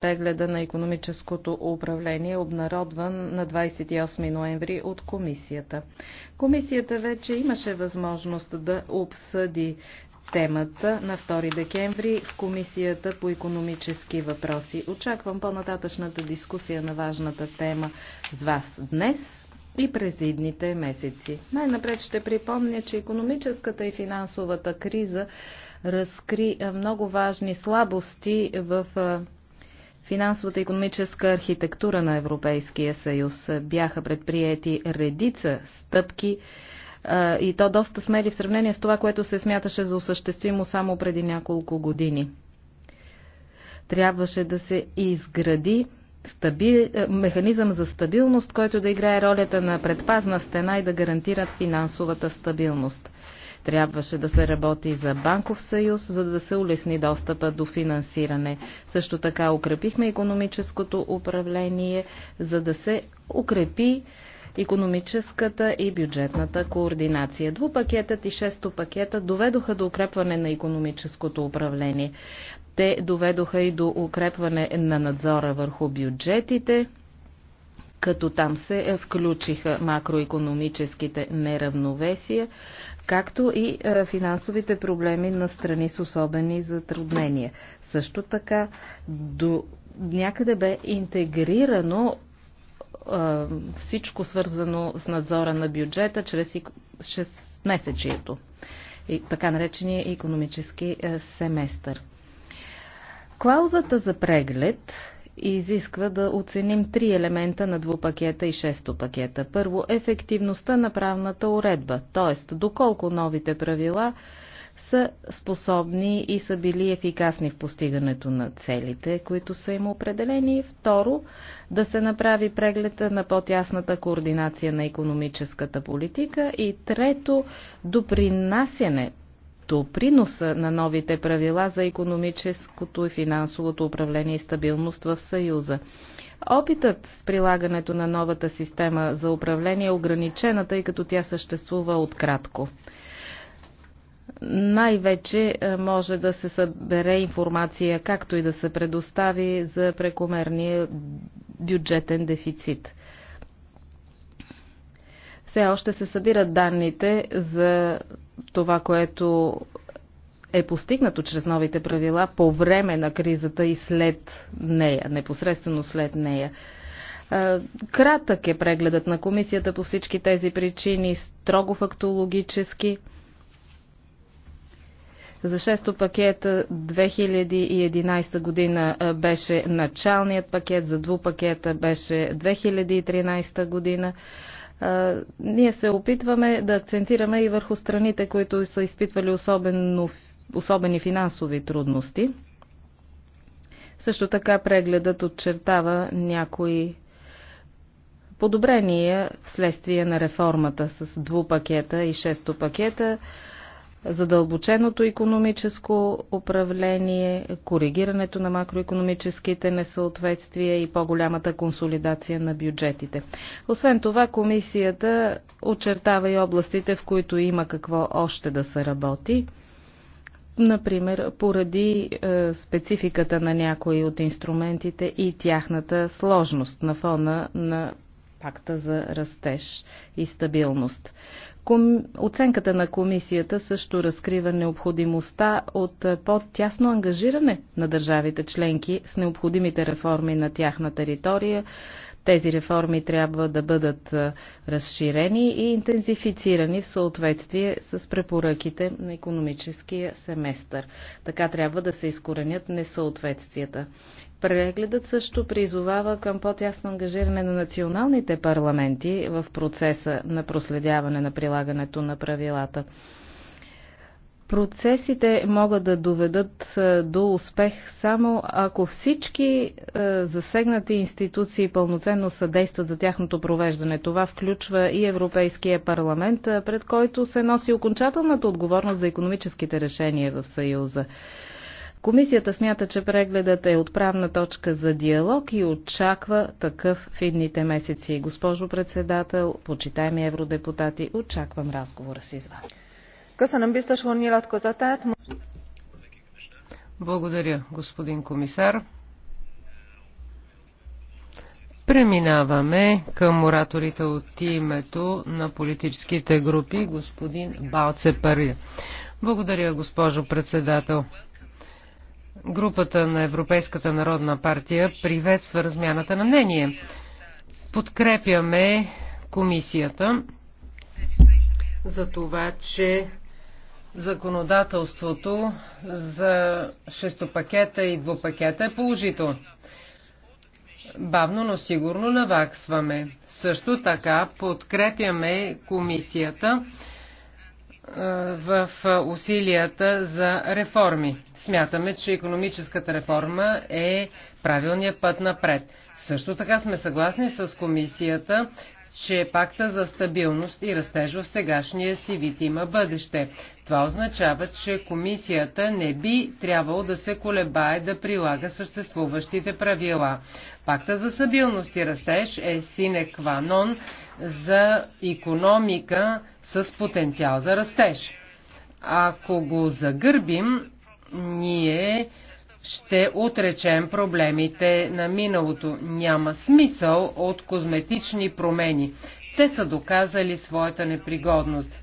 прегледа на економическото управление, е обнародван на 28 ноември от комисията. Комисията вече имаше възможност да обсъди темата на 2 декември в Комисията по економически въпроси. Очаквам по-нататъчната дискусия на важната тема с вас днес и през идните месеци. Най-напред ще припомня, че економическата и финансовата криза разкри много важни слабости в финансовата и економическа архитектура на Европейския съюз. Бяха предприяти редица стъпки и то доста смели в сравнение с това, което се смяташе за осъществимо само преди няколко години. Трябваше да се изгради стаби... Е, механизъм за стабилност, който да играе ролята на предпазна стена и да гарантира финансовата стабилност. Трябваше да се работи за банков съюз, за да се улесни достъпа до финансиране. Също така укрепихме економическото управление, за да се укрепи економическата и бюджетната координация. Двупакетът и шесто пакета доведоха до укрепване на економическото управление. Те доведоха и до укрепване на надзора върху бюджетите, като там се включиха макроекономическите неравновесия, както и е, финансовите проблеми на страни с особени затруднения. Също така до някъде бе интегрирано е, всичко свързано с надзора на бюджета чрез 6-месечието, така наречения економически е, семестър. Клаузата за преглед изисква да оценим три елемента на двупакета и шесто пакета. Първо, ефективността на правната уредба, т.е. доколко новите правила са способни и са били ефикасни в постигането на целите, които са им определени. Второ, да се направи преглед на по-тясната координация на економическата политика. И трето, допринасяне като приноса на новите правила за економическото и финансовото управление и стабилност в Съюза. Опитът с прилагането на новата система за управление е ограничена, тъй като тя съществува откратко. Най-вече е, може да се събере информация, както и да се предостави за прекомерния бюджетен дефицит. Все още се събират данните за това, което е постигнато чрез новите правила по време на кризата и след нея, непосредствено след нея. Кратък е прегледът на комисията по всички тези причини, строго фактологически. За шесто пакета 2011 година беше началният пакет, за двупакета беше 2013 година ние се опитваме да акцентираме и върху страните, които са изпитвали особено, особени финансови трудности. Също така прегледът отчертава някои подобрения вследствие на реформата с двупакета и шесто пакета задълбоченото економическо управление, коригирането на макроекономическите несъответствия и по-голямата консолидация на бюджетите. Освен това, комисията очертава и областите, в които има какво още да се работи. Например, поради е, спецификата на някои от инструментите и тяхната сложност на фона на пакта за растеж и стабилност. Ком... Оценката на комисията също разкрива необходимостта от по-тясно ангажиране на държавите членки с необходимите реформи на тяхна територия. Тези реформи трябва да бъдат разширени и интензифицирани в съответствие с препоръките на економическия семестър. Така трябва да се изкоренят несъответствията. Прегледът също призовава към по-тясно ангажиране на националните парламенти в процеса на проследяване на прилагането на правилата. Процесите могат да доведат до успех само ако всички засегнати институции пълноценно съдействат за тяхното провеждане. Това включва и Европейския парламент, пред който се носи окончателната отговорност за економическите решения в Съюза. Комисията смята, че прегледът е отправна точка за диалог и очаква такъв в едните месеци. Госпожо председател, почитаеми евродепутати, очаквам разговора си с вас. Благодаря, господин комисар. Преминаваме към ораторите от името на политическите групи, господин Балце Пари. Благодаря, госпожо председател. Групата на Европейската народна партия приветства размяната на мнение. Подкрепяме комисията за това, че законодателството за шестопакета и двупакета е положително. Бавно, но сигурно наваксваме. Също така подкрепяме комисията в усилията за реформи. Смятаме, че економическата реформа е правилният път напред. Също така сме съгласни с комисията, че пакта за стабилност и растеж в сегашния си вид има бъдеще. Това означава, че комисията не би трябвало да се колебае да прилага съществуващите правила. Пакта за стабилност и растеж е синекванон за економика, с потенциал за растеж. Ако го загърбим, ние ще отречем проблемите на миналото. Няма смисъл от козметични промени. Те са доказали своята непригодност.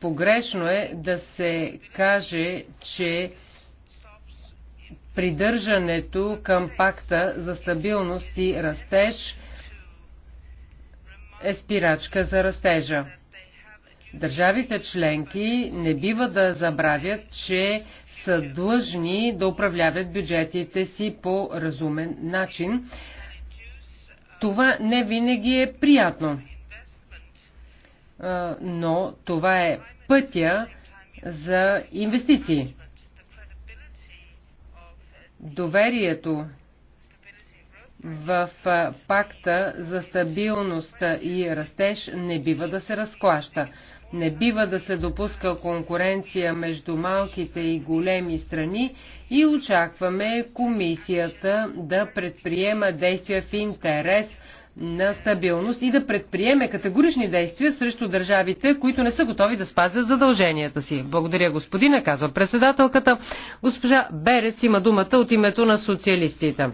Погрешно е да се каже, че придържането към пакта за стабилност и растеж е спирачка за растежа. Държавите членки не бива да забравят, че са длъжни да управляват бюджетите си по разумен начин. Това не винаги е приятно, но това е пътя за инвестиции. Доверието в пакта за стабилност и растеж не бива да се разклаща. Не бива да се допуска конкуренция между малките и големи страни и очакваме комисията да предприема действия в интерес на стабилност и да предприеме категорични действия срещу държавите, които не са готови да спазят задълженията си. Благодаря господина, казва председателката. Госпожа Берес има думата от името на социалистите.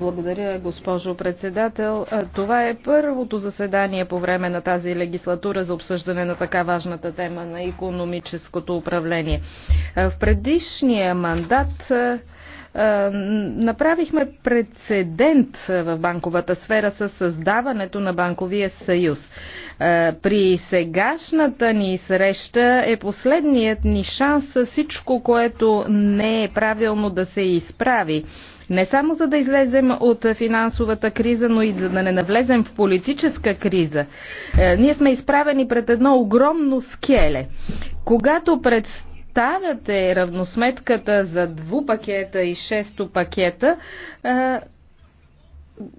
Благодаря, госпожо председател. Това е първото заседание по време на тази легислатура за обсъждане на така важната тема на економическото управление. В предишния мандат направихме прецедент в банковата сфера с създаването на Банковия съюз. При сегашната ни среща е последният ни шанс всичко, което не е правилно да се изправи. Не само за да излезем от финансовата криза, но и за да не навлезем в политическа криза. Е, ние сме изправени пред едно огромно скеле. Когато пред представяте равносметката за дву пакета и шесто пакета, е,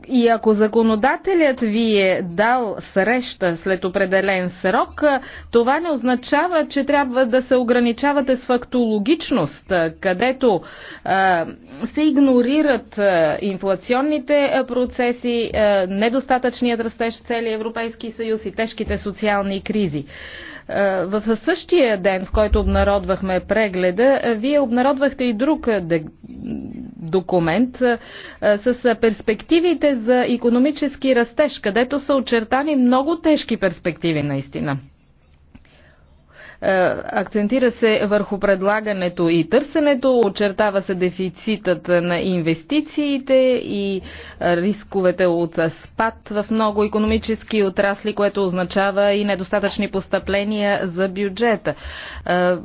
и ако законодателят ви е дал среща след определен срок, това не означава, че трябва да се ограничавате с фактологичност, където а, се игнорират а, инфлационните процеси, а, недостатъчният растеж в целия Европейски съюз и тежките социални кризи. Е, в същия ден, в който обнародвахме прегледа, е, вие обнародвахте и друг е, документ с перспективите за економически растеж, където са очертани много тежки перспективи наистина. Е, акцентира се върху предлагането и търсенето, очертава се дефицитът на инвестициите и е, рисковете от спад в много економически отрасли, което означава и недостатъчни постъпления за бюджета е,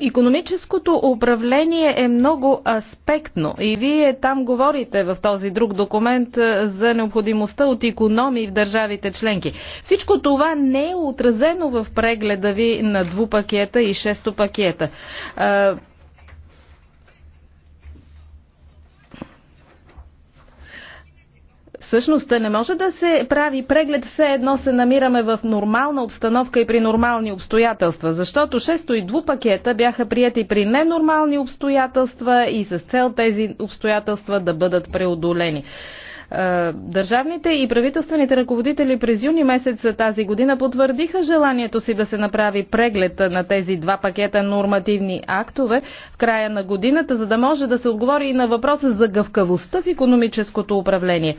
Економическото управление е много аспектно и вие там говорите в този друг документ е, за необходимостта от економии в държавите членки. Всичко това не е отразено в прегледа ви на двупакета и шесто пакета. Е, Всъщност не може да се прави преглед все едно се намираме в нормална обстановка и при нормални обстоятелства, защото 6 и 2 пакета бяха прияти при ненормални обстоятелства и с цел тези обстоятелства да бъдат преодолени. Е, държавните и правителствените ръководители през юни месец тази година потвърдиха желанието си да се направи преглед на тези два пакета нормативни актове в края на годината, за да може да се отговори и на въпроса за гъвкавостта в економическото управление.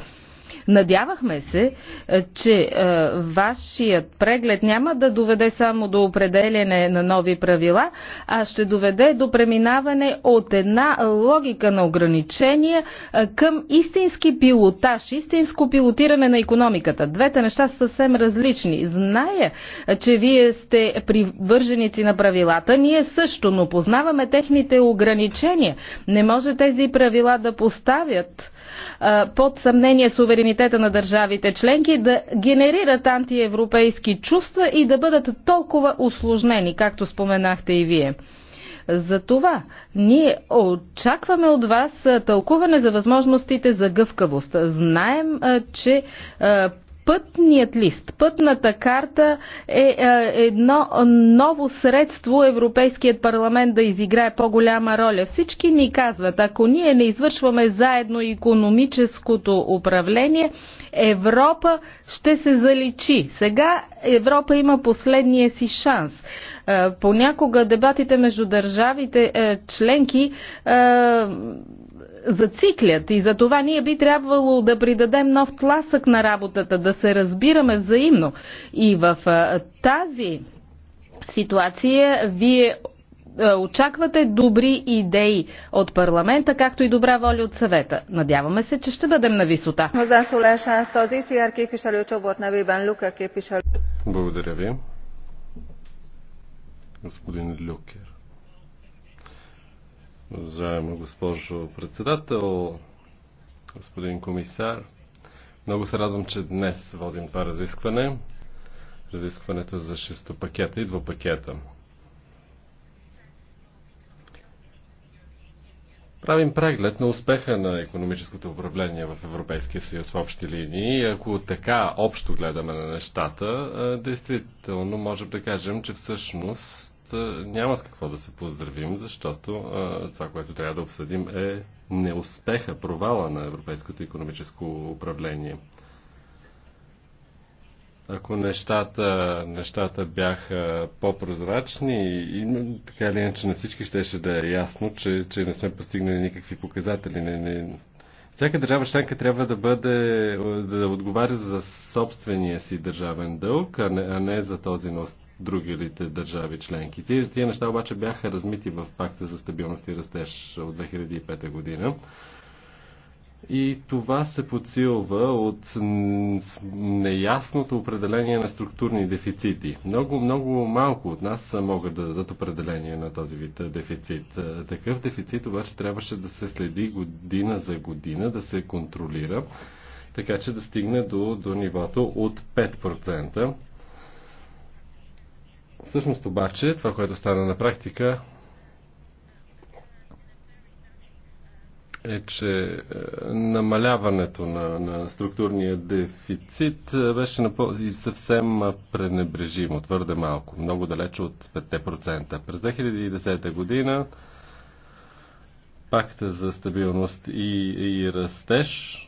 Надявахме се, е, че е, вашият преглед няма да доведе само до определене на нови правила, а ще доведе до преминаване от една логика на ограничения е, към истински пилотаж, истинско пилотиране на економиката. Двете неща са съвсем различни. Зная, че вие сте привърженици на правилата, ние също, но познаваме техните ограничения. Не може тези правила да поставят под съмнение суверенитета на държавите членки, да генерират антиевропейски чувства и да бъдат толкова усложнени, както споменахте и вие. За това ние очакваме от вас тълкуване за възможностите за гъвкавост. Знаем, че пътният лист, пътната карта е, е едно ново средство Европейският парламент да изиграе по-голяма роля. Всички ни казват, ако ние не извършваме заедно економическото управление, Европа ще се заличи. Сега Европа има последния си шанс. Е, понякога дебатите между държавите е, членки зациклят и за това ние би трябвало да придадем нов тласък на работата, да се разбираме взаимно. И в тази ситуация вие очаквате добри идеи от парламента, както и добра воля от съвета. Надяваме се, че ще бъдем на висота. Благодаря ви. Господин Люкер. Уважаема госпожо председател, господин комисар, много се радвам, че днес водим това разискване. Разискването е за пакета и пакета. Правим преглед на успеха на економическото управление в Европейския съюз в общи линии. Ако така общо гледаме на нещата, е, действително можем да кажем, че всъщност няма с какво да се поздравим, защото а, това, което трябва да обсъдим е неуспеха, провала на европейското економическо управление. Ако нещата, нещата бяха по-прозрачни, и, така или иначе на всички щеше да е ясно, че, че не сме постигнали никакви показатели. Не, не, всяка държава членка трябва да бъде да отговаря за собствения си държавен дълг, а не, а не за този на другите държави членки. Тия, неща обаче бяха размити в пакта за стабилност и растеж от 2005 година. И това се подсилва от неясното определение на структурни дефицити. Много, много малко от нас могат да дадат определение на този вид дефицит. Такъв дефицит обаче трябваше да се следи година за година, да се контролира, така че да стигне до, до нивото от 5%. Всъщност обаче, това, което стана на практика, е, че е, намаляването на, на структурния дефицит е, беше и съвсем е, пренебрежимо, твърде малко, много далече от 5%. През 2010 година пакта за стабилност и, и растеж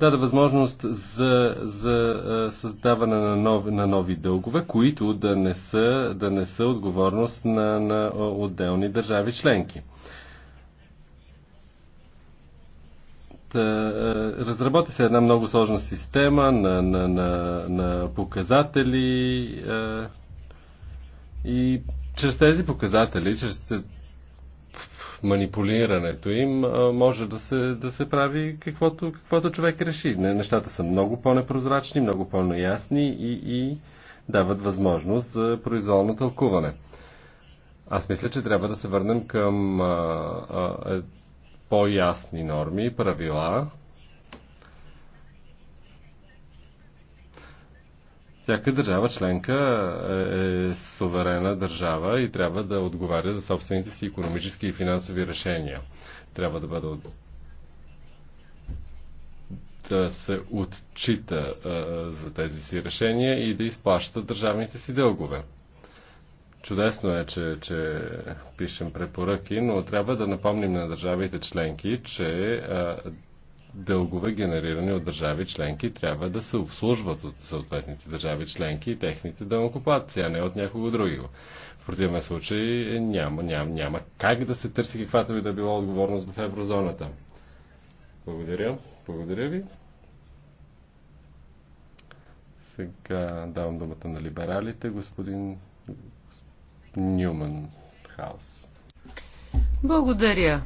даде възможност за, за създаване на нови, на нови дългове, които да не са, да не са отговорност на, на отделни държави членки. разработи се една много сложна система на, на, на, на показатели и чрез тези показатели, чрез манипулирането им може да се, да се прави каквото, каквото човек реши. Нещата са много по-непрозрачни, много по-неясни и, и дават възможност за произволно тълкуване. Аз мисля, че трябва да се върнем към а, а, е, по-ясни норми, правила, Всяка държава членка е, е суверена държава и трябва да отговаря за собствените си економически и финансови решения. Трябва да бъде да се отчита е, за тези си решения и да изплаща държавните си дългове. Чудесно е, че, че пишем препоръки, но трябва да напомним на държавите членки, че е, дългове, генерирани от държави членки, трябва да се обслужват от съответните държави членки и техните дълнокоплатци, а не от някого другого. В противен случай няма, няма, няма как да се търси каквато ви да била отговорност в еврозоната. Благодаря. Благодаря ви. Сега давам думата на либералите, господин Нюман Хаус. Благодаря.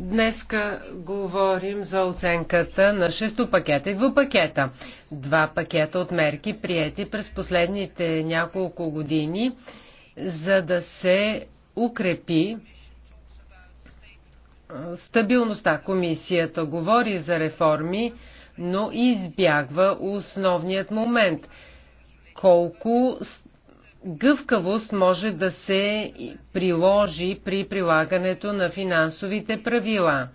Днеска говорим за оценката на шесто пакета и 2 пакета. Два пакета от мерки, приети през последните няколко години, за да се укрепи стабилността. Комисията говори за реформи, но избягва основният момент. Колко гъвкавост може да се приложи при прилагането на финансовите правила.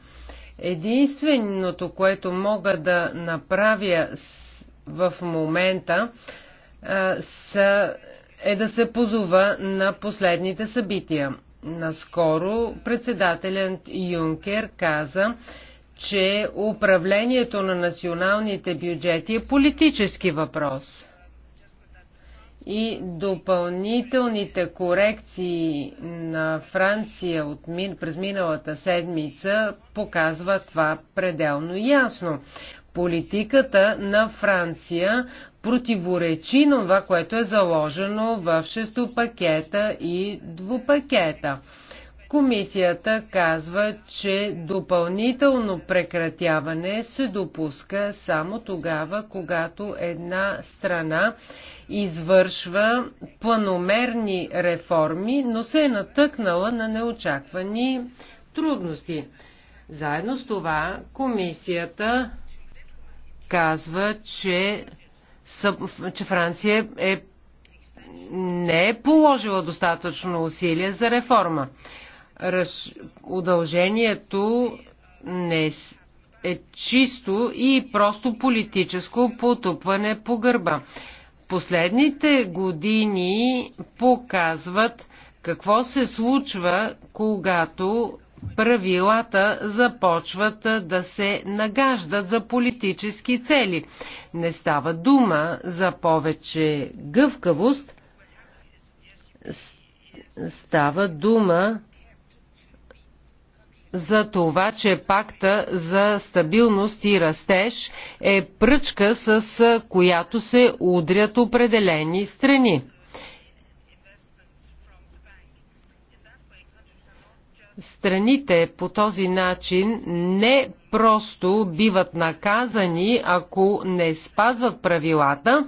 Единственото, което мога да направя в момента, е да се позова на последните събития. Наскоро председателят Юнкер каза, че управлението на националните бюджети е политически въпрос и допълнителните корекции на Франция от мин, през миналата седмица показва това пределно ясно. Политиката на Франция противоречи на това, което е заложено в шестопакета и двупакета. Комисията казва, че допълнително прекратяване се допуска само тогава, когато една страна извършва планомерни реформи, но се е натъкнала на неочаквани трудности. Заедно с това комисията казва, че, че Франция е, не е положила достатъчно усилия за реформа. Раз, удължението не е чисто и просто политическо потупване по гърба. Последните години показват какво се случва, когато правилата започват да се нагаждат за политически цели. Не става дума за повече гъвкавост, става дума за това, че пакта за стабилност и растеж е пръчка, с която се удрят определени страни. Страните по този начин не просто биват наказани, ако не спазват правилата,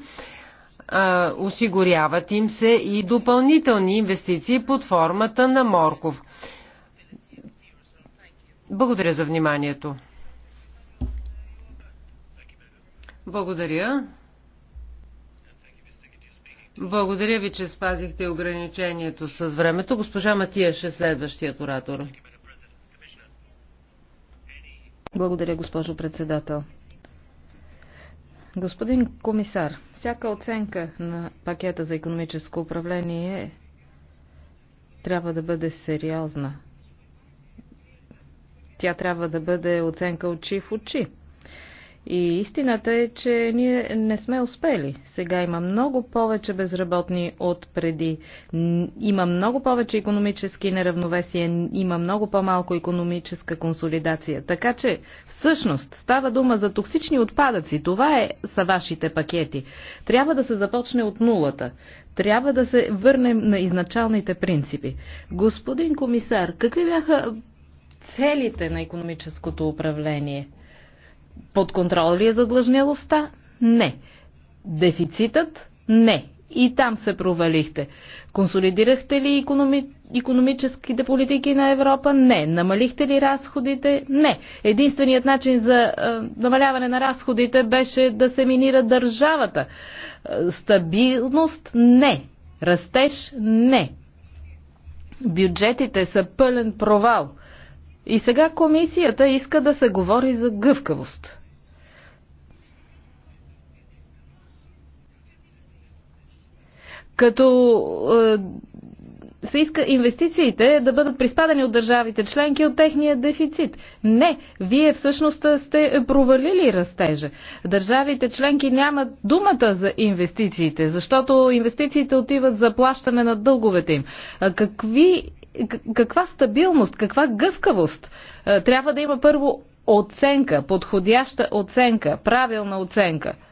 а, осигуряват им се и допълнителни инвестиции под формата на морков. Благодаря за вниманието. Благодаря. Благодаря ви, че спазихте ограничението с времето. Госпожа Матияш е следващият оратор. Благодаря, госпожо председател. Господин комисар, всяка оценка на пакета за економическо управление трябва да бъде сериозна. Тя трябва да бъде оценка очи в очи. И истината е, че ние не сме успели. Сега има много повече безработни от преди. Има много повече економически неравновесия, има много по-малко економическа консолидация. Така че, всъщност, става дума за токсични отпадъци. Това е, са вашите пакети. Трябва да се започне от нулата. Трябва да се върнем на изначалните принципи. Господин комисар, какви бяха целите на економическото управление. Под контрол ли е задлъжнялостта? Не. Дефицитът? Не. И там се провалихте. Консолидирахте ли економи... економическите политики на Европа? Не. Намалихте ли разходите? Не. Единственият начин за е, намаляване на разходите беше да се минира държавата. Е, стабилност? Не. Растеж? Не. Бюджетите са пълен провал. И сега комисията иска да се говори за гъвкавост. Като е, се иска инвестициите да бъдат приспадани от държавите членки от техния дефицит. Не, вие всъщност сте провалили растежа. Държавите членки нямат думата за инвестициите, защото инвестициите отиват за плащане на дълговете им. Какви каква стабилност, каква гъвкавост е, трябва да има първо оценка, подходяща оценка, правилна оценка –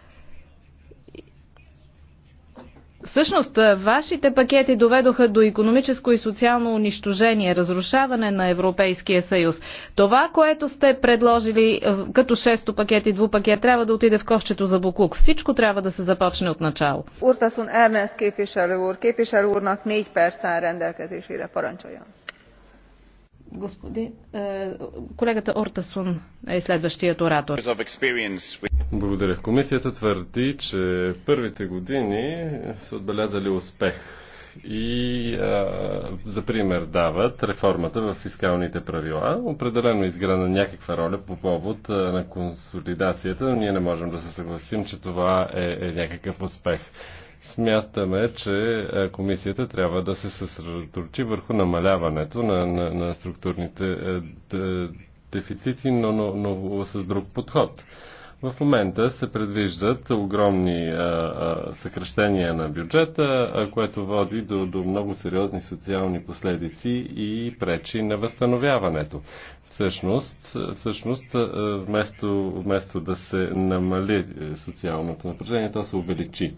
Всъщност, е, вашите пакети доведоха до економическо и социално унищожение, разрушаване на Европейския съюз. Това, което сте предложили е, като шесто пакет и двупакет, трябва да отиде в кошчето за буклук. Всичко трябва да се започне от начало. Уртасун Ернест Господин, е, колегата Ортасун е следващият оратор. Благодаря. Комисията твърди, че първите години са отбелязали успех и а, е, за пример дават реформата в фискалните правила. Определено е изграна някаква роля по повод а, е, на консолидацията, но ние не можем да се съгласим, че това е, е някакъв успех. Смятаме, че е, комисията трябва да се съсредоточи върху намаляването на, на, на структурните е, дефицити, но, но, но с друг подход. В момента се предвиждат огромни а, е, а, съкръщения на бюджета, а, което води до, до много сериозни социални последици и пречи на възстановяването. Всъщност, всъщност вместо, вместо да се намали социалното напрежение, то се увеличи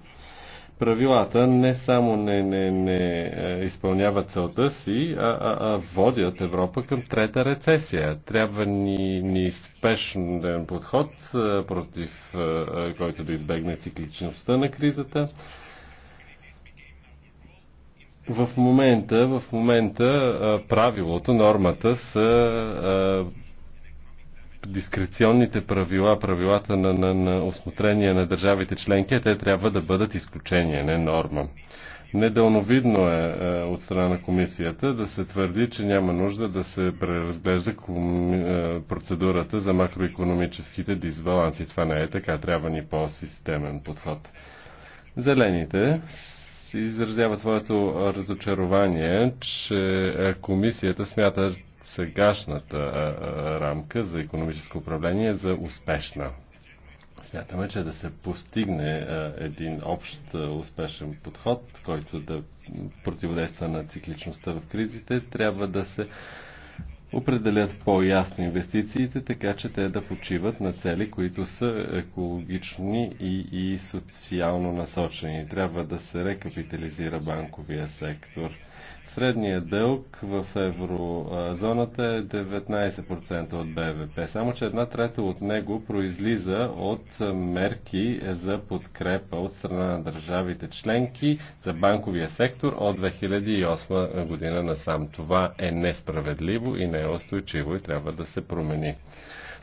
правилата не само не, не, не е, изпълняват целта си, а, а, а водят Европа към трета рецесия. Трябва ни, ни спешен подход е, против е, който да избегне цикличността на кризата. В момента, в момента правилото, нормата са дискреционните правила, правилата на, на, на осмотрение на държавите членки, те трябва да бъдат изключение, не норма. Недълновидно е, е, от страна на комисията да се твърди, че няма нужда да се преразглежда е, процедурата за макроекономическите дисбаланси. Това не е така, трябва ни по-системен подход. Зелените изразява своето разочарование, че е, комисията смята, сегашната рамка за економическо управление за успешна. Смятаме, че да се постигне един общ успешен подход, който да противодейства на цикличността в кризите, трябва да се определят по-ясно инвестициите, така че те да почиват на цели, които са екологични и, и социално насочени. Трябва да се рекапитализира банковия сектор Средният дълг в еврозоната е 19% от БВП, само че една трета от него произлиза от мерки за подкрепа от страна на държавите членки за банковия сектор от 2008 година насам. Това е несправедливо и не е устойчиво и трябва да се промени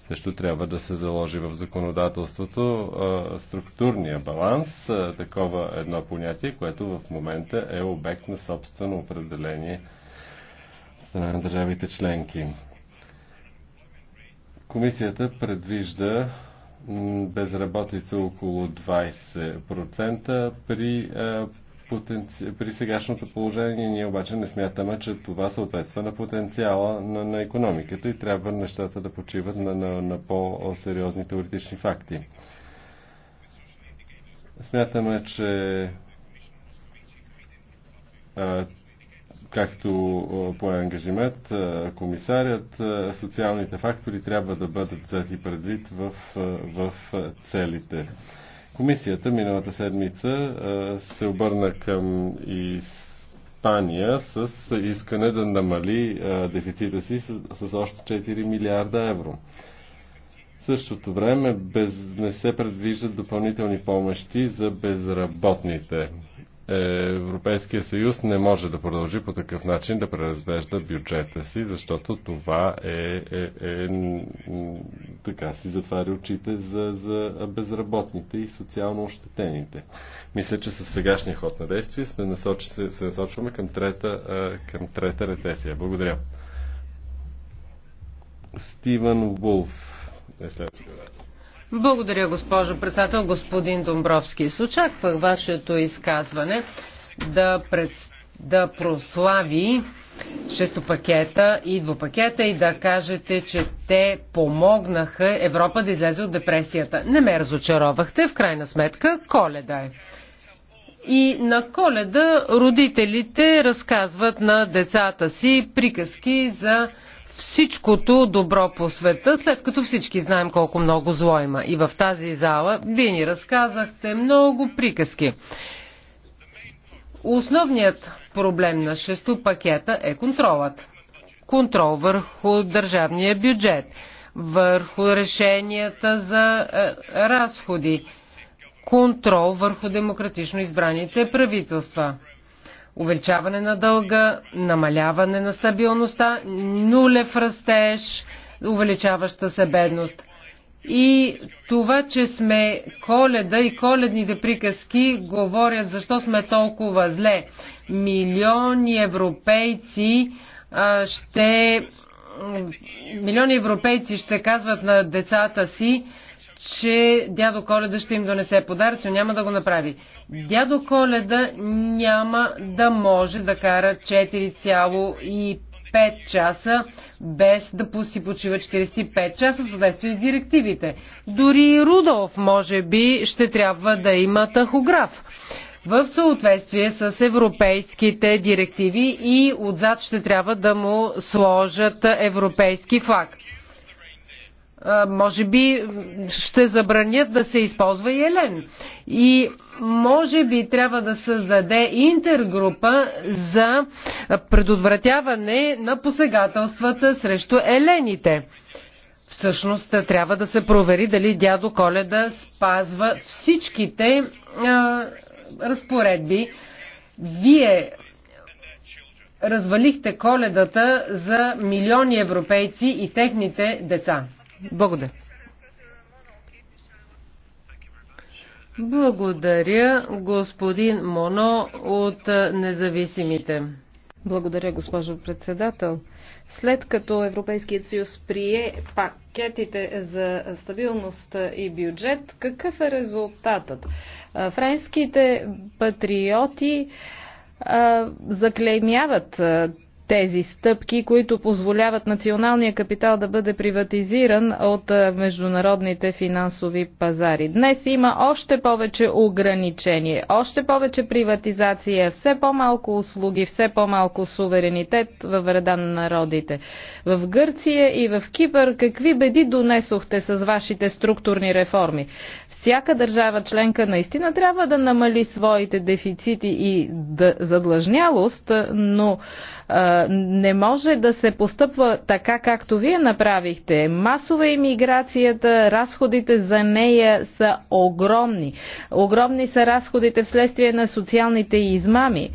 също трябва да се заложи в законодателството структурния баланс, такова едно понятие, което в момента е обект на собствено определение страна на държавите членки. Комисията предвижда безработица около 20% при потенци... при сегашното положение ние обаче не смятаме, че това съответства на потенциала на, на економиката и трябва нещата да почиват на, на, на по-сериозни теоретични факти. Смятаме, че а, както по ангажимент комисарят, социалните фактори трябва да бъдат взети предвид в, в целите. Комисията миналата седмица се обърна към Испания с искане да намали дефицита си с, с още 4 милиарда евро. В същото време без, не се предвиждат допълнителни помощи за безработните. Е, Европейския съюз не може да продължи по такъв начин да преразглежда бюджета си, защото това е, е, е така си затваря очите за, за безработните и социално ощетените. Мисля, че с сегашния ход на действие сме насочи, се, се насочваме към трета, е, към трета рецесия. Благодаря. Стивън Вулф е следващия. Благодаря, госпожо председател, господин Домбровски. Очаквах вашето изказване да, пред, да прослави шестопакета и двупакета и да кажете, че те помогнаха Европа да излезе от депресията. Не ме разочаровахте, в крайна сметка коледа е. И на коледа родителите разказват на децата си приказки за всичкото добро по света, след като всички знаем колко много зло има. И в тази зала вие ни разказахте много приказки. Основният проблем на шесто пакета е контролът. Контрол върху държавния бюджет, върху решенията за е, разходи, контрол върху демократично избраните правителства увеличаване на дълга, намаляване на стабилността, нулев растеж, увеличаваща се бедност. И това, че сме коледа и коледните приказки говорят защо сме толкова зле. Милиони европейци а, ще милиони европейци ще казват на децата си, че дядо Коледа ще им донесе подаръци, няма да го направи. Дядо Коледа няма да може да кара 4,5 часа без да си почива 45 часа в съответствие с директивите. Дори Рудолф може би ще трябва да има тахограф в съответствие с европейските директиви и отзад ще трябва да му сложат европейски флаг може би ще забранят да се използва и Елен. И може би трябва да създаде интергрупа за предотвратяване на посегателствата срещу елените. Всъщност трябва да се провери дали дядо Коледа спазва всичките а, разпоредби. Вие развалихте коледата за милиони европейци и техните деца. Благодаря. Благодаря, господин Моно от Независимите. Благодаря, госпожо председател. След като Европейският съюз прие пакетите за стабилност и бюджет, какъв е резултатът? Френските патриоти заклеймяват тези стъпки, които позволяват националния капитал да бъде приватизиран от международните финансови пазари. Днес има още повече ограничение, още повече приватизация, все по-малко услуги, все по-малко суверенитет във вреда на народите. В Гърция и в Кипър какви беди донесохте с вашите структурни реформи? всяка държава членка наистина трябва да намали своите дефицити и да задлъжнялост, но не може да се постъпва така, както вие направихте. Масова иммиграцията, разходите за нея са огромни. Огромни са разходите вследствие на социалните измами.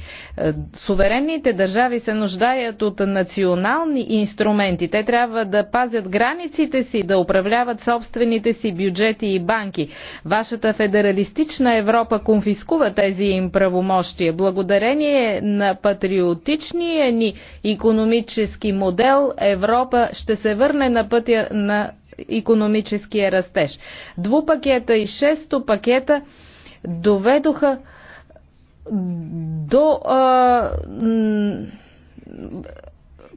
Суверенните държави се нуждаят от национални инструменти. Те трябва да пазят границите си, да управляват собствените си бюджети и банки. Вашата федералистична Европа конфискува тези им правомощия. Благодарение на патриотичния ни економически модел, Европа ще се върне на пътя на економическия растеж. Двупакета и шесто пакета доведоха до а,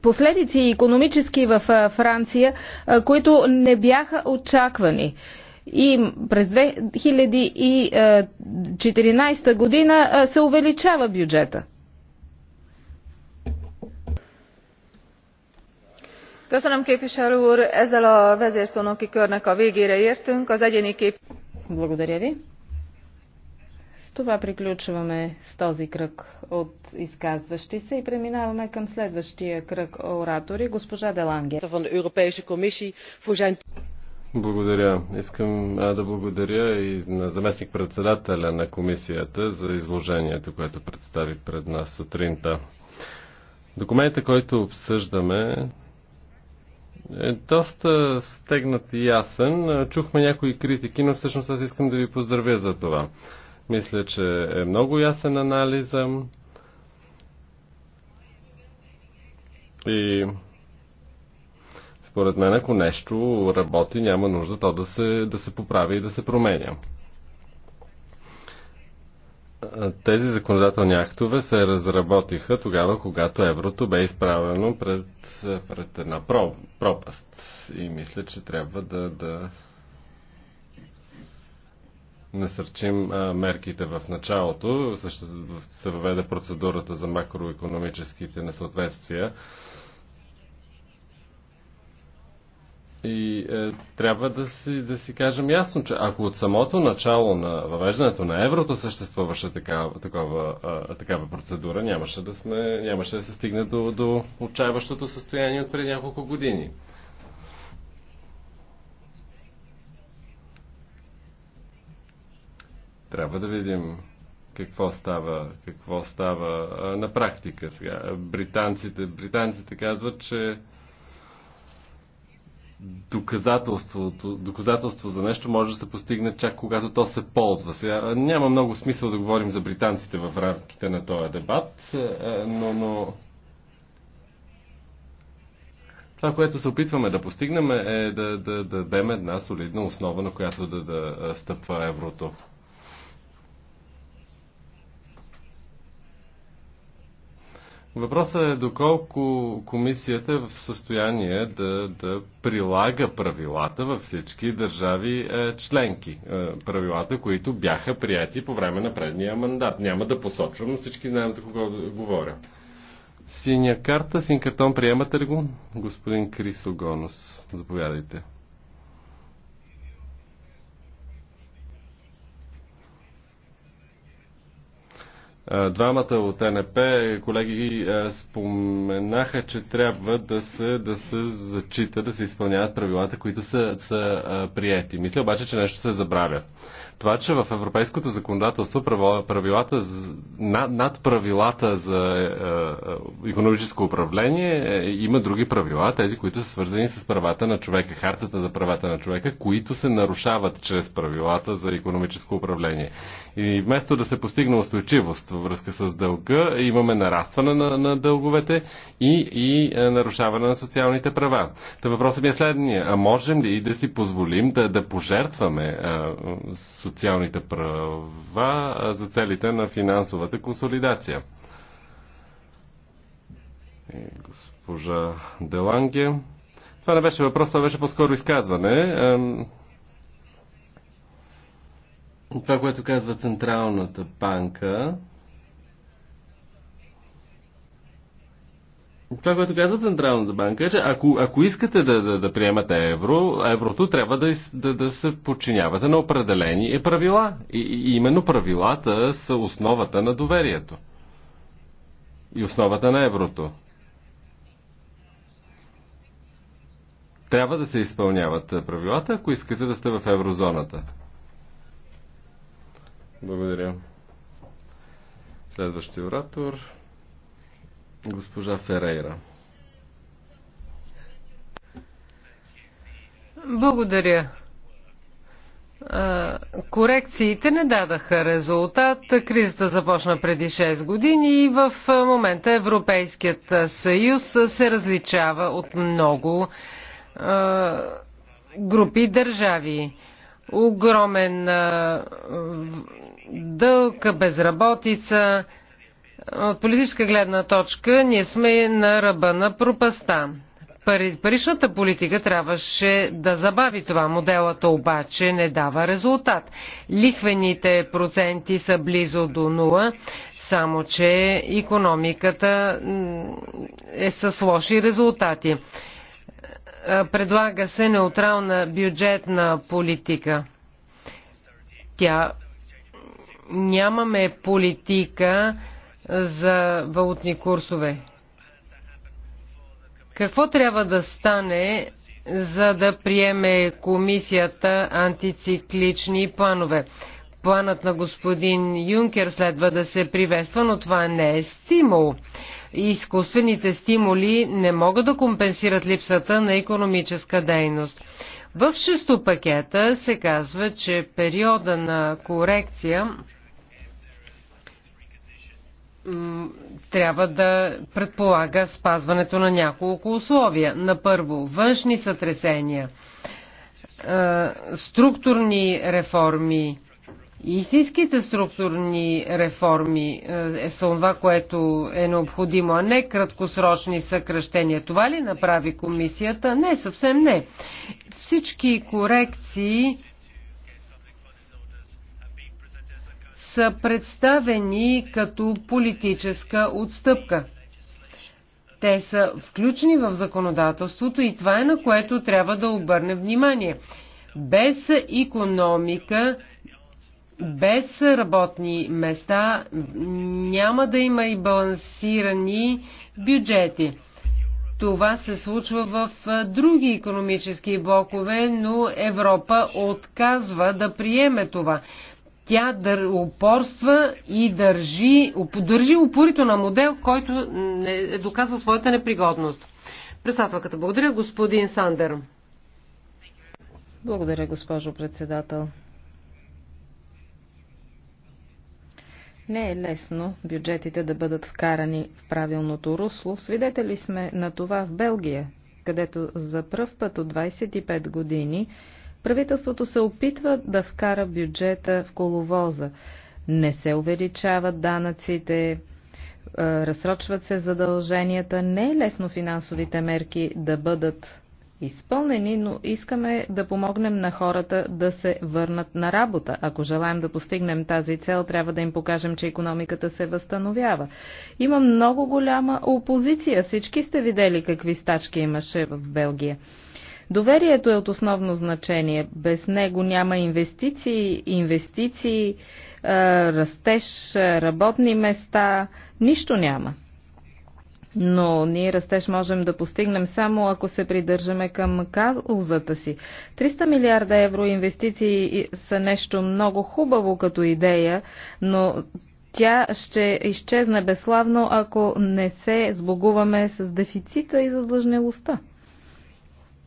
последици економически в а, Франция, а, които не бяха очаквани. И през 2014 година се увеличава бюджета. Благодаря ви. С това приключваме с този кръг от изказващи се и преминаваме към следващия кръг оратори, госпожа Деланге. Благодаря. Искам да благодаря и на заместник-председателя на комисията за изложението, което представи пред нас сутринта. Документа, който обсъждаме, е доста стегнат и ясен. Е, чухме някои критики, но всъщност аз искам да ви поздравя за това. Мисля, че е много ясен анализа. И според мен, ако нещо работи, няма нужда то да се, да се поправи и да се променя тези законодателни актове се разработиха тогава, когато еврото бе изправено пред, пред една пропаст. И мисля, че трябва да, да насърчим мерките в началото. Също се въведе процедурата за макроекономическите несъответствия. И е, трябва да си, да си кажем ясно, че ако от самото начало на въвеждането на еврото съществуваше такава, такова, а, такава процедура, нямаше да, сме, нямаше да се стигне до, до отчаяващото състояние от преди няколко години. Трябва да видим какво става, какво става а, на практика сега. Британците, британците казват, че доказателството, доказателство за нещо може да се постигне чак когато то се ползва. Сега, няма много смисъл да говорим за британците в рамките на този дебат, е, но, но това, което се опитваме да постигнем е да, да, да дадем една солидна основа, на която да, да е, стъпва еврото. Въпросът е доколко комисията е в състояние да, да прилага правилата във всички държави е, членки. Е, правилата, които бяха прияти по време на предния мандат. Няма да посочвам, но всички знаем за кого говоря. Синя карта, син картон, приемате ли го? Господин Огонос, заповядайте. Двамата от НП колеги споменаха, че трябва да се, да се зачита, да се изпълняват правилата, които са, са прияти. Мисля обаче, че нещо се забравя това, че в европейското законодателство правилата, над правилата за економическо е, е, управление е, има други правила, тези, които са свързани с правата на човека, хартата за правата на човека, които се нарушават чрез правилата за економическо управление. И вместо да се постигне устойчивост във връзка с дълга, имаме нарастване на, на дълговете и, и нарушаване на социалните права. Та въпросът ми е следния. А можем ли да си позволим да, да пожертваме а, социалните права за целите на финансовата консолидация. Госпожа Деланге. Това не беше въпрос, това беше по-скоро изказване. Това, което казва Централната банка, Това, което каза Централната банка е, че ако, ако искате да, да, да приемате евро, еврото трябва да, да, да се подчинявате на определени е правила. И, и именно правилата са основата на доверието. И основата на еврото. Трябва да се изпълняват правилата, ако искате да сте в еврозоната. Благодаря. Следващия оратор. Госпожа Ферейра. Благодаря. Корекциите не дадаха резултат. Кризата започна преди 6 години и в момента Европейският съюз се различава от много групи държави. Огромен дълг, безработица, от политическа гледна точка ние сме на ръба на пропаста. Паришната политика трябваше да забави това. Моделът обаче не дава резултат. Лихвените проценти са близо до нула, само че економиката е с лоши резултати. Е, предлага се неутрална бюджетна политика. Тя нямаме политика, за валутни курсове. Какво трябва да стане, за да приеме комисията антициклични планове? Планът на господин Юнкер следва да се приветства, но това не е стимул. Изкуствените стимули не могат да компенсират липсата на економическа дейност. В шесто пакета се казва, че периода на корекция трябва да предполага спазването на няколко условия. На първо, външни сътресения, структурни реформи, истинските структурни реформи е, са това, което е необходимо, а не краткосрочни съкръщения. Това ли направи комисията? Не, съвсем не. Всички корекции са представени като политическа отстъпка. Те са включени в законодателството и това е на което трябва да обърнем внимание. Без економика, без работни места няма да има и балансирани бюджети. Това се случва в други економически блокове, но Европа отказва да приеме това тя дър, упорства и държи, държи упорито на модел, който не, е доказал своята непригодност. Председателката, благодаря господин Сандер. Благодаря, госпожо председател. Не е лесно бюджетите да бъдат вкарани в правилното русло. Свидетели сме на това в Белгия, където за пръв път от 25 години Правителството се опитва да вкара бюджета в коловоза. Не се увеличават данъците, е, разсрочват се задълженията. Не е лесно финансовите мерки да бъдат изпълнени, но искаме да помогнем на хората да се върнат на работа. Ако желаем да постигнем тази цел, трябва да им покажем, че економиката се възстановява. Има много голяма опозиция. Всички сте видели какви стачки имаше в Белгия. Доверието е от основно значение. Без него няма инвестиции, инвестиции, е, растеж, е, работни места, нищо няма. Но ние растеж можем да постигнем само ако се придържаме към каузата си. 300 милиарда евро инвестиции са нещо много хубаво като идея, но тя ще изчезне безславно, ако не се сбогуваме с дефицита и задлъжнелостта.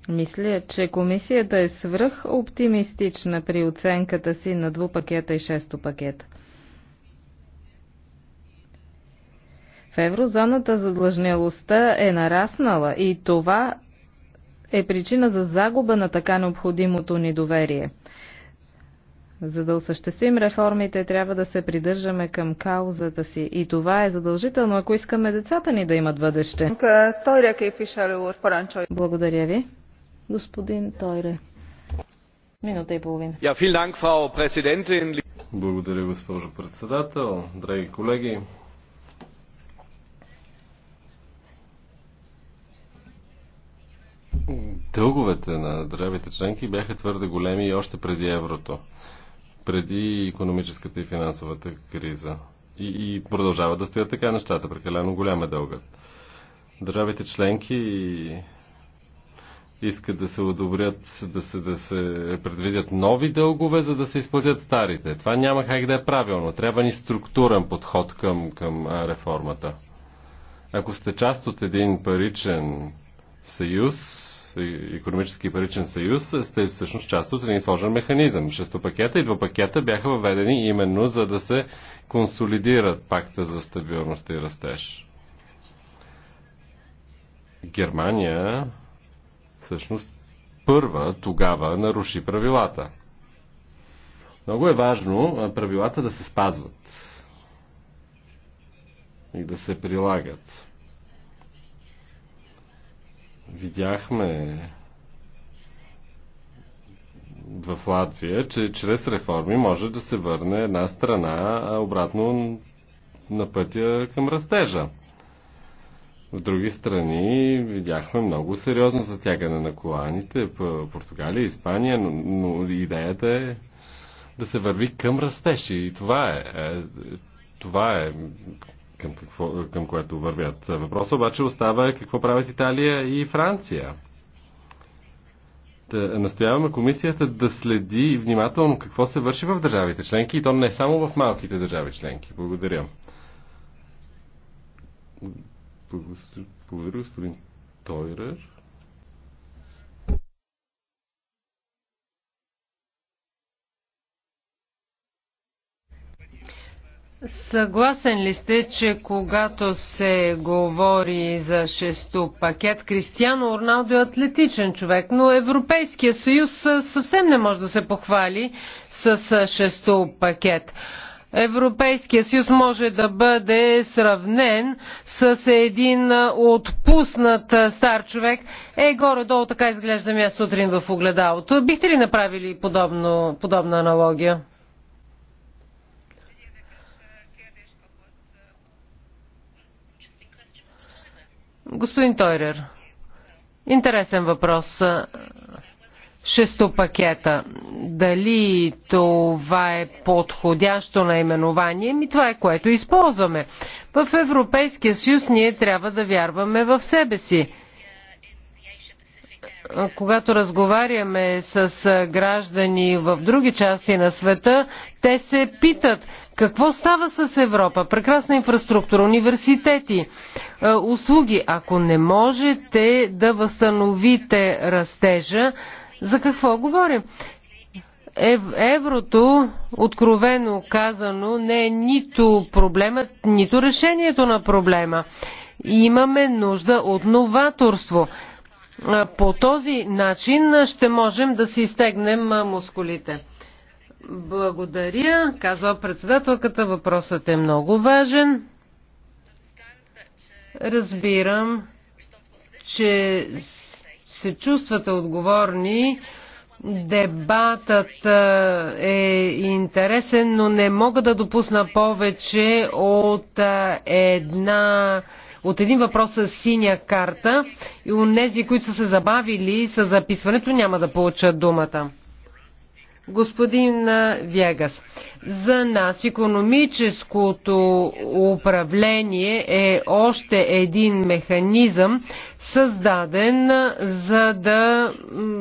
Мисля, че комисията е свръх оптимистична при оценката си на двупакета и шесто пакета. В еврозоната задлъжнялостта е нараснала и това е причина за загуба на така необходимото ни доверие. За да осъществим реформите, трябва да се придържаме към каузата си. И това е задължително, ако искаме децата ни да имат бъдеще. Благодаря ви господин Тойре. Минута и половина. Благодаря, госпожо председател. Драги колеги, дълговете на държавите членки бяха твърде големи и още преди еврото, преди економическата и финансовата криза. И, и продължава да стоят така нещата. Прекалено голям е дългът. Държавите членки искат да се одобрят, да се, да се предвидят нови дългове, за да се изплатят старите. Това няма как да е правилно. Трябва ни структурен подход към, към реформата. Ако сте част от един паричен съюз, економически паричен съюз, сте всъщност част от един сложен механизъм. Шесто пакета и два пакета бяха въведени именно за да се консолидират пакта за стабилност и растеж. Германия всъщност първа тогава наруши правилата. Много е важно правилата да се спазват и да се прилагат. Видяхме в Латвия, че чрез реформи може да се върне една страна обратно на пътя към растежа. В други страни видяхме много сериозно затягане на коланите, Португалия, Испания, но, но идеята е да се върви към растеж и това е, е това е към, какво, към което вървят. Въпросът обаче остава е какво правят Италия и Франция. Да настояваме комисията да следи внимателно какво се върши в държавите членки и то не само в малките държави членки. Благодаря. Благодаря, господин Тойрер. Съгласен ли сте, че когато се говори за шесто пакет, Кристиано Орналдо е атлетичен човек, но Европейския съюз съвсем не може да се похвали с шесто пакет. Европейския съюз може да бъде сравнен с един отпуснат стар човек. Е, горе-долу така изглежда аз сутрин в огледалото. Бихте ли направили подобно, подобна аналогия? Господин Тойрер, интересен въпрос шесто пакета. Дали това е подходящо наименование? Ми това е което използваме. В Европейския съюз ние трябва да вярваме в себе си. Когато разговаряме с граждани в други части на света, те се питат какво става с Европа? Прекрасна инфраструктура, университети, е, услуги. Ако не можете да възстановите растежа, за какво говорим? еврото, откровено казано, не е нито проблемът, нито решението на проблема. Имаме нужда от новаторство. По този начин ще можем да си изтегнем мускулите. Благодаря, казва председателката. Въпросът е много важен. Разбирам, че се чувствате отговорни. Дебатът е интересен, но не мога да допусна повече от една от един въпрос с синя карта и от нези, които са се забавили с записването, няма да получат думата господин Вегас. За нас економическото управление е още един механизъм, създаден за да,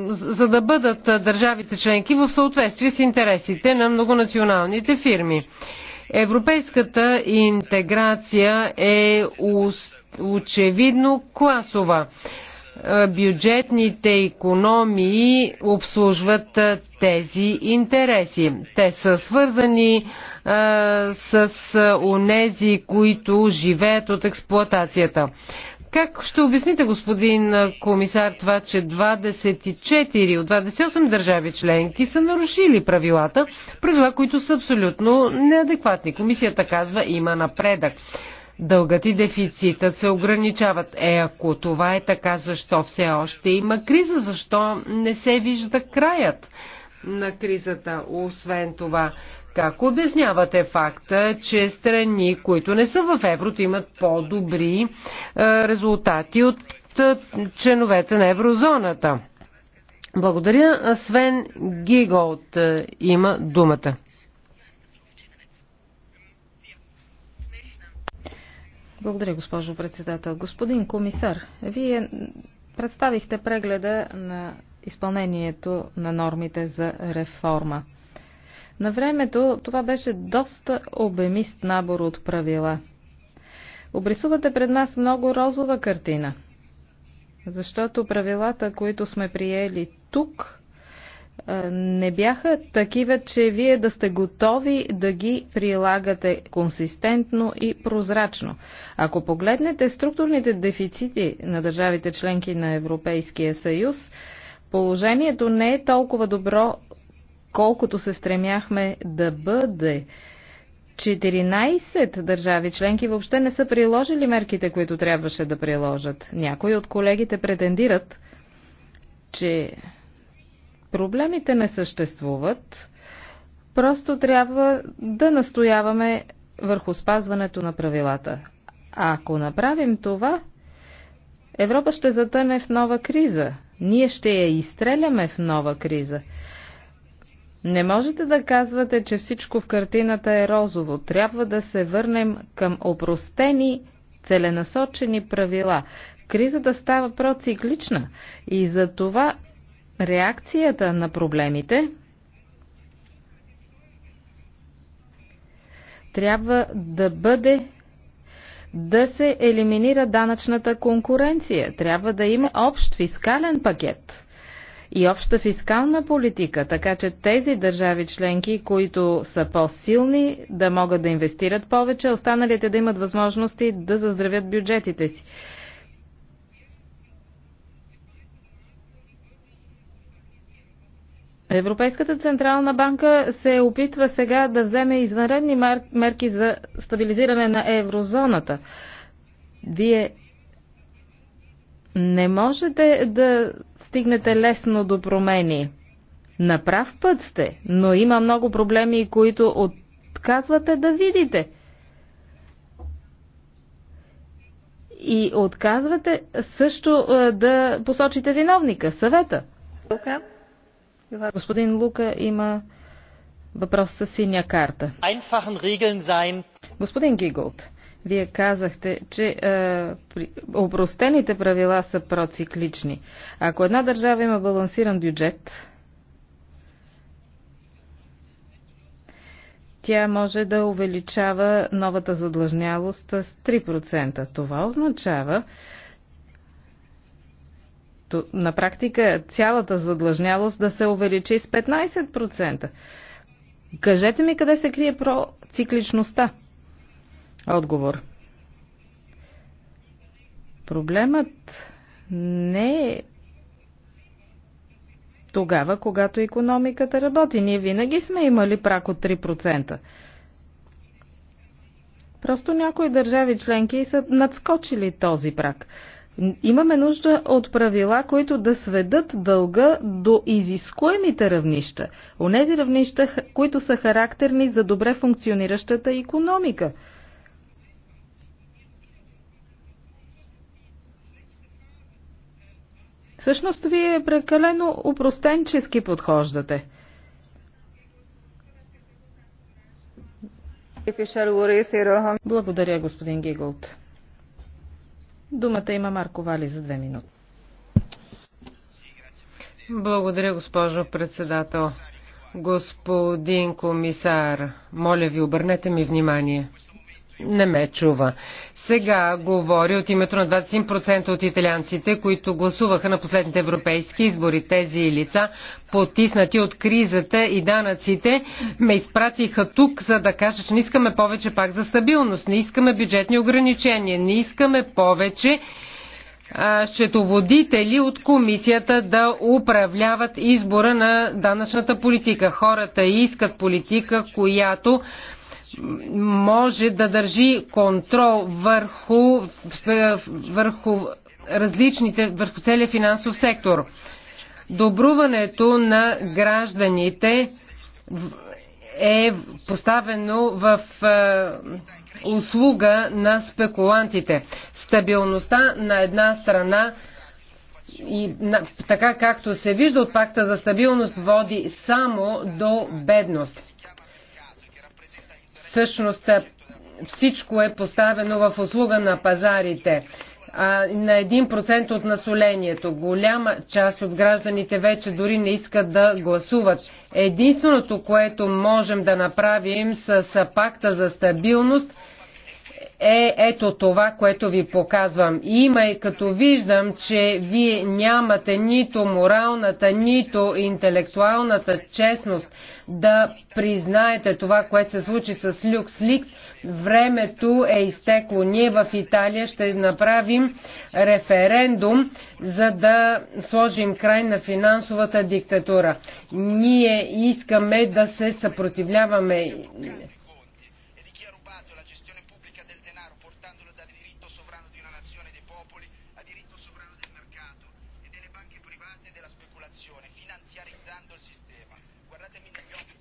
за да бъдат държавите членки в съответствие с интересите на многонационалните фирми. Европейската интеграция е очевидно класова бюджетните економии обслужват тези интереси. Те са свързани а, с онези, които живеят от експлоатацията. Как ще обясните, господин комисар, това, че 24 от 28 държави членки са нарушили правилата, правила, които са абсолютно неадекватни? Комисията казва, има напредък дългът и дефицитът се ограничават. Е, ако това е така, защо все още има криза? Защо не се вижда краят на кризата? Освен това, как обяснявате факта, че страни, които не са в еврото, имат по-добри е, резултати от е, членовете на еврозоната? Благодаря. Свен Гиголт е, има думата. Благодаря, госпожо председател. Господин комисар, вие представихте прегледа на изпълнението на нормите за реформа. На времето това беше доста обемист набор от правила. Обрисувате пред нас много розова картина, защото правилата, които сме приели тук, е, не бяха такива, че вие да сте готови да ги прилагате консистентно и прозрачно. Ако погледнете структурните дефицити на държавите членки на Европейския съюз, положението не е толкова добро, колкото се стремяхме да бъде. 14 държави членки въобще не са приложили мерките, които трябваше да приложат. Някои от колегите претендират, че Проблемите не съществуват. Просто трябва да настояваме върху спазването на правилата. А ако направим това, Европа ще затъне в нова криза. Ние ще я изстреляме в нова криза. Не можете да казвате, че всичко в картината е розово. Трябва да се върнем към опростени, целенасочени правила. Кризата става проциклична и за това реакцията на проблемите трябва да бъде да се елиминира данъчната конкуренция. Трябва да има общ фискален пакет и обща фискална политика, така че тези държави членки, които са по-силни, да могат да инвестират повече, останалите да имат възможности да заздравят бюджетите си. Европейската централна банка се опитва сега да вземе извънредни мерки за стабилизиране на еврозоната. Вие не можете да стигнете лесно до промени. На прав път сте, но има много проблеми, които отказвате да видите. И отказвате също е, да посочите виновника, съвета. Okay. Господин Лука има въпрос с синя карта. Господин Гиголд, вие казахте, че е, правила са проциклични. Ако една държава има балансиран бюджет, тя може да увеличава новата задлъжнялост с 3%. Това означава, като на практика цялата задлъжнялост да се увеличи с 15%. Кажете ми къде се крие процикличността? Отговор. Проблемът не е тогава, когато економиката работи. Ние винаги сме имали прак от 3%. Просто някои държави членки са надскочили този прак. Имаме нужда от правила, които да сведат дълга до изискуемите равнища, онези равнища, които са характерни за добре функциониращата економика. Всъщност, вие прекалено упростенчески подхождате. Благодаря, господин Гиголт. Думата има Марко Вали за две минути. Благодаря, госпожо председател. Господин комисар, моля ви, обърнете ми внимание не ме чува. Сега говори от името на 20% от италианците, които гласуваха на последните европейски избори. Тези лица, потиснати от кризата и данъците, ме изпратиха тук, за да кажа, че не искаме повече пак за стабилност, не искаме бюджетни ограничения, не искаме повече счетоводители от комисията да управляват избора на данъчната политика. Хората искат политика, която може да държи контрол върху, върху различните, върху целия финансов сектор. Добруването на гражданите е поставено в е, услуга на спекулантите. Стабилността на една страна и на, така както се вижда от пакта за стабилност води само до бедност всъщност е, всичко е поставено в услуга на пазарите а, на 1% от населението. Голяма част от гражданите вече дори не искат да гласуват. Единственото, което можем да направим с пакта за стабилност е ето това, което ви показвам. Има и като виждам, че вие нямате нито моралната, нито интелектуалната честност да признаете това, което се случи с Люкс Ликс, времето е изтекло. Ние в Италия ще направим референдум, за да сложим край на финансовата диктатура. Ние искаме да се съпротивляваме.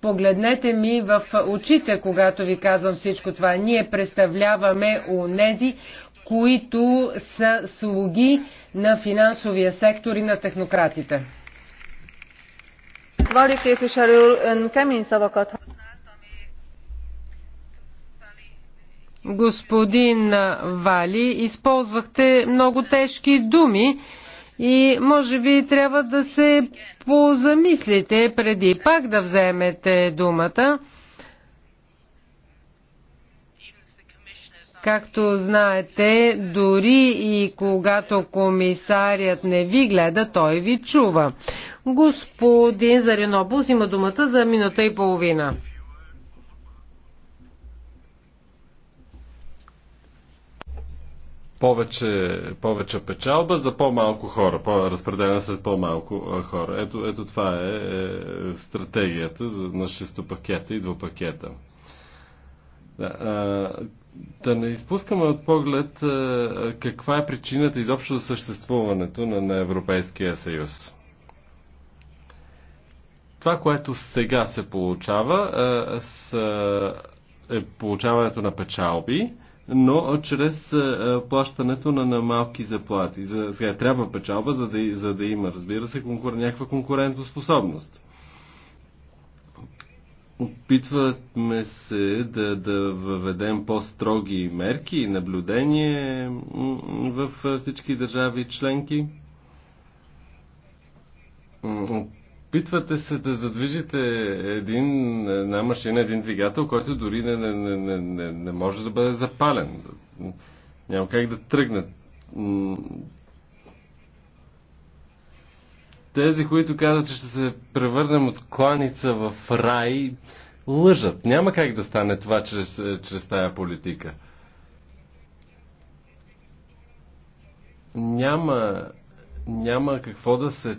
Погледнете ми в очите, когато ви казвам всичко това. Ние представляваме онези, които са слуги на финансовия сектор и на технократите. Господин Вали, използвахте много тежки думи. И може би трябва да се позамислите преди пак да вземете думата. Както знаете, дори и когато комисарият не ви гледа, той ви чува. Господин Заринопус има думата за минута и половина. повече, повече печалба за по-малко хора, по разпределена сред по-малко хора. Ето, ето това е, е стратегията за, на шестопакета и двупакета. Да, а, да не изпускаме от поглед а, каква е причината изобщо за съществуването на, на Европейския съюз. Това, което сега се получава, а, с, е получаването на печалби, а, но чрез е, е, плащането на, на малки заплати. За, сега трябва печалба, за да, за да има, разбира се, конкур, някаква конкурентоспособност. Опитваме се да, да въведем по-строги мерки и наблюдение в е, всички държави членки опитвате се да задвижите един, една машина, един двигател, който дори не, не, не, не, не може да бъде запален. Няма как да тръгне. Тези, които казват, че ще се превърнем от кланица в рай, лъжат. Няма как да стане това чрез, чрез тая политика. Няма, няма какво да се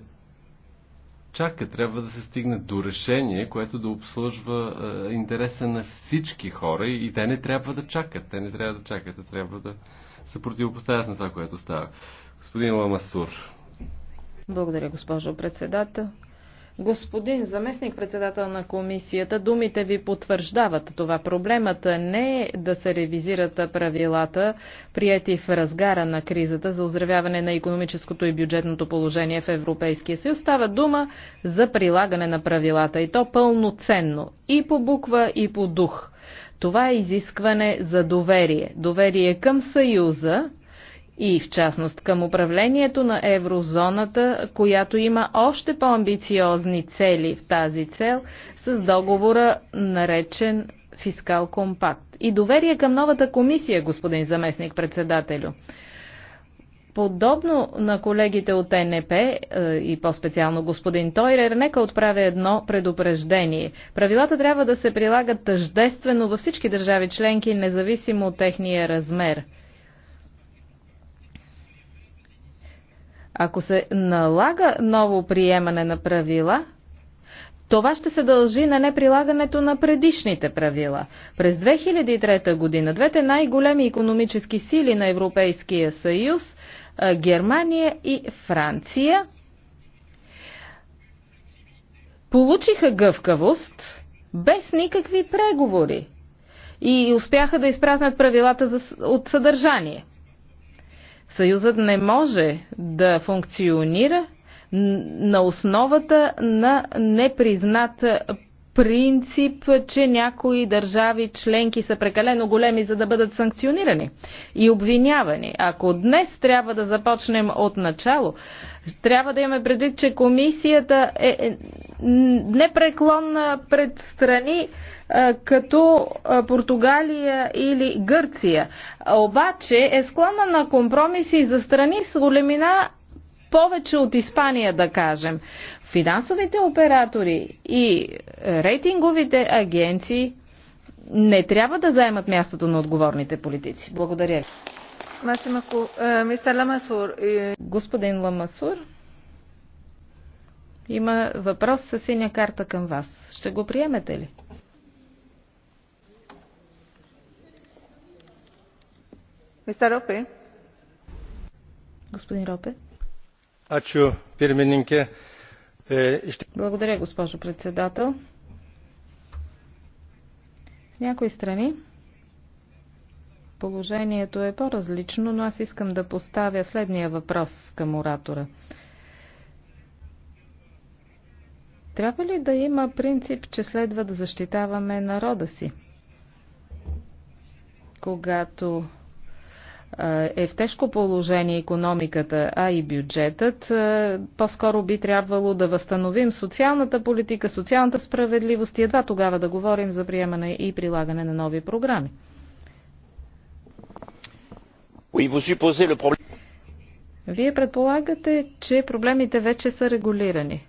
чака. Трябва да се стигне до решение, което да обслужва е, интереса на всички хора и те не трябва да чакат. Те не трябва да чакат, те трябва да се противопоставят на това, което става. Господин Ламасур. Благодаря, госпожо председател. Господин заместник председател на комисията, думите ви потвърждават това. Проблемът не е да се ревизират правилата, прияти в разгара на кризата за оздравяване на економическото и бюджетното положение в Европейския съюз. Става дума за прилагане на правилата и то пълноценно и по буква, и по дух. Това е изискване за доверие. Доверие към Съюза, и в частност към управлението на еврозоната, която има още по-амбициозни цели в тази цел с договора наречен фискал компакт. И доверие към новата комисия, господин заместник председателю. Подобно на колегите от НП е, и по-специално господин Тойрер, нека отправя едно предупреждение. Правилата трябва да се прилагат тъждествено във всички държави членки, независимо от техния размер – Ако се налага ново приемане на правила, това ще се дължи на неприлагането на предишните правила. През 2003 година двете най-големи економически сили на Европейския съюз, Германия и Франция, получиха гъвкавост без никакви преговори и успяха да изпразнат правилата за, от съдържание. Съюзът не може да функционира на основата на непризната принцип, че някои държави членки са прекалено големи, за да бъдат санкционирани и обвинявани. Ако днес трябва да започнем от начало, трябва да имаме предвид, че комисията е, е непреклонна пред страни е, като е, Португалия или Гърция. Обаче е склонна на компромиси за страни с големина повече от Испания, да кажем финансовите оператори и рейтинговите агенции не трябва да заемат мястото на отговорните политици. Благодаря ви. Е, е, Господин Ламасур, има въпрос със синя карта към вас. Ще го приемете ли? Мистер Ропе. Господин Ропе. Ачу, пирмининке. Е, Благодаря, госпожо председател. В някои страни положението е по-различно, но аз искам да поставя следния въпрос към оратора. Трябва ли да има принцип, че следва да защитаваме народа си? Когато е в тежко положение економиката, а и бюджетът, е, по-скоро би трябвало да възстановим социалната политика, социалната справедливост и едва тогава да говорим за приемане и прилагане на нови програми. Вие предполагате, че проблемите вече са регулирани.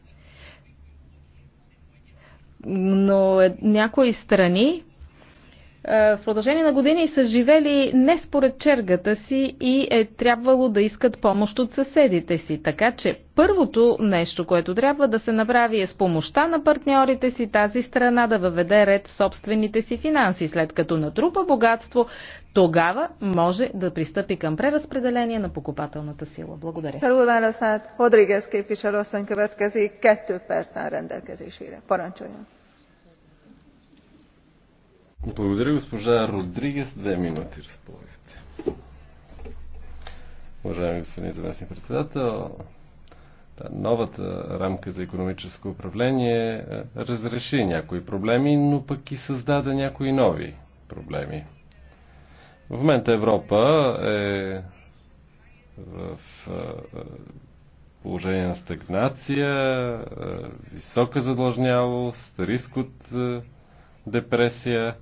Но е- някои страни е, в продължение на години са живели не според чергата си и е трябвало да искат помощ от съседите си. Така че първото нещо, което трябва да се направи е с помощта на партньорите си тази страна да въведе ред в собствените си финанси. След като натрупа богатство, тогава може да пристъпи към преразпределение на покупателната сила. Благодаря. Rodriguez képviselő asszony következik, kettő percen rendelkezésére. Parancsoljon! Благодаря, госпожа Родригес. Две минути разполагате. Уважаеми господин заместник председател, новата рамка за економическо управление е, разреши някои проблеми, но пък и създаде някои нови проблеми. В момента Европа е в е, положение на стагнация, е, висока задлъжнявост, риск от депресия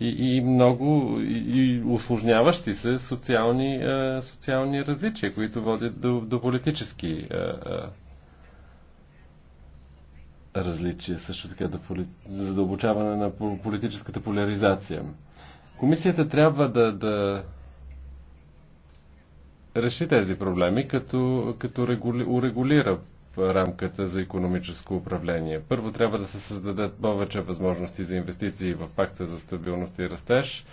и, и много и усложняващи се социални, а, е, социални различия, които водят до, до политически а, е, а, е, различия, също така до поли... задълбочаване на политическата поляризация. Комисията трябва да, да реши тези проблеми, като, като урегулира рамката за економическо управление. Първо трябва да се създадат повече възможности за инвестиции в пакта за стабилност и растеж,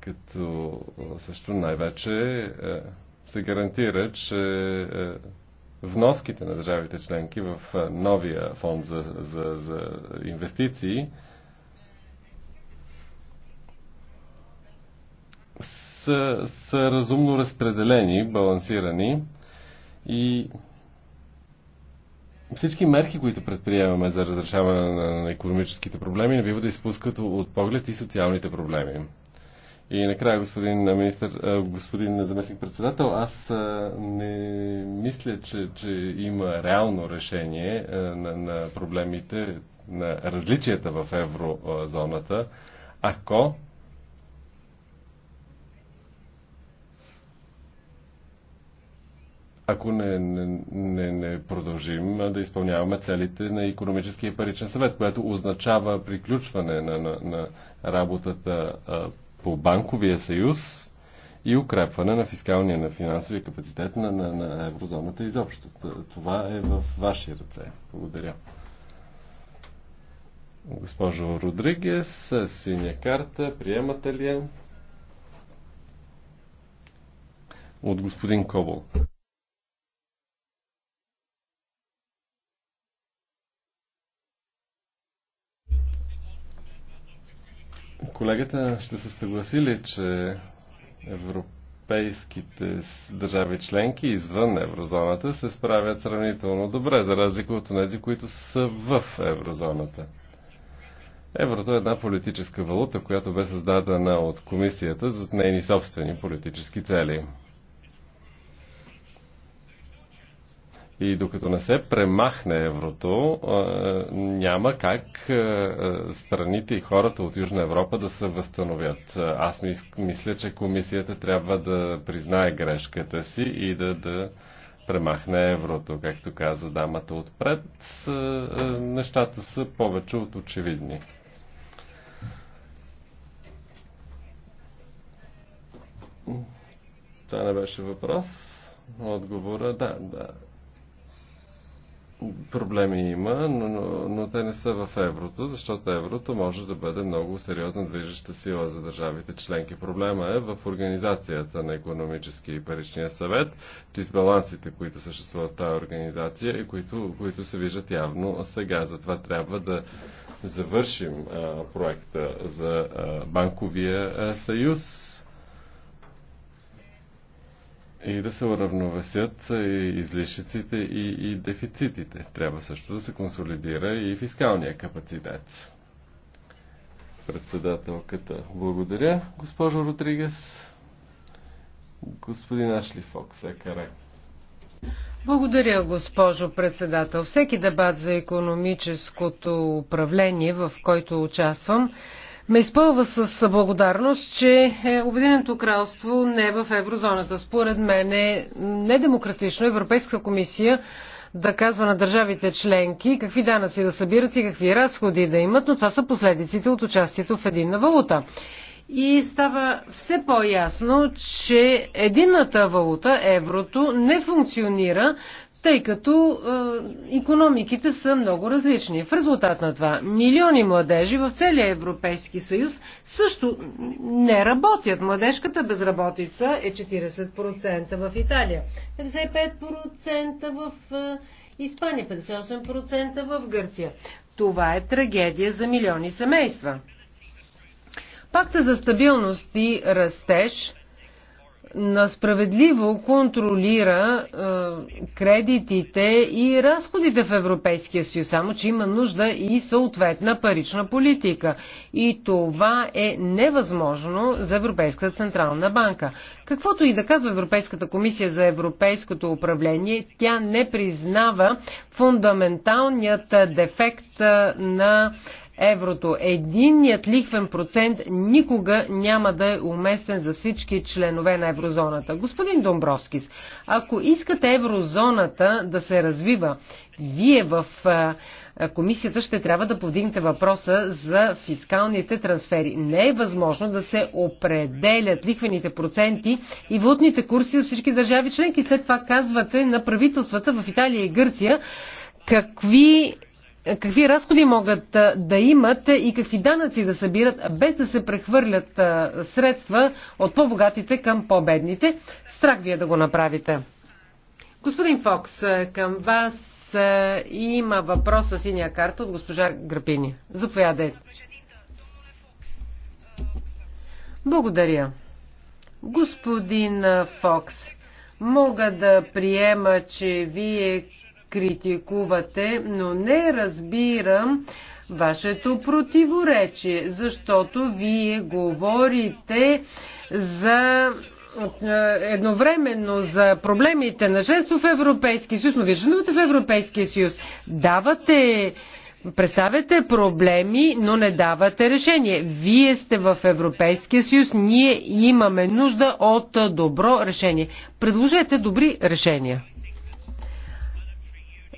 като също най-вече е, се гарантира, че е, вноските на държавите членки в е, новия фонд за, за, за инвестиции са, са разумно разпределени, балансирани и всички мерки, които предприемаме за разрешаване на економическите проблеми, не бива да изпускат от поглед и социалните проблеми. И накрая, господин министр, господин заместник председател, аз не мисля, че, че има реално решение на, на проблемите, на различията в еврозоната, ако ако не, не, не, не продължим да изпълняваме целите на економическия паричен съвет, което означава приключване на, на, на работата по банковия съюз и укрепване на фискалния, на финансовия капацитет на, на, на еврозоната изобщо. Това е в ваши ръце. Благодаря. Госпожо Родригес, синя карта, приемате ли я? От господин Кобол. Колегата ще се съгласили, че европейските държави членки извън еврозоната се справят сравнително добре, за разлика от тези, които са в еврозоната. Еврото е една политическа валута, която бе създадена от комисията за нейни собствени политически цели. И докато не се премахне еврото, няма как страните и хората от Южна Европа да се възстановят. Аз мисля, че комисията трябва да признае грешката си и да, да премахне еврото. Както каза дамата отпред, нещата са повече от очевидни. Това не беше въпрос. Отговора, да, да проблеми има, но, но, но те не са в еврото, защото еврото може да бъде много сериозна движеща сила за държавите членки. Проблема е в организацията на економически и паричния съвет, дисбалансите, които съществуват в тази организация и които, които се виждат явно сега. Затова трябва да завършим а, проекта за а, банковия а, съюз и да се уравновесят и излишиците и, и дефицитите. Трябва също да се консолидира и фискалния капацитет. Председателката. Благодаря, госпожо Родригес. Господин Ашли Фокс е каре. Благодаря, госпожо председател. Всеки дебат за економическото управление, в който участвам, ме изпълва с благодарност, че е, Обединеното кралство не е в еврозоната. Според мен е недемократично Европейска комисия да казва на държавите членки какви данъци да събират и какви разходи да имат, но това са последиците от участието в единна валута. И става все по-ясно, че единната валута, еврото, не функционира тъй като е, економиките са много различни. В резултат на това милиони младежи в целия Европейски съюз също не работят. Младежката безработица е 40% в Италия, 55% в Испания, 58% в Гърция. Това е трагедия за милиони семейства. Пакта за стабилност и растеж на справедливо контролира е, кредитите и разходите в Европейския съюз, само че има нужда и съответна парична политика. И това е невъзможно за Европейската централна банка. Каквото и да казва Европейската комисия за европейското управление, тя не признава фундаменталният дефект на еврото. Единният лихвен процент никога няма да е уместен за всички членове на еврозоната. Господин Домбровскис, ако искате еврозоната да се развива, вие в комисията ще трябва да повдигнете въпроса за фискалните трансфери. Не е възможно да се определят лихвените проценти и валутните курси от всички държави членки. След това казвате на правителствата в Италия и Гърция какви какви разходи могат да имат и какви данъци да събират, без да се прехвърлят средства от по-богатите към по-бедните. Страх вие да го направите. Господин Фокс, към вас има въпрос с синия карта от госпожа Грапини. Заповядайте. Благодаря. Господин Фокс, мога да приема, че вие критикувате, но не разбирам вашето противоречие, защото вие говорите за е, едновременно за проблемите на женство в Европейския съюз, но вие членувате в Европейския съюз. Давате представете проблеми, но не давате решение. Вие сте в Европейския съюз, ние имаме нужда от добро решение. Предложете добри решения.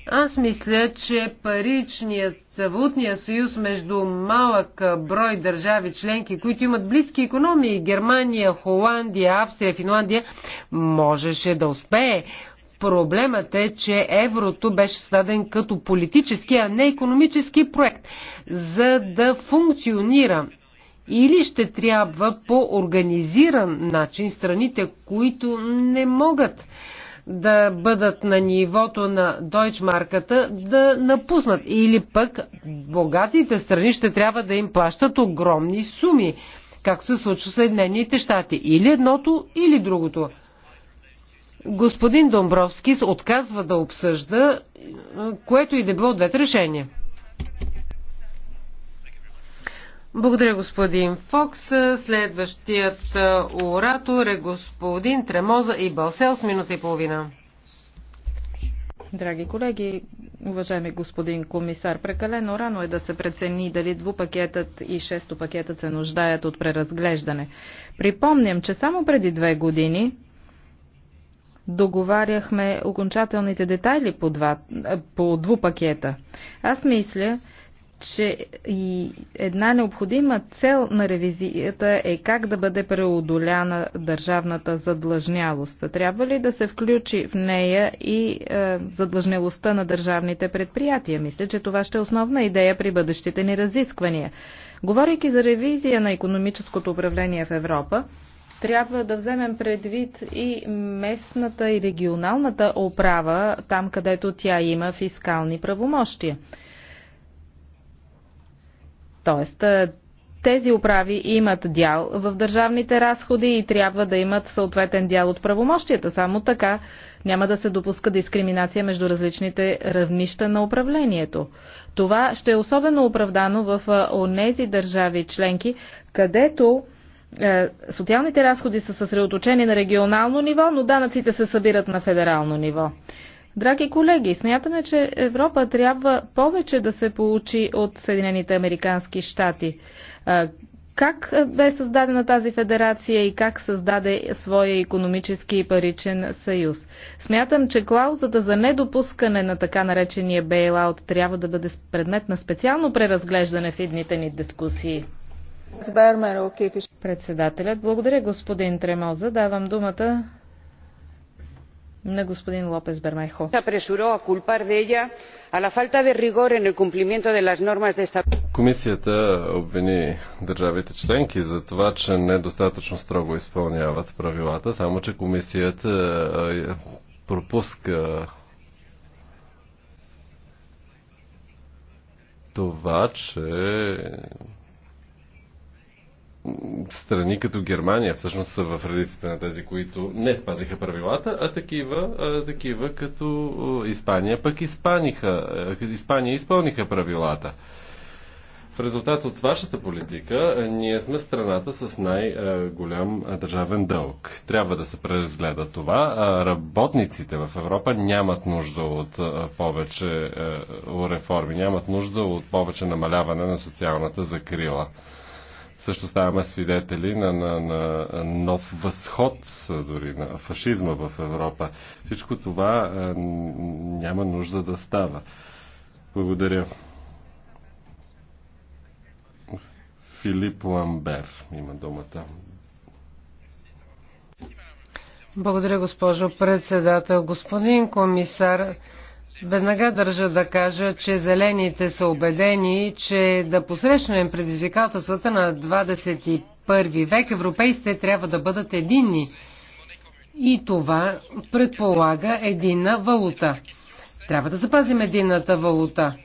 Аз мисля, че паричният валутния съюз между малък брой държави членки, които имат близки економии, Германия, Холандия, Австрия, Финландия, можеше да успее. Проблемът е, че еврото беше създаден като политически, а не економически проект. За да функционира или ще трябва по организиран начин страните, които не могат да бъдат на нивото на дойчмарката, да напуснат. Или пък богатите страни ще трябва да им плащат огромни суми, както се случва в Съединените щати. Или едното, или другото. Господин Домбровски отказва да обсъжда е, което и да било двете решения. Благодаря, господин Фокс. Следващият оратор е господин Тремоза и Балсел с минута и половина. Драги колеги, уважаеми господин комисар, прекалено рано е да се прецени дали двупакетът и шесто пакетът се нуждаят от преразглеждане. Припомням, че само преди две години договаряхме окончателните детайли по, два, по двупакета. Аз мисля, че и една необходима цел на ревизията е как да бъде преодоляна държавната задлъжнялост. Трябва ли да се включи в нея и е, задлъжнялостта на държавните предприятия? Мисля, че това ще е основна идея при бъдещите ни разисквания. Говорейки за ревизия на економическото управление в Европа, трябва да вземем предвид и местната и регионалната управа, там където тя има фискални правомощия. Тоест, е, тези управи имат дял в държавните разходи и трябва да имат съответен дял от правомощията. Само така няма да се допуска дискриминация между различните равнища на управлението. Това ще е особено оправдано в е, онези държави членки, където е, социалните разходи са съсредоточени на регионално ниво, но данъците се събират на федерално ниво. Драги колеги, смятаме, че Европа трябва повече да се получи от Съединените Американски щати. Как бе създадена тази федерация и как създаде своя економически и паричен съюз? Смятам, че клаузата за недопускане на така наречения бейлаут трябва да бъде предмет на специално преразглеждане в едните ни дискусии. Председателят, благодаря господин Тремоза. Давам думата на господин Лопес Бермайхо. Комисията обвини държавите членки за това, че недостатъчно строго изпълняват правилата, само че комисията е, пропуска това, че страни като Германия всъщност са в редиците на тези, които не спазиха правилата, а такива, а такива като Испания пък изпаниха, е, Испания изпълниха правилата. В резултат от вашата политика е, ние сме страната с най-голям е, държавен дълг. Трябва да се преразгледа това. Работниците в Европа нямат нужда от повече реформи, нямат нужда от повече намаляване на социалната закрила. Също ставаме свидетели на, на, на нов възход дори на фашизма в Европа. Всичко това е, няма нужда да става. Благодаря. Филип Ламбер има думата. Благодаря, госпожо председател. Господин комисар, Веднага държа да кажа, че зелените са убедени, че да посрещнем предизвикателствата на 21 век, европейците трябва да бъдат единни. И това предполага единна валута. Трябва да запазим единната валута.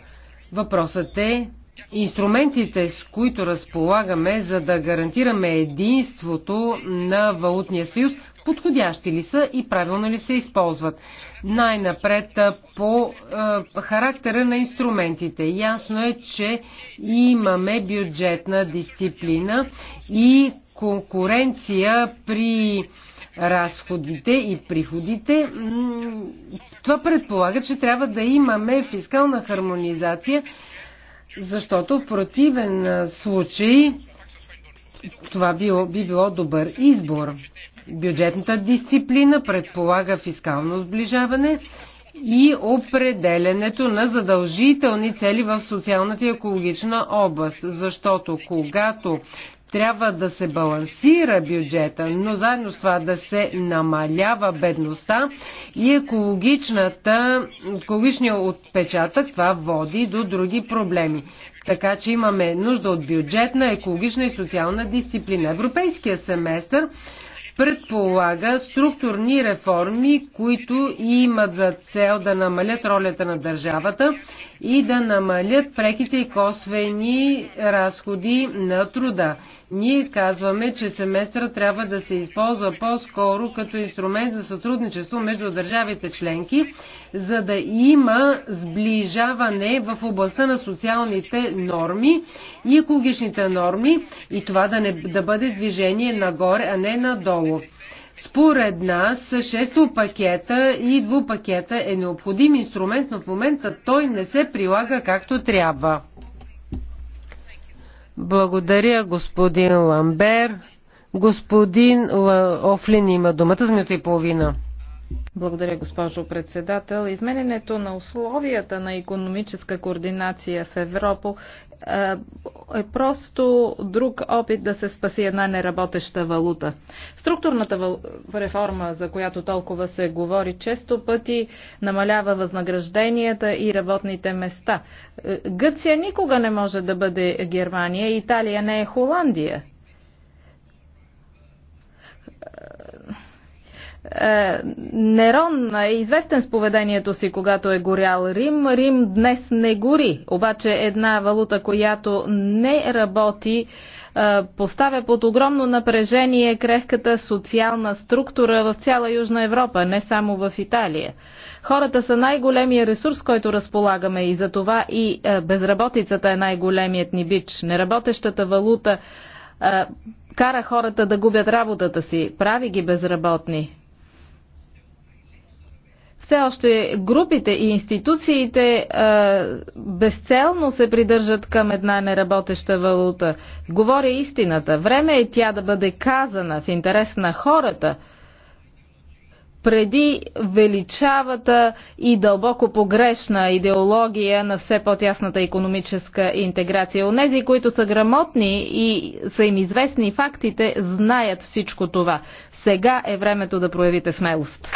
Въпросът е инструментите, с които разполагаме, за да гарантираме единството на валутния съюз, подходящи ли са и правилно ли се използват най-напред по характера на инструментите. Ясно е, че имаме бюджетна дисциплина и конкуренция при разходите и приходите. Това предполага, че трябва да имаме фискална хармонизация, защото в противен случай това би било добър избор. Бюджетната дисциплина предполага фискално сближаване и определенето на задължителни цели в социалната и екологична област, защото когато трябва да се балансира бюджета, но заедно с това да се намалява бедността и екологичната, екологичния отпечатък, това води до други проблеми. Така че имаме нужда от бюджетна, екологична и социална дисциплина. Европейския семестър предполага структурни реформи, които имат за цел да намалят ролята на държавата и да намалят преките и косвени разходи на труда. Ние казваме, че семестъра трябва да се използва по-скоро като инструмент за сътрудничество между държавите членки, за да има сближаване в областта на социалните норми и екологичните норми и това да, не, да бъде движение нагоре, а не надолу. Според нас, шесто пакета и двупакета е необходим инструмент, но в момента той не се прилага както трябва. Благодаря, господин Ламбер. Господин Офлин има думата за минута и половина. Благодаря, госпожо председател. Измененето на условията на економическа координация в Европа е просто друг опит да се спаси една неработеща валута. Структурната реформа, за която толкова се говори, често пъти намалява възнагражденията и работните места. Гърция никога не може да бъде Германия, Италия не е Холандия. Е, Нерон е известен с поведението си, когато е горял Рим. Рим днес не гори, обаче една валута, която не работи, е, поставя под огромно напрежение крехката социална структура в цяла Южна Европа, не само в Италия. Хората са най-големия ресурс, който разполагаме и за това и е, безработицата е най-големият ни бич. Неработещата валута кара хората да губят работата си, прави ги безработни. Все още групите и институциите а, е, безцелно се придържат към една неработеща валута. Говоря истината. Време е тя да бъде казана в интерес на хората преди величавата и дълбоко погрешна идеология на все по-тясната економическа интеграция. Онези, които са грамотни и са им известни фактите, знаят всичко това. Сега е времето да проявите смелост.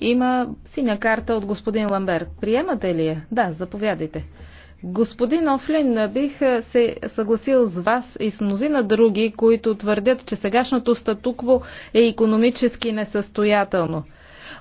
Има синя карта от господин Ламбер. Приемате ли я? Да, заповядайте. Господин Офлин, бих е, се съгласил с вас и с мнозина други, които твърдят, че сегашното статукво е економически несъстоятелно.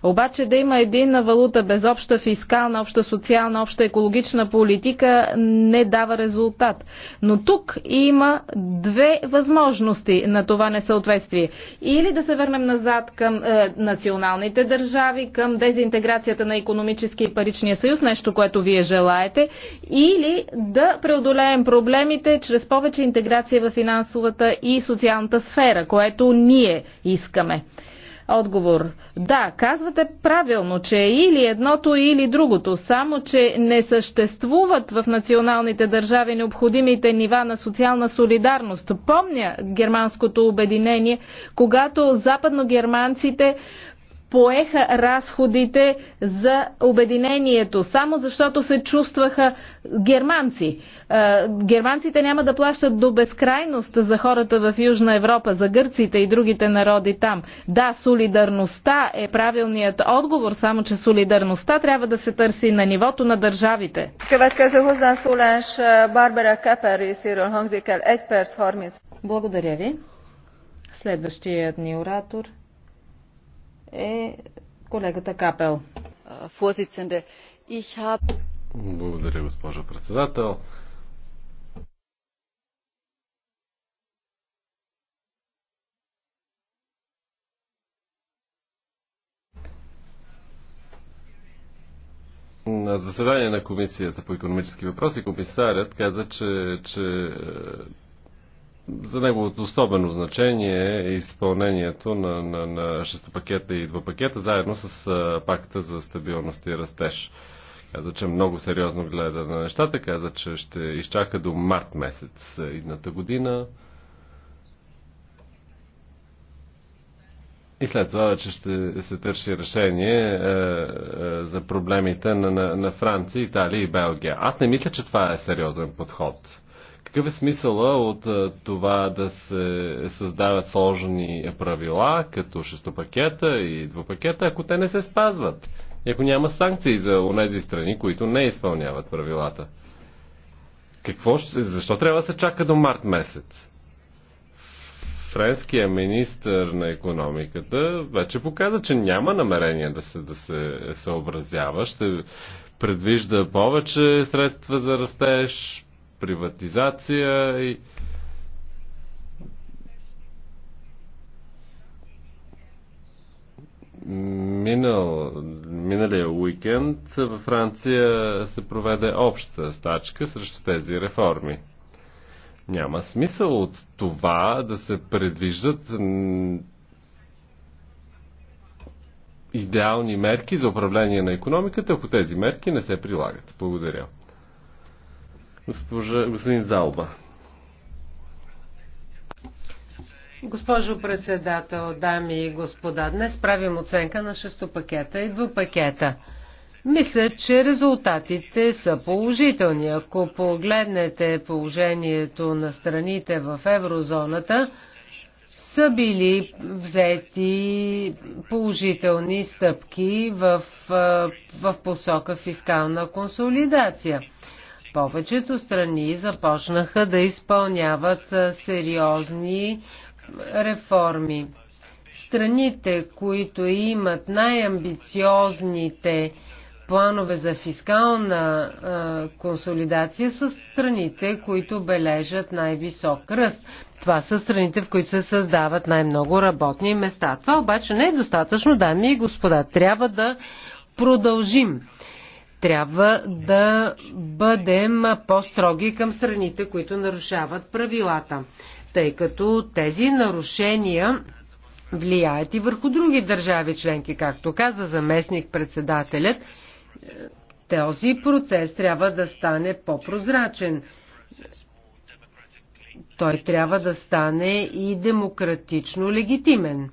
Обаче да има единна валута без обща фискална, обща социална, обща екологична политика не дава резултат. Но тук има две възможности на това несъответствие. Или да се върнем назад към е, националните държави, към дезинтеграцията на економически и паричния съюз, нещо, което вие желаете, или да преодолеем проблемите чрез повече интеграция в финансовата и социалната сфера, което ние искаме. Отговор. Да, казвате правилно, че е или едното, или другото, само че не съществуват в националните държави необходимите нива на социална солидарност. Помня германското обединение, когато западногерманците поеха разходите за обединението, само защото се чувстваха германци. Е, германците няма да плащат до безкрайност за хората в Южна Европа, за гърците и другите народи там. Да, солидарността е правилният отговор, само че солидарността трябва да се търси на нивото на държавите. Е, Благодаря ви. Следващият ни оратор – е колегата Капел. Благодаря, госпожо председател. На заседание на Комисията по економически въпроси комисарят каза, че, че за неговото особено значение е изпълнението на, на, на шестопакета и два пакета, заедно с а, пакта за стабилност и растеж. Каза, че много сериозно гледа на нещата, каза, че ще изчака до март месец едната година. И след това вече ще се търси решение е, е, за проблемите на, на, на Франция, Италия и Белгия. Аз не мисля, че това е сериозен подход какъв е смисъла от това да се създават сложни правила, като шестопакета и двупакета, ако те не се спазват? И ако няма санкции за онези страни, които не изпълняват правилата? Какво, защо трябва да се чака до март месец? Френския министр на економиката вече показа, че няма намерение да се, да се съобразява. Ще предвижда повече средства за растеж, приватизация и Минал, миналия уикенд във Франция се проведе обща стачка срещу тези реформи. Няма смисъл от това да се предвиждат идеални мерки за управление на економиката, ако тези мерки не се прилагат. Благодаря. Госпожа, господин Залба. Госпожо председател, дами и господа, днес правим оценка на шесто пакета и два пакета. Мисля, че резултатите са положителни. Ако погледнете положението на страните в еврозоната, са били взети положителни стъпки в, в посока фискална консолидация. Повечето страни започнаха да изпълняват сериозни реформи. Страните, които имат най-амбициозните планове за фискална а, консолидация са страните, които бележат най-висок ръст. Това са страните, в които се създават най-много работни места. Това обаче не е достатъчно, дами и господа. Трябва да продължим. Трябва да бъдем по-строги към страните, които нарушават правилата, тъй като тези нарушения влияят и върху други държави членки, както каза заместник председателят. Този процес трябва да стане по-прозрачен. Той трябва да стане и демократично легитимен,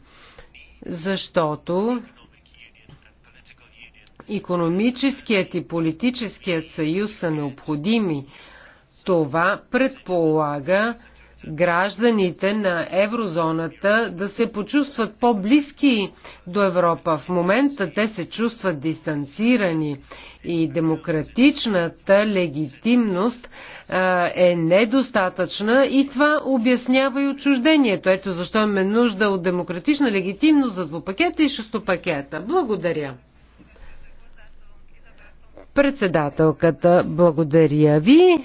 защото Економическият и политическият съюз са необходими. Това предполага гражданите на еврозоната да се почувстват по-близки до Европа. В момента те се чувстват дистанцирани и демократичната легитимност е недостатъчна и това обяснява и отчуждението. Ето защо имаме нужда от демократична легитимност за двупакета и шестопакета. Благодаря. Председателката, благодаря ви.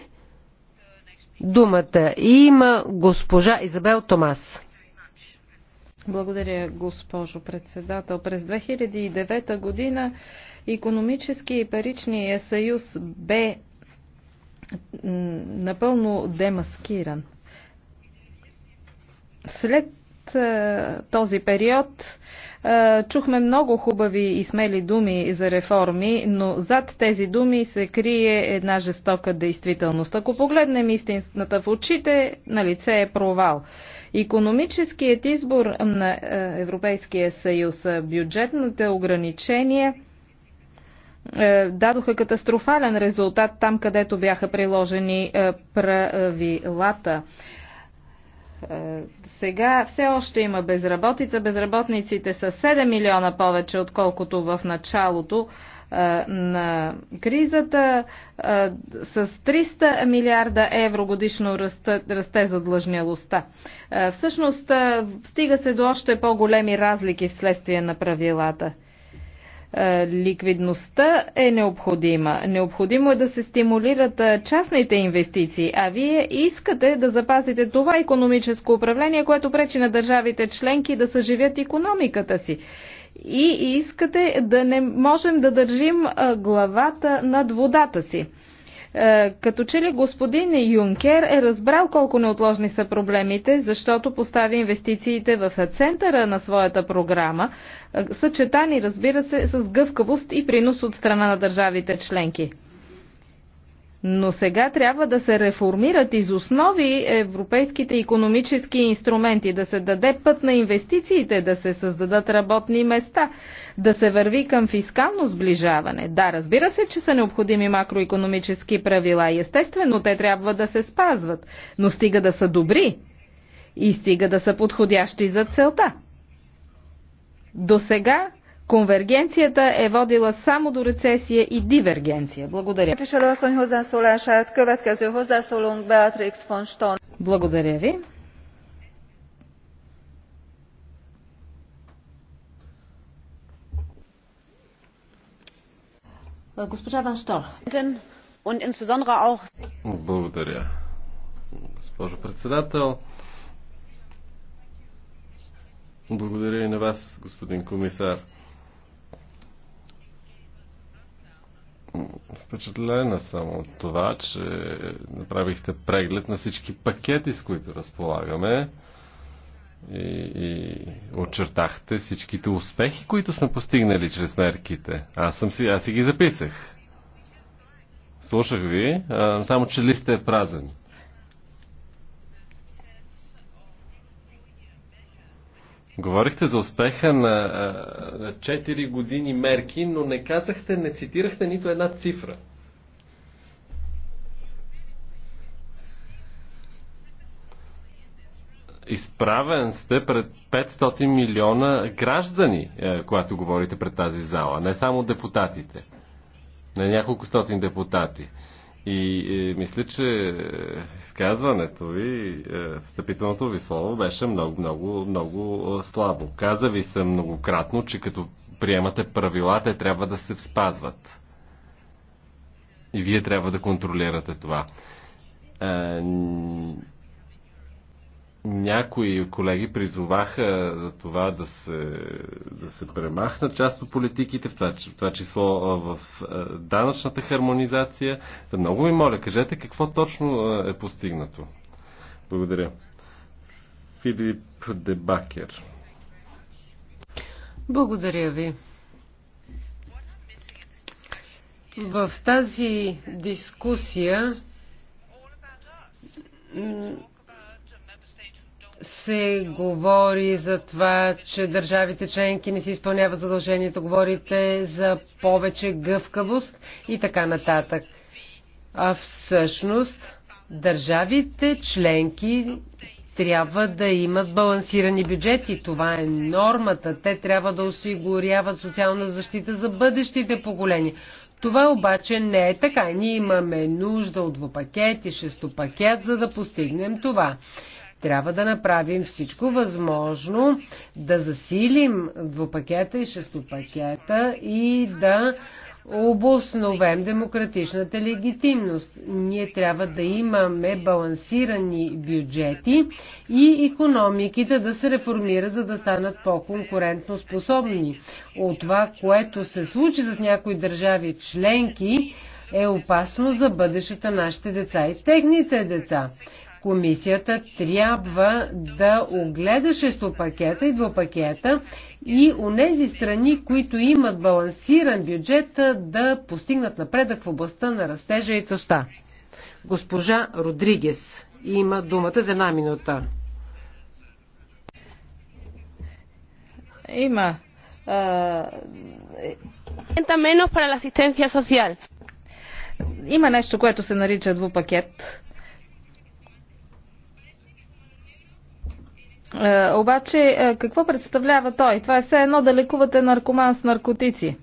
Думата има госпожа Изабел Томас. Благодаря, госпожо председател. През 2009 година економически и паричния съюз бе напълно демаскиран. След този период е, чухме много хубави и смели думи за реформи, но зад тези думи се крие една жестока действителност. Ако погледнем истината в очите, на лице е провал. Економическият избор на е, Европейския съюз, е, бюджетните ограничения дадоха катастрофален резултат там, където бяха приложени правилата. Е, сега все още има безработица. Безработниците са 7 милиона повече, отколкото в началото е, на кризата. Е, с 300 милиарда евро годишно расте, расте задлъжнялостта. Всъщност стига се до още по-големи разлики вследствие на правилата. Е, ликвидността е необходима. Необходимо е да се стимулират е, частните инвестиции, а вие искате да запазите това економическо управление, което пречи на държавите членки да съживят економиката си. И искате да не можем да държим е, главата над водата си. Е, като че ли господин Юнкер е разбрал колко неотложни са проблемите, защото постави инвестициите в центъра на своята програма, е, съчетани, разбира се, с гъвкавост и принос от страна на държавите членки. Но сега трябва да се реформират из основи европейските економически инструменти, да се даде път на инвестициите, да се създадат работни места, да се върви към фискално сближаване. Да, разбира се, че са необходими макроекономически правила и естествено те трябва да се спазват, но стига да са добри и стига да са подходящи за целта. До сега Конвергенцията е водила само до рецесия и дивергенция. Благодаря. Благодаря ви. Госпожа Ван Штор. Благодаря. Госпожо председател, благодаря и на вас, господин комисар. впечатлена съм от това, че направихте преглед на всички пакети, с които разполагаме и, и очертахте всичките успехи, които сме постигнали чрез мерките. Аз, съм си, аз си ги записах. Слушах ви, а, само че листът е празен. Говорихте за успеха на, на 4 години мерки, но не казахте, не цитирахте нито една цифра. изправен сте пред 500 милиона граждани, е, когато говорите пред тази зала, не само депутатите, не няколко стотин депутати. И, и мисля, че е, изказването ви, е, встъпителното ви слово беше много, много, много е, слабо. Каза ви се многократно, че като приемате правила, те трябва да се спазват. И вие трябва да контролирате това някои колеги призоваха за това да се, да се премахнат част от политиките, в това, в това число в данъчната хармонизация. Да много ви моля, кажете какво точно е постигнато. Благодаря. Филип Дебакер. Благодаря ви. В тази дискусия се говори за това, че държавите членки не си изпълняват задължението, говорите за повече гъвкавост и така нататък. А всъщност държавите членки трябва да имат балансирани бюджети. Това е нормата. Те трябва да осигуряват социална защита за бъдещите поколения. Това обаче не е така. Ние имаме нужда от двупакет и шестопакет, за да постигнем това. Трябва да направим всичко възможно, да засилим двупакета и шестопакета и да обосновем демократичната легитимност. Ние трябва да имаме балансирани бюджети и економиките да се реформират, за да станат по-конкурентно способни. От това, което се случи с някои държави членки, е опасно за бъдещето нашите деца и техните деца. Комисията трябва да огледа шестопакета и двопакета и нези страни, които имат балансиран бюджет, да постигнат напредък в областта на растежа и тоста. Госпожа Родригес има думата за една минута. Има. социал. Има нещо, което се нарича двупакет Е, обаче, е, какво представлява той? Това е все едно да лекувате наркоман с наркотици.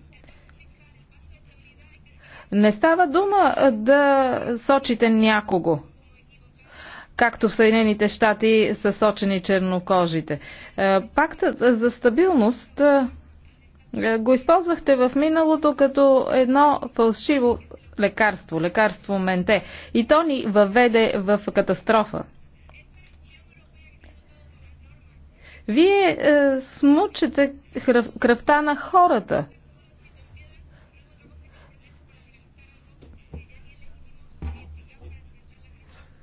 Не става дума е, да сочите някого, както в Съединените щати са сочени чернокожите. Пактът за стабилност го използвахте в миналото като едно фалшиво лекарство, лекарство менте. И то ни въведе в катастрофа. Вие е, смучете хръв, кръвта на хората.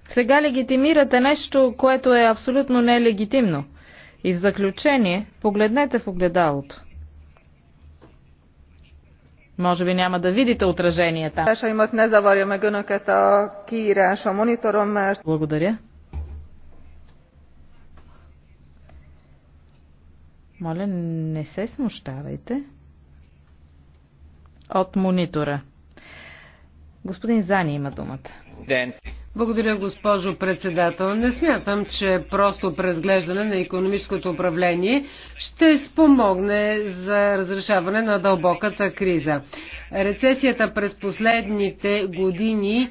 Сега легитимирате нещо, което е абсолютно нелегитимно. И в заключение, погледнете в огледалото. Може би няма да видите отраженията. Е. Благодаря. Моля, не се смущавайте. От монитора. Господин Зани има думата. Ден. Благодаря, госпожо председател. Не смятам, че просто презглеждане на економическото управление ще спомогне за разрешаване на дълбоката криза. Рецесията през последните години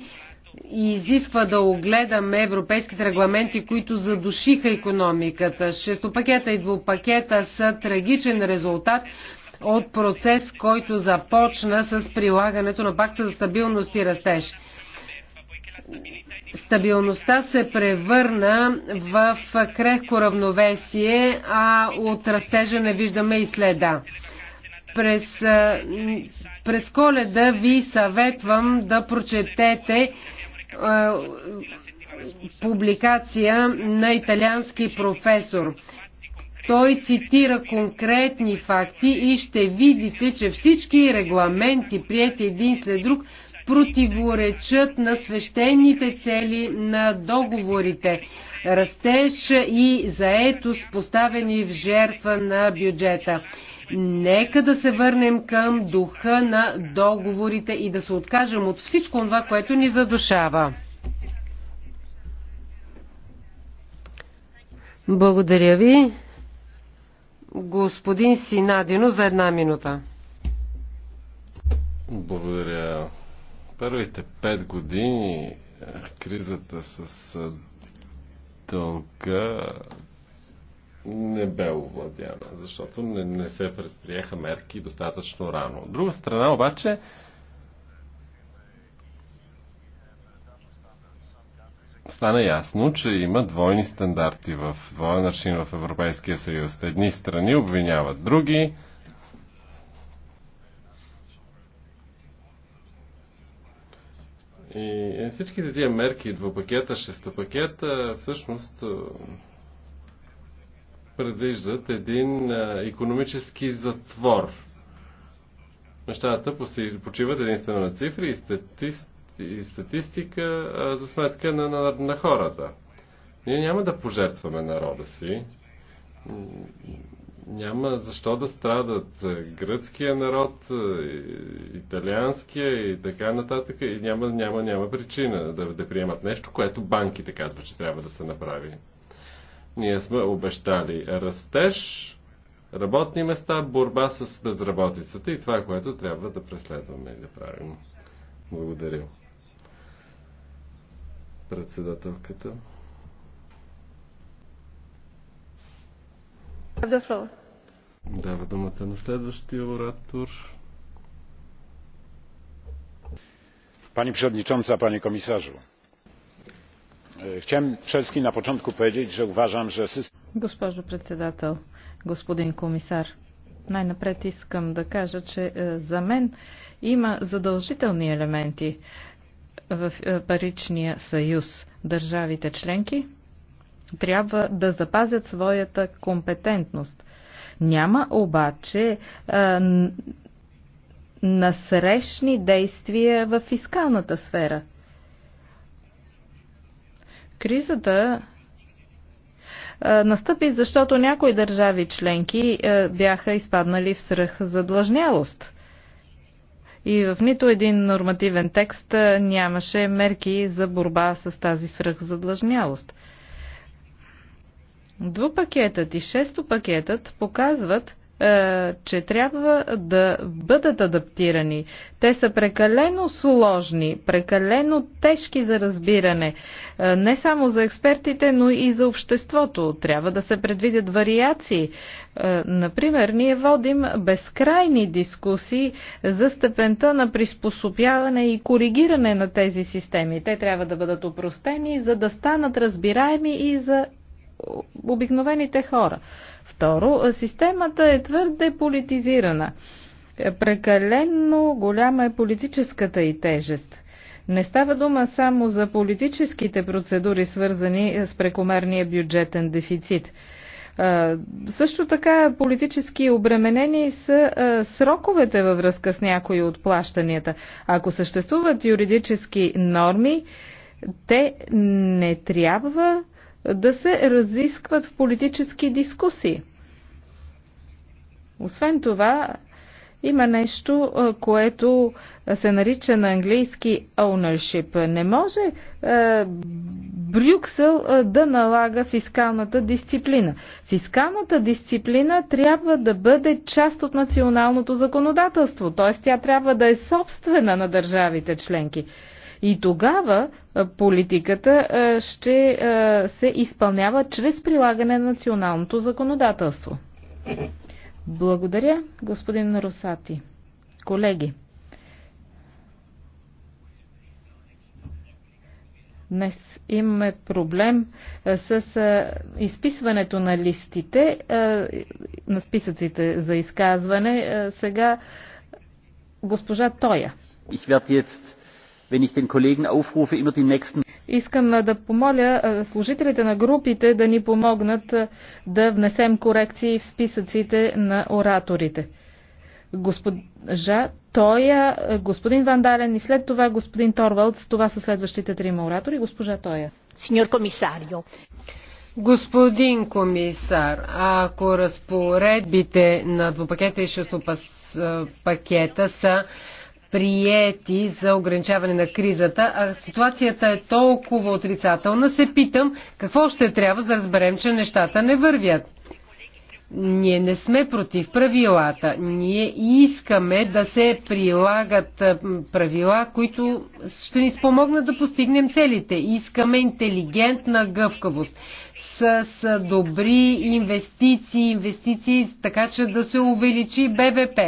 и изисква да огледаме европейските регламенти, които задушиха економиката. Шестопакета и двупакета са трагичен резултат от процес, който започна с прилагането на пакта за стабилност и растеж. Стабилността се превърна в крехко равновесие, а от растежа не виждаме и следа през, през коледа ви съветвам да прочетете е, публикация на италиански професор. Той цитира конкретни факти и ще видите, че всички регламенти, прияти един след друг, противоречат на свещените цели на договорите. Растеж и заетост поставени в жертва на бюджета. Нека да се върнем към духа на договорите и да се откажем от всичко това, което ни задушава. Благодаря ви. Господин Синадино за една минута. Благодаря. Първите пет години е, кризата с е, дълга не бе овладяна, защото не, не се предприеха мерки достатъчно рано. От друга страна обаче, стана ясно, че има двойни стандарти в двоен начин в Европейския съюз. Едни страни обвиняват други. И е, всичките тия мерки, шеста шестопакета, всъщност предвиждат един економически затвор. Нещата почиват единствено на цифри и, стати... и статистика за сметка на, на, на хората. Ние няма да пожертваме народа си. Няма защо да страдат гръцкия народ, италианския и така нататък. И няма, няма, няма причина да, да приемат нещо, което банките казват, че трябва да се направи. Ние сме обещали растеж, работни места, борба с безработицата и това, е което трябва да преследваме и да правим. Благодаря. Председателката. Дава думата на следващия оратор. Пани Przewodnicząca, Panie Komisarzu! Е, Chciałem przede wszystkim na początku powiedzieć, że uważam, że system... Госпожо председател, господин комисар, най-напред искам да кажа, че е, за мен има задължителни елементи в е, паричния съюз. Държавите членки трябва да запазят своята компетентност. Няма обаче а, насрещни действия в фискалната сфера – Кризата настъпи, защото някои държави членки бяха изпаднали в сръх задлъжнялост. И в нито един нормативен текст нямаше мерки за борба с тази свръхзадлъжнялост. Двупакетът и шестопакетът показват, е, че трябва да бъдат адаптирани. Те са прекалено сложни, прекалено тежки за разбиране, е, не само за експертите, но и за обществото. Трябва да се предвидят вариации. Е, например, ние водим безкрайни дискусии за степента на приспособяване и коригиране на тези системи. Те трябва да бъдат упростени, за да станат разбираеми и за обикновените хора. Второ, системата е твърде политизирана. Прекалено голяма е политическата и тежест. Не става дума само за политическите процедури, свързани с прекомерния бюджетен дефицит. Също така политически обременени са сроковете във връзка с някои от плащанията. Ако съществуват юридически норми, те не трябва да се разискват в политически дискусии. Освен това, има нещо, което се нарича на английски ownership. Не може е, Брюксел да налага фискалната дисциплина. Фискалната дисциплина трябва да бъде част от националното законодателство, т.е. тя трябва да е собствена на държавите членки. И тогава политиката ще се изпълнява чрез прилагане на националното законодателство. Благодаря, господин Росати. Колеги, Днес имаме проблем с изписването на листите, на списъците за изказване. Сега госпожа Тоя. Искам да помоля служителите на групите да ни помогнат да внесем корекции в списъците на ораторите. Госпожа Тоя, господин Вандален и след това господин Торвалдс, това са следващите трима оратори. Госпожа Тоя. Сеньор комисарио. Господин комисар, ако разпоредбите на двупакета и шестопакета са приети за ограничаване на кризата, а ситуацията е толкова отрицателна, се питам какво ще трябва за да разберем, че нещата не вървят. Ние не сме против правилата. Ние искаме да се прилагат правила, които ще ни спомогнат да постигнем целите. Искаме интелигентна гъвкавост с добри инвестиции, инвестиции така, че да се увеличи БВП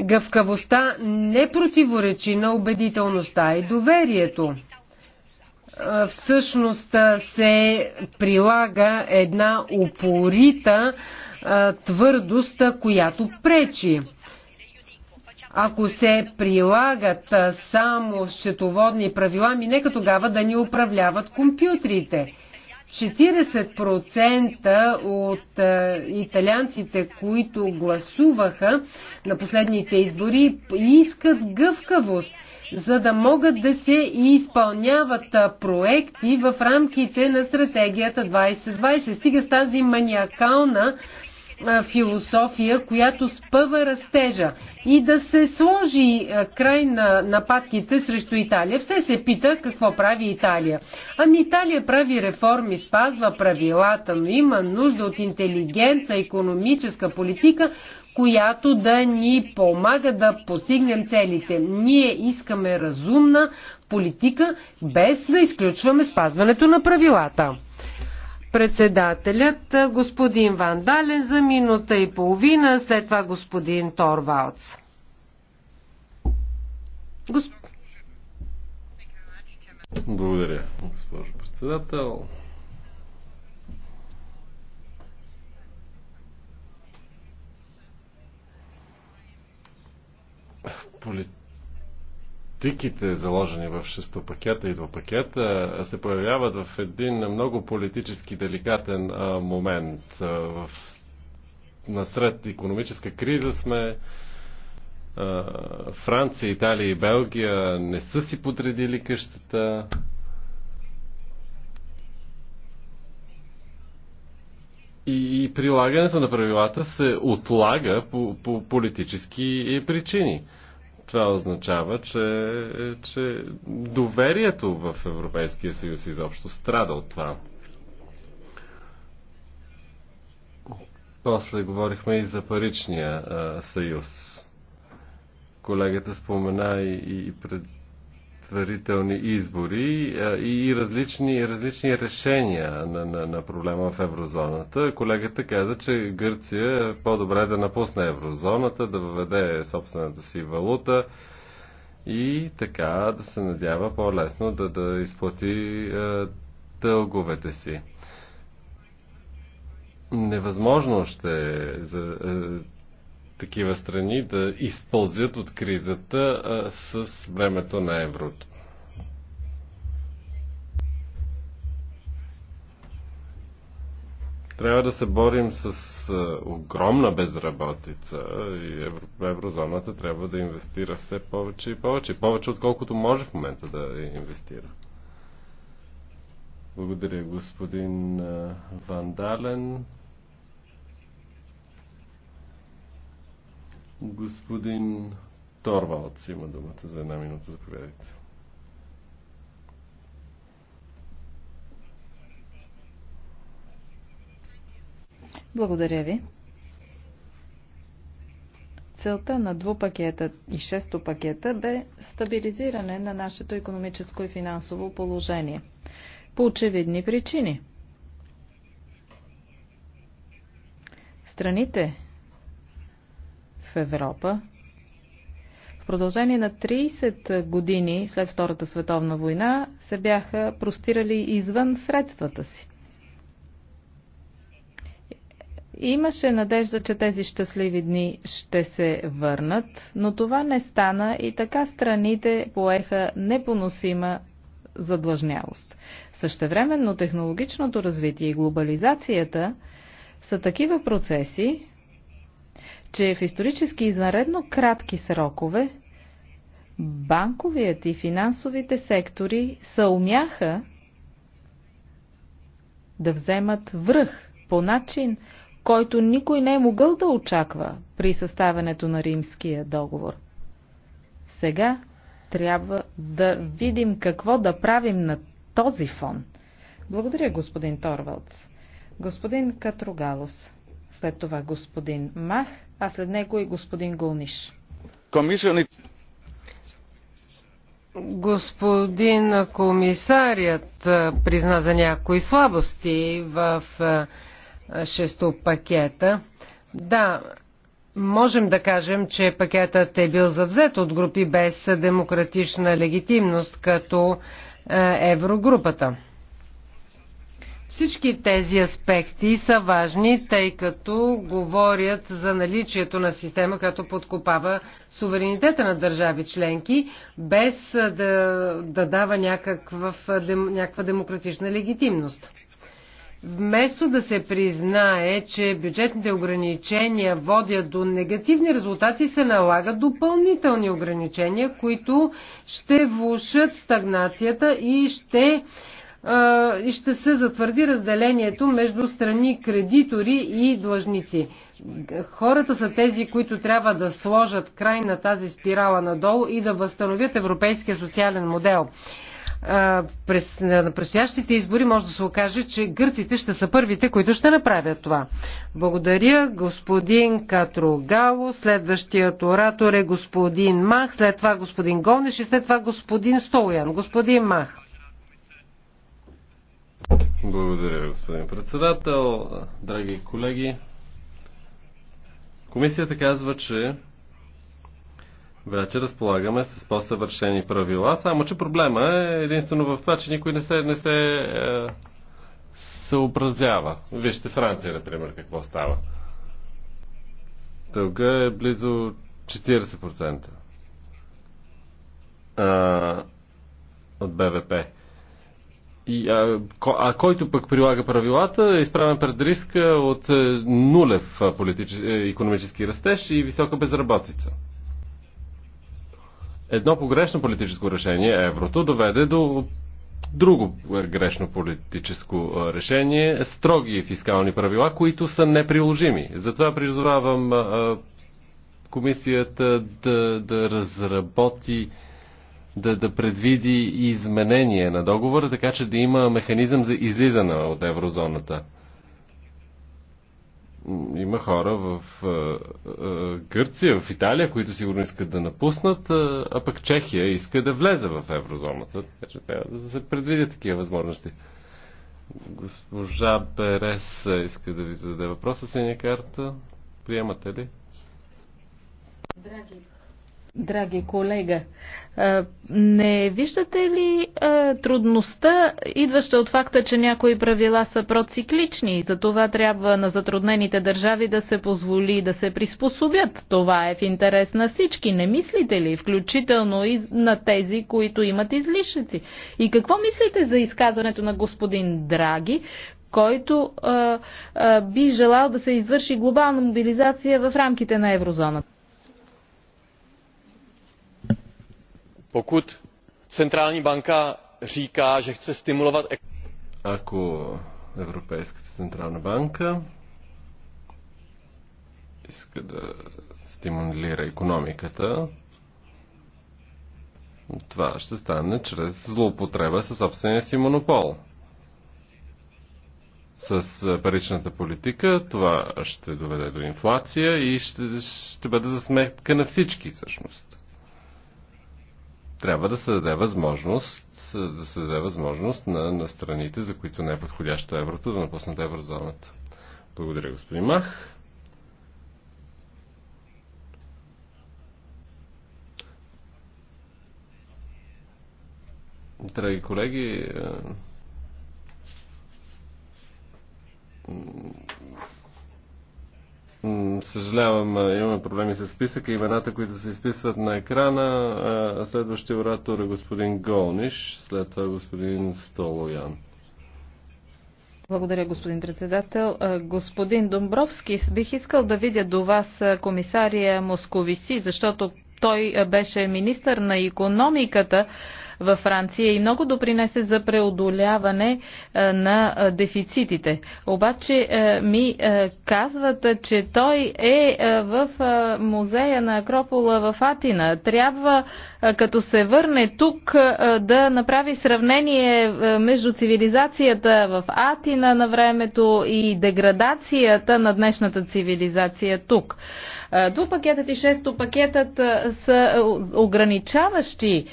Гъвкавостта не противоречи на убедителността и доверието. Всъщност се прилага една упорита твърдост, която пречи. Ако се прилагат само счетоводни правила, ми нека тогава да ни управляват компютрите. 40% от е, италианците, които гласуваха на последните избори, искат гъвкавост за да могат да се изпълняват е, проекти в рамките на стратегията 2020. Стига с тази маниакална философия, която спъва растежа и да се сложи край на нападките срещу Италия. Все се пита какво прави Италия. Ами Италия прави реформи, спазва правилата, но има нужда от интелигентна економическа политика, която да ни помага да постигнем целите. Ние искаме разумна политика, без да изключваме спазването на правилата. Председателят господин Ван Дален за минута и половина, след това господин Торвалц. Госп... Благодаря, госпожо председател. Полит политиките, заложени в шестопакета и двупакета, се появяват в един много политически деликатен момент. В, насред економическа криза сме. Франция, Италия и Белгия не са си подредили къщата. И, и прилагането на правилата се отлага по, по политически е, причини. Това означава, че, че доверието в Европейския съюз изобщо страда от това. После говорихме и за паричния а, съюз. Колегата спомена и, и пред предварителни избори и различни, различни решения на, на, на проблема в еврозоната. Колегата каза, че Гърция е по-добре да напусне еврозоната, да въведе собствената си валута и така да се надява по-лесно да, да изплати е, дълговете си. Невъзможно ще за, е, такива страни да използват от кризата с времето на еврото. Трябва да се борим с огромна безработица и еврозоната трябва да инвестира все повече и повече. Повече отколкото може в момента да инвестира. Благодаря, господин Вандален. Господин Торвалдс има думата за една минута. Заповядайте. Благодаря ви. Целта на двупакета и шесто пакета бе стабилизиране на нашето економическо и финансово положение. По очевидни причини. Страните, в Европа. В продължение на 30 години след Втората световна война се бяха простирали извън средствата си. Имаше надежда, че тези щастливи дни ще се върнат, но това не стана и така страните поеха непоносима задлъжнялост. Същевременно технологичното развитие и глобализацията са такива процеси, че в исторически извънредно кратки срокове банковият и финансовите сектори са умяха да вземат връх по начин, който никой не е могъл да очаква при съставянето на римския договор. Сега трябва да видим какво да правим на този фон. Благодаря, господин Торвалц. Господин Катругалос, след това господин Мах, а след него и господин Гулниш. Господин комисарият призна за някои слабости в шесто пакета. Да, можем да кажем, че пакетът е бил завзет от групи без демократична легитимност, като Еврогрупата. Всички тези аспекти са важни, тъй като говорят за наличието на система, която подкопава суверенитета на държави членки, без да, да дава някаква, някаква демократична легитимност. Вместо да се признае, че бюджетните ограничения водят до негативни резултати, се налагат допълнителни ограничения, които ще влушат стагнацията и ще и ще се затвърди разделението между страни кредитори и длъжници. Хората са тези, които трябва да сложат край на тази спирала надолу и да възстановят европейския социален модел. През, на предстоящите избори може да се окаже, че гърците ще са първите, които ще направят това. Благодаря господин Катрогало, следващият оратор е господин Мах, след това господин Гонеш и след това господин Столян. Господин Мах. Благодаря, господин председател. Драги колеги, комисията казва, че вече разполагаме с по-съвършени правила, само че проблема е единствено в това, че никой не се, не се е, съобразява. Вижте Франция, например, какво става. Дълга е близо 40% а, от БВП. И, а, а който пък прилага правилата е изправен пред риска от е, нулев економически растеж и висока безработица. Едно погрешно политическо решение, еврото, доведе до друго грешно политическо решение, строги фискални правила, които са неприложими. Затова призовавам комисията да, да разработи да, да предвиди изменение на договора, така че да има механизъм за излизане от еврозоната. Има хора в Гърция, в Италия, които сигурно искат да напуснат, а пък Чехия иска да влезе в еврозоната. Така че трябва да се предвидят такива възможности. Госпожа Берес иска да ви зададе въпроса с карта. Приемате ли? Драги Драги колега, не виждате ли трудността, идваща от факта, че някои правила са проциклични и за това трябва на затруднените държави да се позволи да се приспособят? Това е в интерес на всички, не мислите ли, включително и на тези, които имат излишъци? И какво мислите за изказването на господин Драги, който а, а, би желал да се извърши глобална мобилизация в рамките на еврозоната? pokud centrální banka říká že chce stimulovat. ако Европейската централна банка иска да стимулира економиката, това ще стане чрез злоупотреба със собствения си монопол. С паричната политика това ще доведе до инфлация и ще, ще бъде за сметка на всички всъщност трябва да се даде възможност, да се даде възможност на, на страните, за които не е подходящо еврото, да напуснат еврозоната. Благодаря, господин Мах. Драги колеги, е, Съжалявам, имаме проблеми с списъка. Имената, които се изписват на екрана. Следващия оратор е господин Голниш, след това господин Столоян. Благодаря, господин председател. Господин Домбровски, бих искал да видя до вас комисария Московиси, защото той беше министър на економиката във Франция и много допринесе за преодоляване е, на е, дефицитите. Обаче е, ми казват, че той е в музея на Акропола в Атина. Трябва, като се върне тук, да направи сравнение между цивилизацията в Атина на времето и деградацията на днешната цивилизация тук. Двупакетът и шесто пакетът са ограничаващи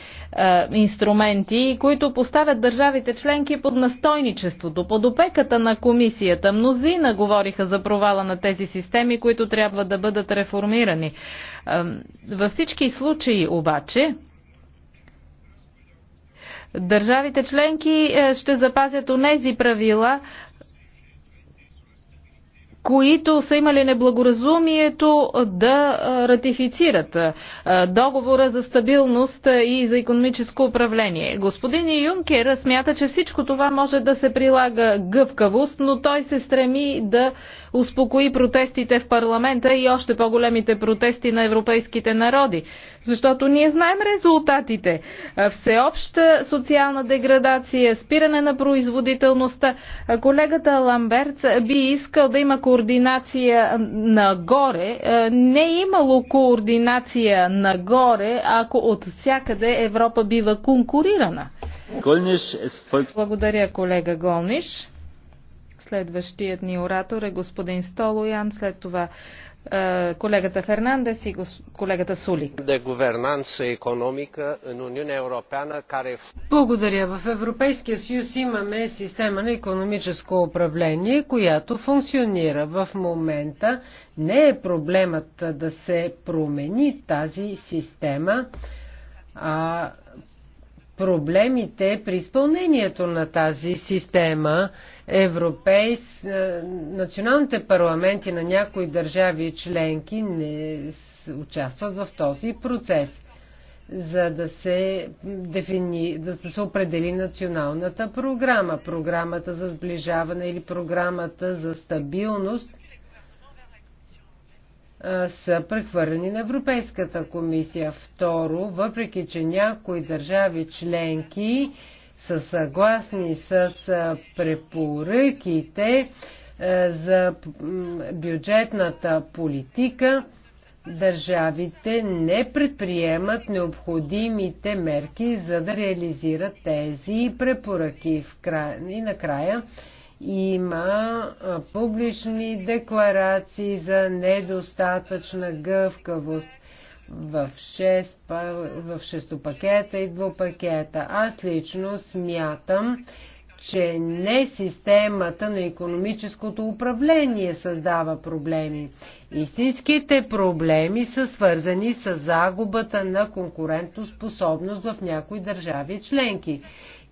инструменти, които поставят държавите членки под настойничеството, под опеката на комисията. Мнозина говориха за провала на тези системи, които трябва да бъдат реформирани. Във всички случаи обаче, Държавите членки е, ще запазят онези правила, които са имали неблагоразумието да ратифицират договора за стабилност и за економическо управление. Господин Юнкер смята, че всичко това може да се прилага гъвкавост, но той се стреми да успокои протестите в парламента и още по-големите протести на европейските народи. Защото ние знаем резултатите. Всеобща социална деградация, спиране на производителността. Колегата Ламберц би искал да има координация нагоре. Не е имало координация нагоре, ако от всякъде Европа бива конкурирана. Е Благодаря, колега Голниш. Следващият ни оратор е господин Столоян, след това е, колегата Фернандес и колегата Сули. E Благодаря. В Европейския съюз имаме система на економическо управление, която функционира. В момента не е проблемът да се промени тази система, а проблемите при изпълнението на тази система – Европейс... Е, националните парламенти на някои държави членки не участват в този процес, за да се, дефини... да се определи националната програма, програмата за сближаване или програмата за стабилност е, са прехвърлени на Европейската комисия. Второ, въпреки че някои държави членки са съгласни с препоръките за бюджетната политика, държавите не предприемат необходимите мерки за да реализират тези препоръки. В и накрая има публични декларации за недостатъчна гъвкавост в, шест, в 6 пакета и 2 пакета. Аз лично смятам, че не системата на економическото управление създава проблеми. Истинските проблеми са свързани с загубата на конкурентоспособност в някои държави членки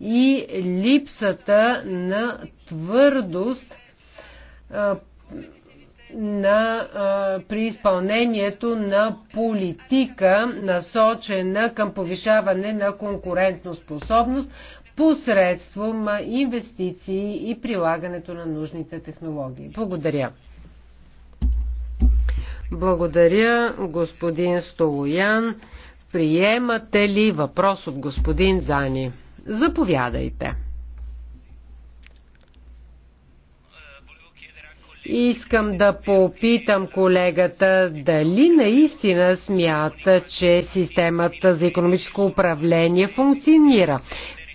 и липсата на твърдост на, а, при изпълнението на политика, насочена към повишаване на конкурентоспособност посредством инвестиции и прилагането на нужните технологии. Благодаря. Благодаря, господин Столоян. Приемате ли въпрос от господин Зани? Заповядайте. Искам да попитам колегата дали наистина смята, че системата за економическо управление функционира.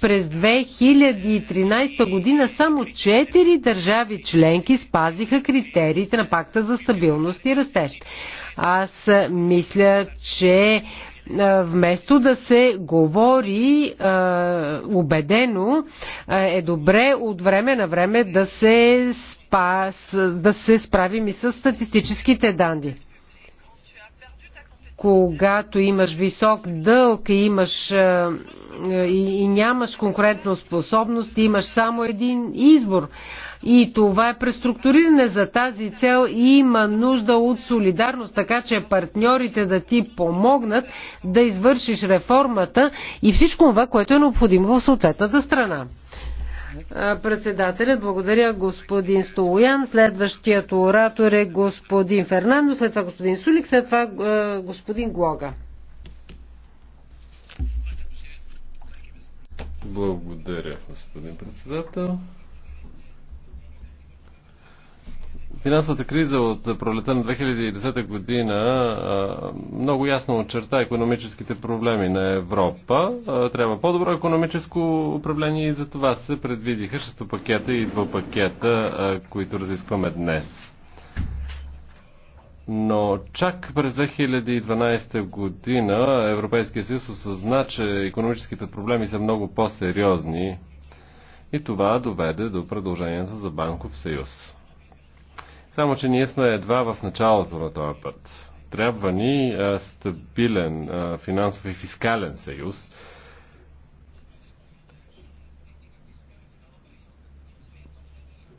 През 2013 година само 4 държави членки спазиха критериите на пакта за стабилност и растеж. Аз мисля, че вместо да се говори убедено, е добре от време на време да се, спа, да се справим и с статистическите данни когато имаш висок дълг и, имаш, и, и нямаш конкурентно способност, имаш само един избор. И това е преструктуриране за тази цел и има нужда от солидарност, така че партньорите да ти помогнат да извършиш реформата и всичко това, което е необходимо в съответната страна. Председателят, благодаря господин Столоян. Следващият оратор е господин Фернандо, след това господин Сулик, след това господин Глога. Благодаря, господин председател. Финансовата криза от пролета на 2010 година много ясно очерта економическите проблеми на Европа. Трябва по-добро економическо управление и за това се предвидиха шестопакета пакета и два пакета, които разискваме днес. Но чак през 2012 година Европейския съюз осъзна, че економическите проблеми са много по-сериозни и това доведе до продължението за банков съюз. Само, че ние сме едва в началото на този път. Трябва ни стабилен финансов и фискален съюз,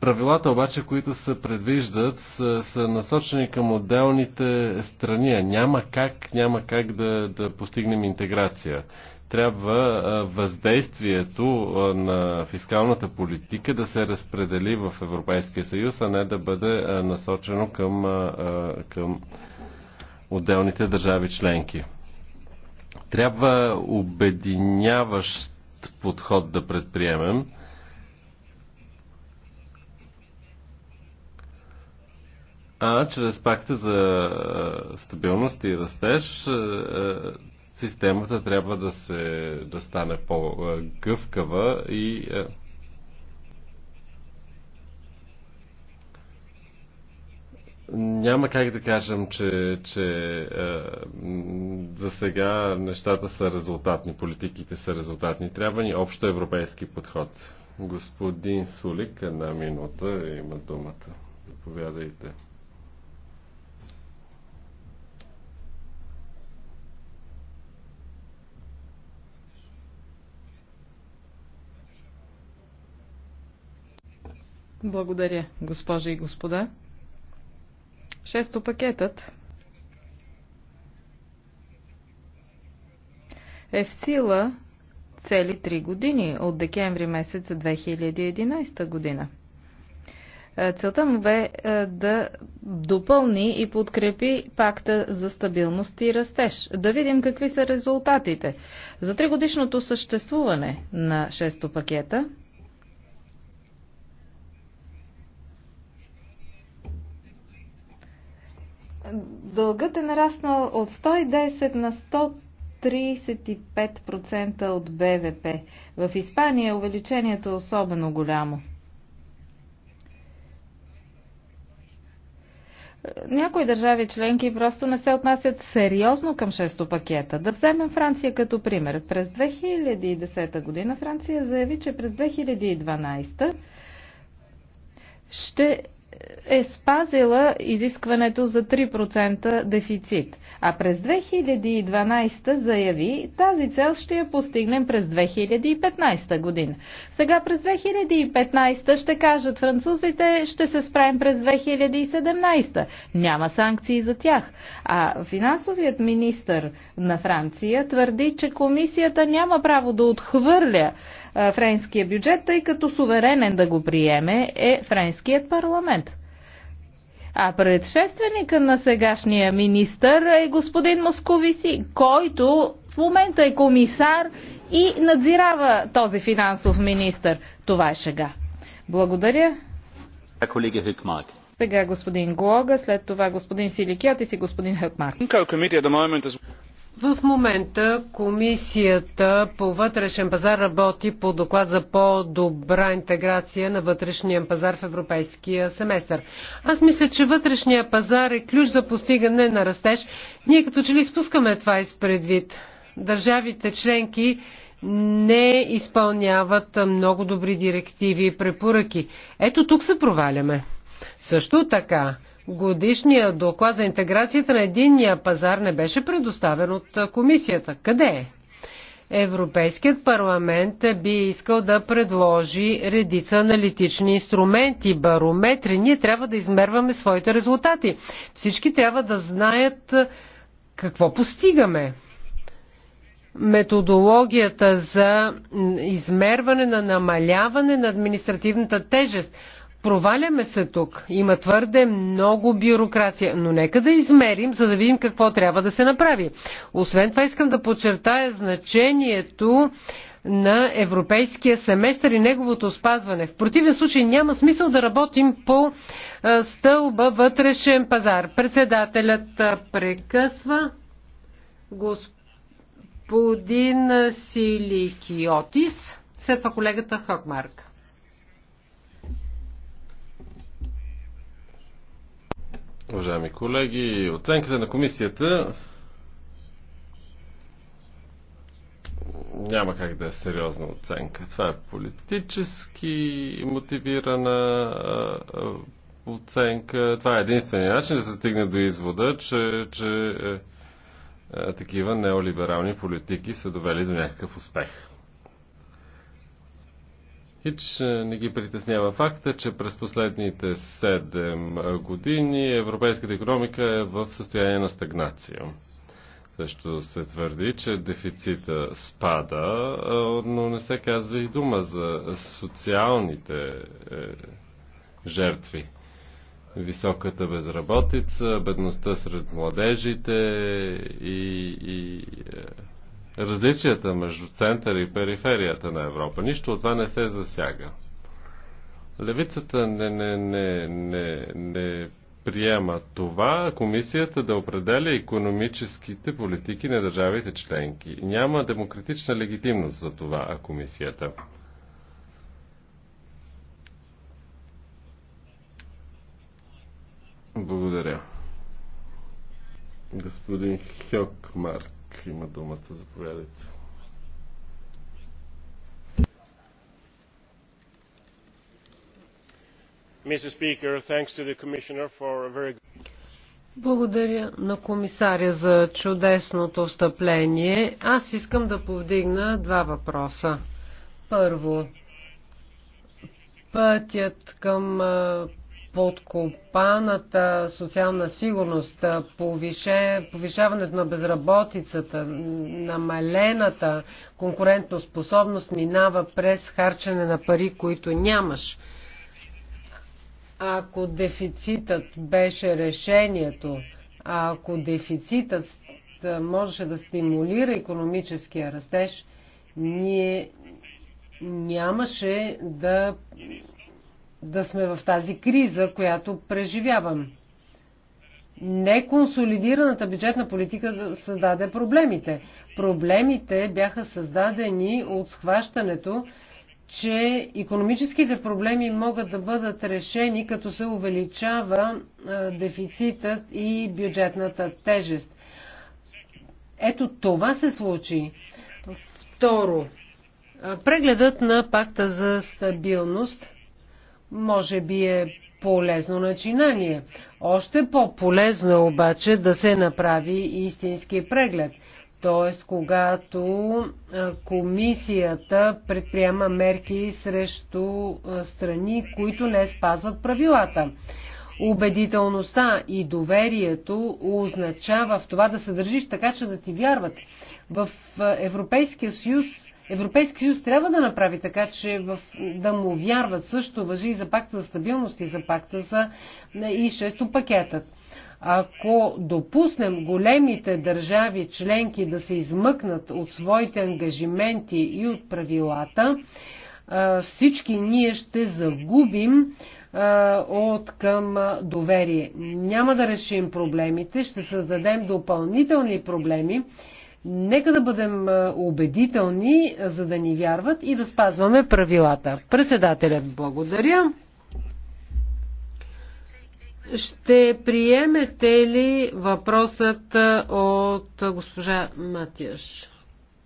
Правилата обаче, които се предвиждат, са, са насочени към отделните страни. Няма как, няма как да, да постигнем интеграция трябва въздействието на фискалната политика да се разпредели в Европейския съюз, а не да бъде насочено към, към отделните държави членки. Трябва обединяващ подход да предприемем. А чрез пакта за стабилност и растеж Системата трябва да, се, да стане по-гъвкава и е, Няма как да кажем, че, че е, за сега нещата са резултатни, политиките са резултатни. Трябва ни общо европейски подход. Господин Сулик, една минута има думата. Заповядайте. Благодаря, госпожи и господа. Шесто пакетът е в сила цели 3 години от декември месец 2011 година. Е, целта му бе е, да допълни и подкрепи пакта за стабилност и растеж. Да видим какви са резултатите. За тригодишното съществуване на шесто пакета дългът е нараснал от 110 на 135% от БВП. В Испания е увеличението е особено голямо. Някои държави членки просто не се отнасят сериозно към шесто пакета. Да вземем Франция като пример. През 2010 година Франция заяви, че през 2012 ще е спазила изискването за 3% дефицит, а през 2012 заяви тази цел ще я постигнем през 2015 година. Сега през 2015 ще кажат французите, ще се справим през 2017. Няма санкции за тях. А финансовият министр на Франция твърди, че комисията няма право да отхвърля е, френския бюджет, тъй като суверенен да го приеме е френският парламент. А предшественика на сегашния министър е господин Московиси, който в момента е комисар и надзирава този финансов министър. Това е шега. Благодаря. Колега Хикмарк. Сега господин Глога, след това господин Силикиот и си господин Хъкмар. В момента комисията по вътрешен пазар работи по доклад за по-добра интеграция на вътрешния пазар в европейския семестър. Аз мисля, че вътрешния пазар е ключ за постигане на растеж. Ние като че ли спускаме това изпредвид. Държавите членки не изпълняват много добри директиви и препоръки. Ето тук се проваляме. Също така, годишния доклад за интеграцията на единния пазар не беше предоставен от комисията. Къде е? Европейският парламент би искал да предложи редица аналитични инструменти, барометри. Ние трябва да измерваме своите резултати. Всички трябва да знаят какво постигаме. Методологията за измерване на намаляване на административната тежест – Проваляме се тук. Има твърде много бюрокрация, но нека да измерим, за да видим какво трябва да се направи. Освен това искам да подчертая значението на европейския семестър и неговото спазване. В противен случай няма смисъл да работим по стълба вътрешен пазар. Председателят прекъсва господин Силикиотис, след това колегата Хокмарк. Уважаеми колеги, оценката на комисията няма как да е сериозна оценка. Това е политически мотивирана оценка. Това е единствения начин да се стигне до извода, че, че е, е, такива неолиберални политики са довели до някакъв успех. Хич е, не ги притеснява факта, че през последните 7 е, години европейската економика е в състояние на стагнация. Също се твърди, че дефицита спада, е, но не се казва и дума за социалните жертви. Високата безработица, бедността сред младежите и, и различията между център и периферията на Европа. Нищо от това не се засяга. Левицата не, не, не, не, не приема това, комисията да определя економическите политики на държавите членки. Няма демократична легитимност за това, а комисията. Благодаря. Господин Хьокмарк има думата. Заповядайте. Благодаря на комисаря за чудесното встъпление. Аз искам да повдигна два въпроса. Първо, пътят към подкопаната социална сигурност, повише, повишаването на безработицата, намалената конкурентоспособност минава през харчене на пари, които нямаш. Ако дефицитът беше решението, ако дефицитът можеше да стимулира економическия растеж, ние нямаше да да сме в тази криза, която преживявам. Неконсолидираната бюджетна политика създаде проблемите. Проблемите бяха създадени от схващането, че економическите проблеми могат да бъдат решени, като се увеличава дефицитът и бюджетната тежест. Ето това се случи. Второ, прегледът на пакта за стабилност – може би е полезно начинание. Още по-полезно е обаче да се направи истински преглед. Т.е. когато комисията предприема мерки срещу страни, които не спазват правилата. Убедителността и доверието означава в това да се държиш така, че да ти вярват. В Европейския съюз Европейски съюз трябва да направи така, че в, да му вярват също въжи и за пакта за стабилност и за пакта за и шесто пакетът. Ако допуснем големите държави членки да се измъкнат от своите ангажименти и от правилата, всички ние ще загубим от към доверие. Няма да решим проблемите, ще създадем допълнителни проблеми Нека да бъдем убедителни, за да ни вярват и да спазваме правилата. Председателят, благодаря. Ще приемете ли въпросът от госпожа Матиаш?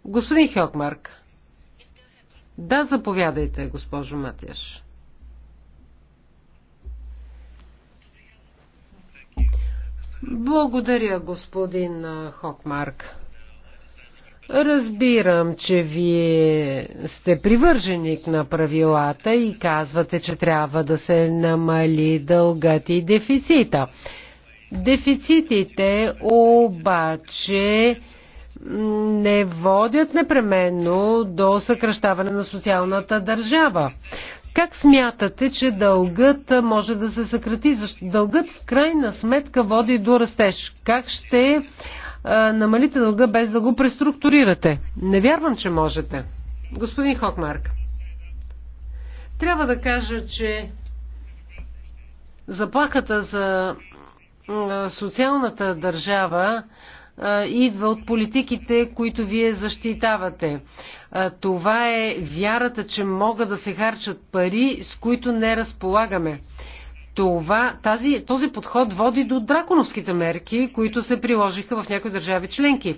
Господин Хьокмарк. Да, заповядайте, госпожо Матиаш. Благодаря, господин Хокмарк. Разбирам, че вие сте привърженик на правилата и казвате, че трябва да се намали дългът и дефицита. Дефицитите обаче не водят непременно до съкръщаване на социалната държава. Как смятате, че дългът може да се съкрати? Защо Дългът в крайна сметка води до растеж. Как ще намалите дълга без да го преструктурирате. Не вярвам, че можете. Господин Хокмарк, трябва да кажа, че заплахата за социалната държава идва от политиките, които вие защитавате. Това е вярата, че могат да се харчат пари, с които не разполагаме това, тази, този подход води до драконовските мерки, които се приложиха в някои държави членки.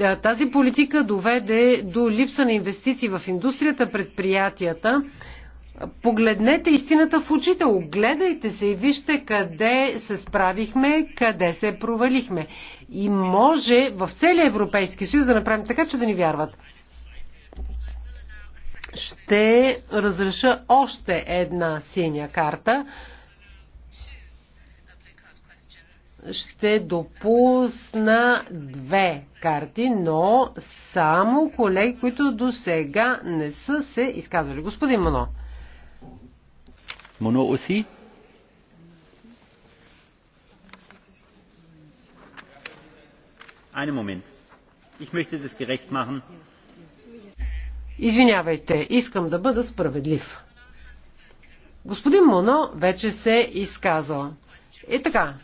Е, тази политика доведе до липса на инвестиции в индустрията, предприятията. Погледнете истината в очите, огледайте се и вижте къде се справихме, къде се провалихме. И може в целия Европейски съюз да направим така, че да ни вярват. Ще разреша още една синя карта ще допусна две карти, но само колеги, които до сега не са се изказвали. Господин Мано. Моно Оси. Einen Moment. Ich möchte das gerecht machen. Извинявайте, искам да бъда справедлив. Господин Моно вече се е изказал. И е така,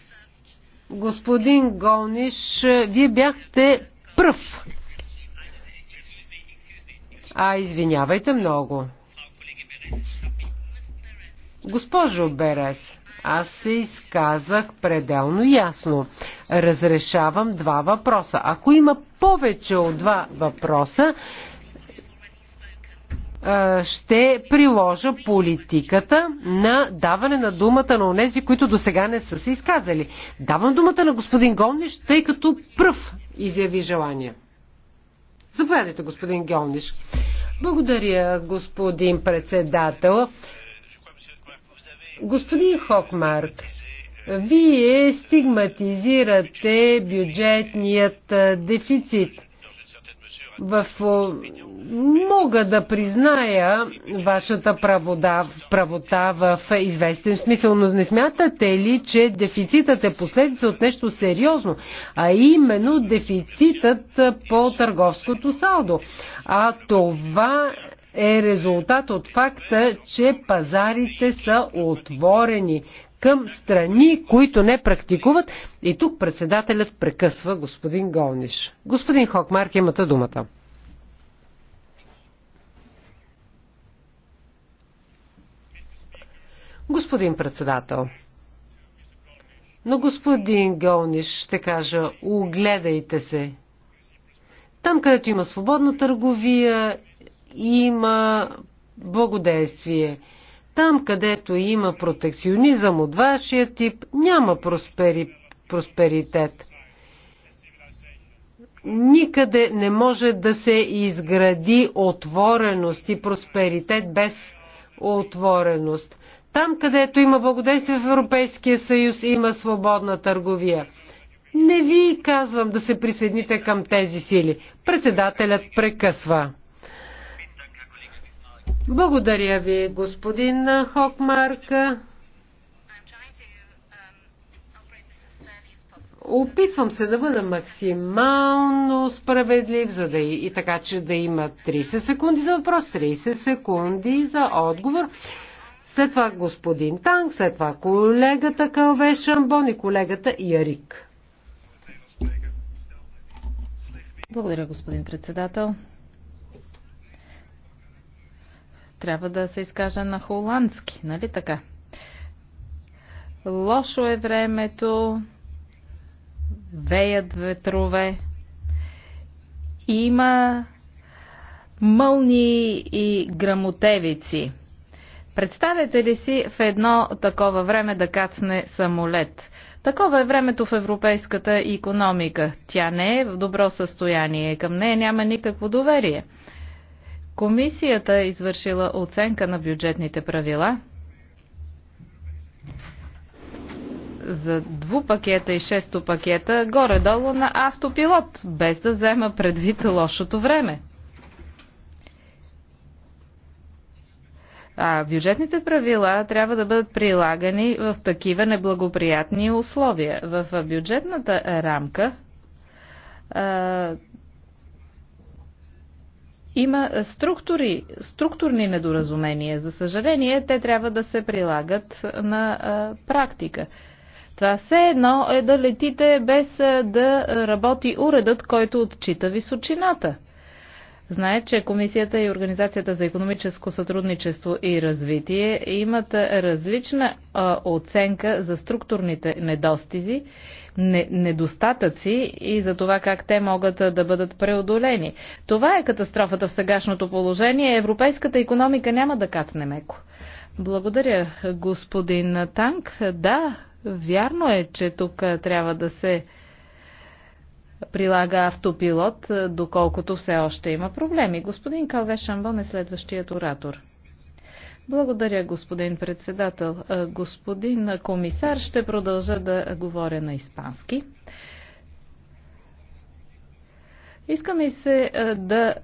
Господин Голниш, вие бяхте пръв. А, извинявайте много. Госпожо Берес, аз се изказах пределно ясно. Разрешавам два въпроса. Ако има повече от два въпроса, ще приложа политиката на даване на думата на онези, които до сега не са се изказали. Давам думата на господин Голниш, тъй като пръв изяви желание. Заповядайте, господин Голниш. Благодаря, господин председател. Господин Хокмарк, вие стигматизирате бюджетният дефицит – в, мога да призная вашата правода, правота в известен смисъл, но не смятате ли, че дефицитът е последица от нещо сериозно, а именно дефицитът по търговското салдо? А това е резултат от факта, че пазарите са отворени към страни, които не практикуват. И тук председателят прекъсва господин Голниш. Господин Хокмарк, имате думата. Господин председател, но господин Голниш ще кажа, огледайте се. Там, където има свободна търговия, има благодействие. Там, където има протекционизъм от вашия тип, няма проспери... просперитет. Никъде не може да се изгради отвореност и просперитет без отвореност. Там, където има благодействие в Европейския съюз, има свободна търговия. Не ви казвам да се присъедините към тези сили. Председателят прекъсва. Благодаря ви, господин Хокмарк. Опитвам се да бъда максимално справедлив, за да и, и така, че да има 30 секунди за въпрос, 30 секунди за отговор. След това господин Танк, след това колегата Калве Шамбон и колегата Ярик. Благодаря, господин председател. Трябва да се изкажа на холандски, нали така? Лошо е времето, веят ветрове, има мълни и грамотевици. Представете ли си в едно такова време да кацне самолет? Такова е времето в европейската економика. Тя не е в добро състояние. Към нея няма никакво доверие. Комисията е извършила оценка на бюджетните правила за двупакета и шесто пакета горе-долу на автопилот, без да взема предвид лошото време. А бюджетните правила трябва да бъдат прилагани в такива неблагоприятни условия. В бюджетната рамка има е, структури, структурни недоразумения. За съжаление, те трябва да се прилагат на а, е, практика. Това все едно е да летите без а, е, да работи уредът, който отчита височината. Знае, че Комисията и Организацията за економическо сътрудничество и развитие имат различна а, оценка за структурните недостизи недостатъци и за това как те могат да бъдат преодолени. Това е катастрофата в сегашното положение. Европейската економика няма да кацне меко. Благодаря, господин Танк. Да, вярно е, че тук трябва да се прилага автопилот, доколкото все още има проблеми. Господин Калве е следващият оратор. Благодаря, господин председател. Господин комисар, ще продължа да говоря на испански. Иска ми се да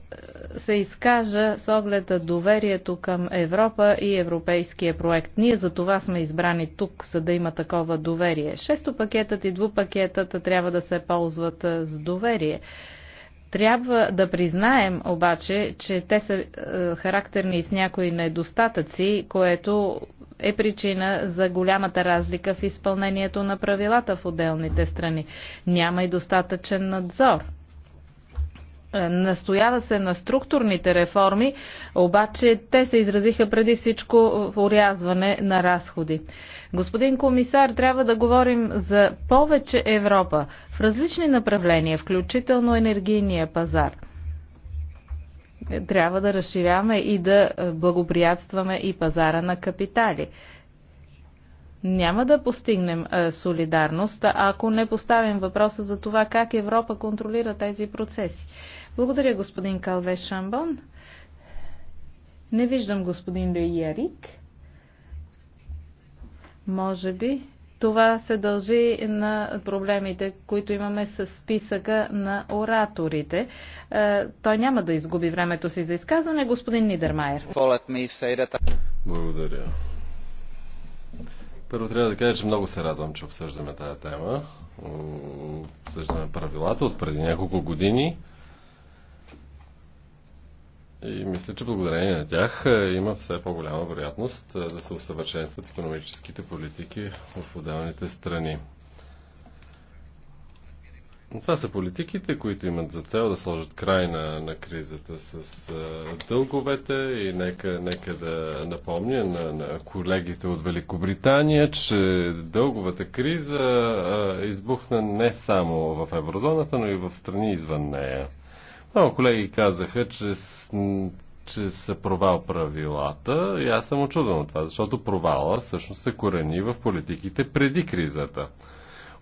се изкажа с оглед доверието към Европа и европейския проект. Ние за това сме избрани тук, за да има такова доверие. Шесто пакетът и двупакетът трябва да се ползват с доверие. Трябва да признаем обаче, че те са е, характерни с някои недостатъци, което е причина за голямата разлика в изпълнението на правилата в отделните страни. Няма и достатъчен надзор. Е, настоява се на структурните реформи, обаче те се изразиха преди всичко в урязване на разходи. Господин комисар, трябва да говорим за повече Европа в различни направления, включително енергийния пазар. Е, трябва да разширяваме и да е, благоприятстваме и пазара на капитали. Няма да постигнем солидарност, ако не поставим въпроса за това как Европа контролира тези процеси. Благодаря, господин Калве Шамбон. Не виждам господин Лейерик. Може би това се дължи на проблемите, които имаме с списъка на ораторите. Е, той няма да изгуби времето си за изказване. Господин Нидермайер. Благодаря. Първо трябва да кажа, че много се радвам, че обсъждаме тази тема. Обсъждаме правилата от преди няколко години. И мисля, че благодарение на тях е, има все по-голяма вероятност е, да се усъвършенстват економическите политики в отделните страни. Това са политиките, които имат за цел да сложат край на, на кризата с а, е, дълговете и нека, нека да напомня на, на колегите от Великобритания, че дълговата криза а, избухна не само в еврозоната, но и в страни извън нея. Много колеги казаха, че, че са провал правилата и аз съм очуден от това, защото провала всъщност се корени в политиките преди кризата.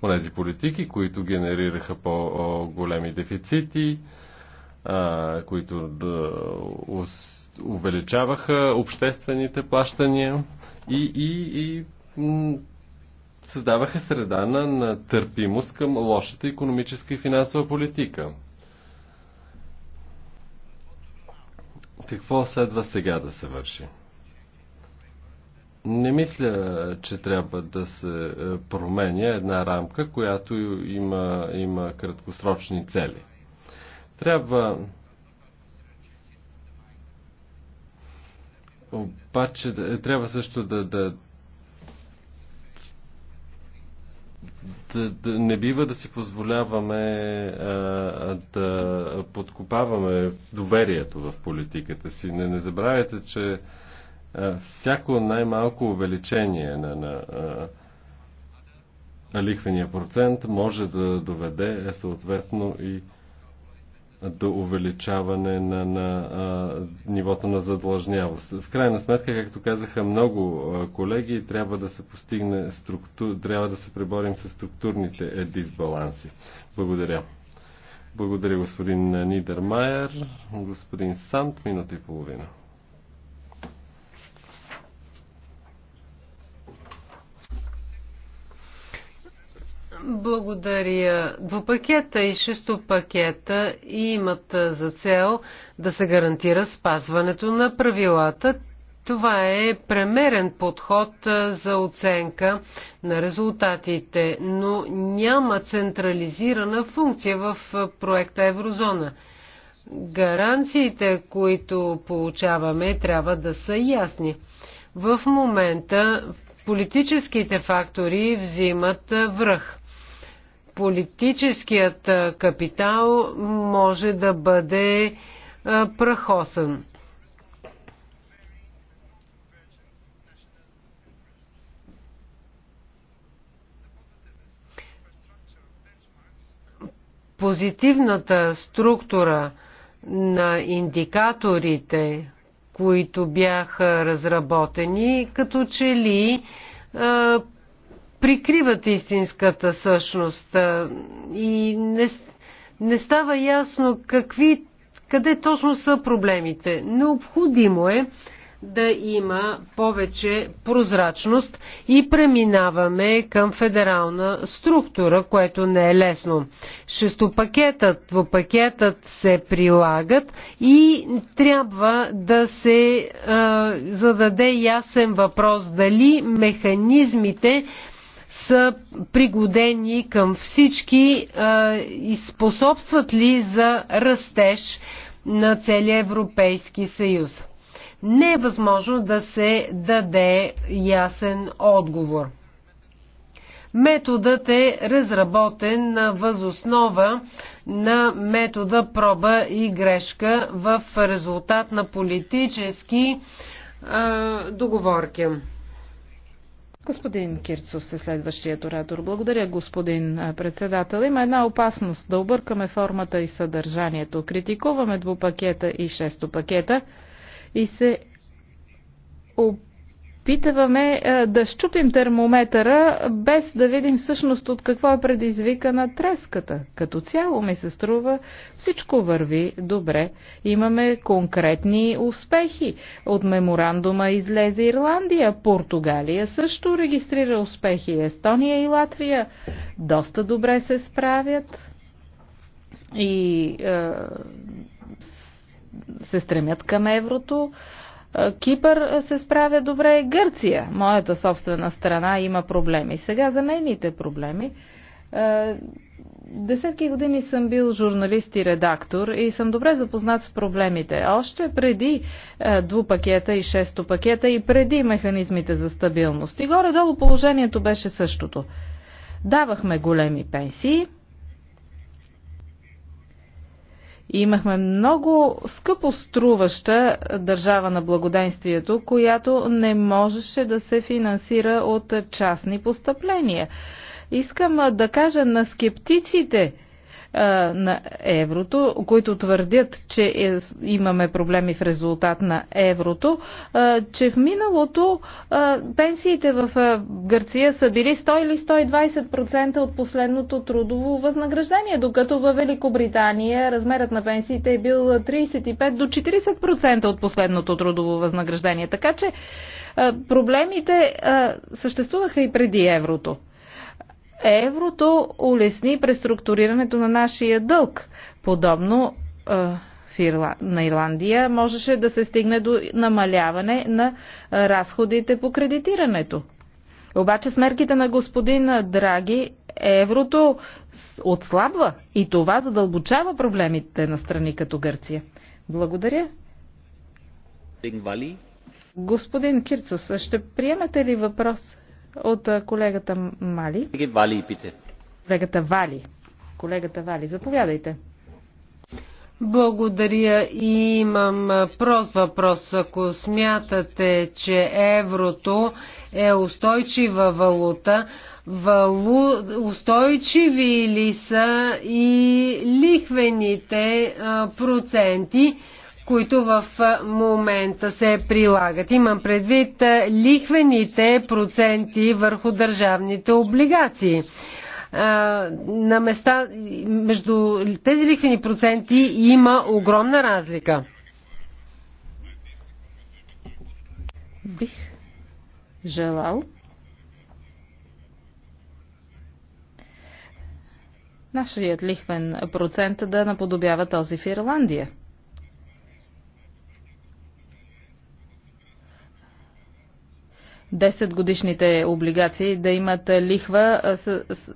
Онези политики, които генерираха по-големи дефицити, които увеличаваха обществените плащания и, и, и създаваха среда на, на търпимост към лошата економическа и финансова политика. какво следва сега да се върши? Не мисля, че трябва да се е, променя една рамка, която има, има краткосрочни цели. Трябва обаче трябва също да, да не бива да си позволяваме да подкопаваме доверието в политиката си. Не, не забравяйте, че всяко най-малко увеличение на, на лихвения процент може да доведе е, съответно и до увеличаване на, на а, нивото на задлъжнявост. В крайна сметка, както казаха много колеги, трябва да се постигне структур, трябва да се преборим с структурните дисбаланси. Благодаря. Благодаря господин Нидермайер, господин Сант, минута и половина. Благодаря. пакета и шестопакета имат за цел да се гарантира спазването на правилата. Това е премерен подход за оценка на резултатите, но няма централизирана функция в проекта Еврозона. Гаранциите, които получаваме, трябва да са ясни. В момента политическите фактори взимат връх политическият капитал може да бъде прахосан. Позитивната структура на индикаторите, които бяха разработени, като че ли прикриват истинската същност и не, не става ясно какви, къде точно са проблемите. Необходимо е да има повече прозрачност и преминаваме към федерална структура, което не е лесно. Шестопакетът, двупакетът се прилагат и трябва да се а, зададе ясен въпрос дали механизмите са пригодени към всички а, и способстват ли за растеж на целия Европейски съюз? Не е възможно да се даде ясен отговор. Методът е разработен възоснова на метода проба и грешка в резултат на политически а, договорки. Господин Кирцов се следващият оратор. Благодаря, господин председател. Има една опасност да объркаме формата и съдържанието. Критикуваме двупакета и шестопакета и се опитваме опитваме е, да щупим термометъра, без да видим всъщност от какво е предизвикана треската. Като цяло ми се струва, всичко върви добре. Имаме конкретни успехи. От меморандума излезе Ирландия, Португалия също регистрира успехи, Естония и Латвия доста добре се справят. И е, се стремят към еврото. Е, Кипър е, се справя добре, Гърция, моята собствена страна, има проблеми. Сега за нейните проблеми. Е, десетки години съм бил журналист и редактор и съм добре запознат с проблемите. Още преди двупакета и шесто пакета и преди механизмите за стабилност. И горе-долу положението беше същото. Давахме големи пенсии, И имахме много скъпо струваща държава на благоденствието, която не можеше да се финансира от частни постъпления. Искам да кажа на скептиците, на еврото, които твърдят, че е, имаме проблеми в резултат на еврото, че в миналото пенсиите в Гърция са били 100 или 120% от последното трудово възнаграждение, докато в Великобритания размерът на пенсиите е бил 35 до 40% от последното трудово възнаграждение. Така че проблемите съществуваха и преди еврото. Еврото улесни преструктурирането на нашия дълг. Подобно на Ирландия можеше да се стигне до намаляване на разходите по кредитирането. Обаче с мерките на господин Драги еврото отслабва и това задълбочава проблемите на страни като Гърция. Благодаря. Господин Кирцус, ще приемете ли въпрос от колегата Мали. Вали, пите. Колегата Вали. Колегата Вали, заповядайте. Благодаря и имам прост въпрос. Ако смятате, че еврото е устойчива валута, валу... устойчиви ли са и лихвените проценти? които в момента се прилагат. Имам предвид лихвените проценти върху държавните облигации. На места между тези лихвени проценти има огромна разлика. Бих желал нашият лихвен процент да наподобява този в Ирландия. 10 годишните облигации да имат лихва с, с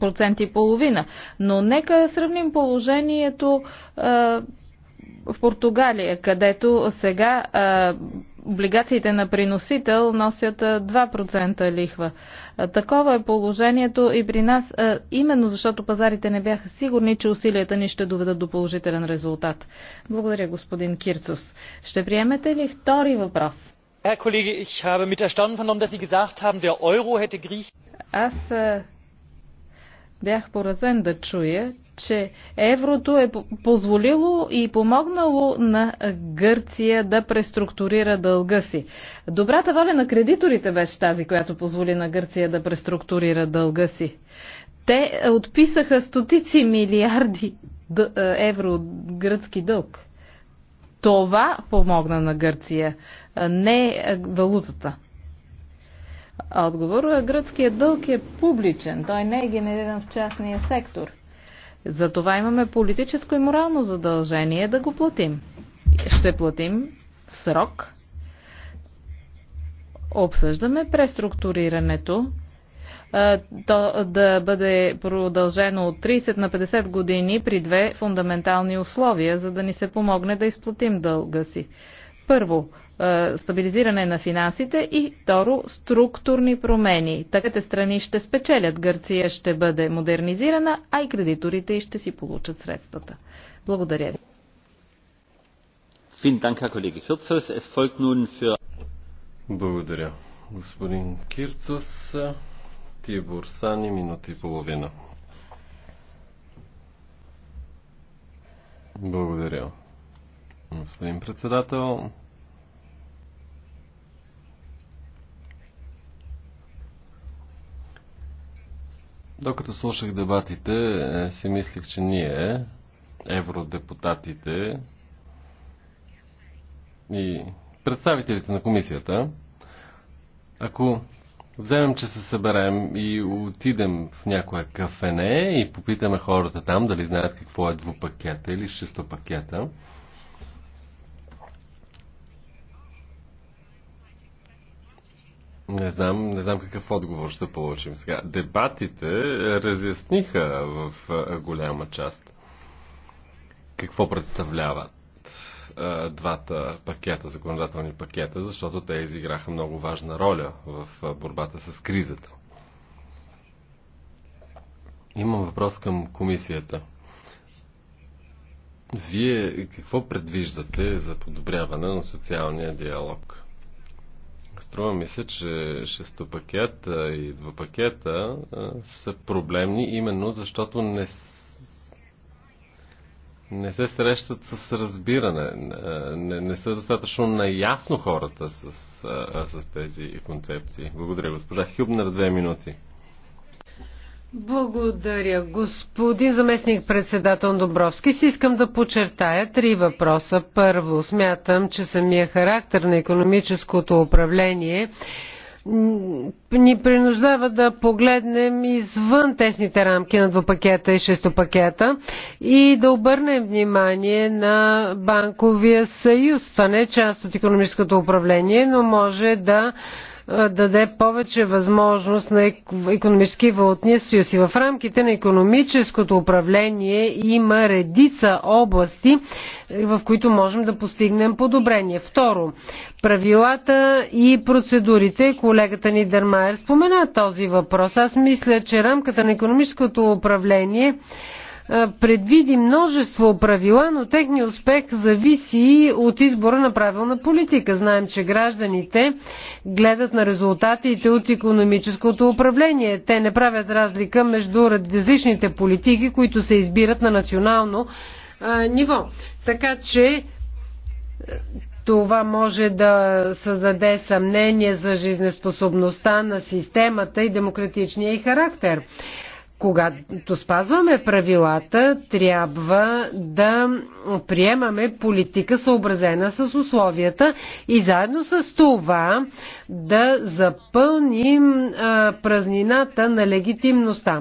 проценти и половина. Но нека сравним положението в Португалия, където сега а, облигациите на приносител носят 2% лихва. А, такова е положението и при нас, а, именно защото пазарите не бяха сигурни, че усилията ни ще доведат до положителен резултат. Благодаря, господин Кирцус. Ще приемете ли втори въпрос? Herr Kollege, ich habe mit Erstaunen vernommen, dass Sie gesagt haben, der Euro hätte Griechenland. Е, бях поразен да чуя, че еврото е позволило и помогнало на Гърция да преструктурира дълга си. Добрата воля на кредиторите беше тази, която позволи на Гърция да преструктурира дълга си. Те отписаха стотици милиарди е, евро гръцки дълг. Това помогна на Гърция, не валутата. Отговор е, гръцкият дълг е публичен, той не е генериран в частния сектор. Затова имаме политическо и морално задължение да го платим. Ще платим в срок. Обсъждаме преструктурирането е, то да бъде продължено от 30 на 50 години при две фундаментални условия, за да ни се помогне да изплатим дълга си. Първо, е, стабилизиране на финансите и второ, структурни промени. Таките страни ще спечелят, Гърция ще бъде модернизирана, а и кредиторите и ще си получат средствата. Благодаря ви. Благодаря, господин Кирцус. Ти Бурсани, минута и половина. Благодаря. Господин председател, Докато слушах дебатите, е, си мислих, че ние, евродепутатите и представителите на комисията, ако вземем, че се съберем и отидем в някоя кафене и попитаме хората там дали знаят какво е двупакета или шестопакета. Не знам, не знам какъв отговор ще получим сега. Дебатите разясниха в голяма част какво представляват а, двата пакета, законодателни пакета, защото те изиграха много важна роля в борбата с кризата. Имам въпрос към комисията. Вие какво предвиждате за подобряване на социалния диалог? Струва ми се, че шестопакета и два пакета са проблемни именно защото не са не се срещат с разбиране, е, не, не са достатъчно наясно хората с, е, с тези концепции. Благодаря, госпожа Хюбнер, две минути. Благодаря, господин заместник председател Добровски. Си искам да подчертая три въпроса. Първо, смятам, че самия характер на економическото управление ни принуждава да погледнем извън тесните рамки на двупакета и шестопакета и да обърнем внимание на банковия съюз. Това не е част от економическото управление, но може да даде повече възможност на економически и валутния съюз. И в рамките на економическото управление има редица области, в които можем да постигнем подобрение. Второ, правилата и процедурите. Колегата Нидермайер спомена този въпрос. Аз мисля, че рамката на економическото управление предвиди множество правила, но техният успех зависи от избора на правилна политика. Знаем, че гражданите гледат на резултатите от економическото управление. Те не правят разлика между различните политики, които се избират на национално а, ниво. Така че това може да създаде съмнение за жизнеспособността на системата и демократичния й характер когато спазваме правилата, трябва да приемаме политика съобразена с условията и заедно с това да запълним а, празнината на легитимността.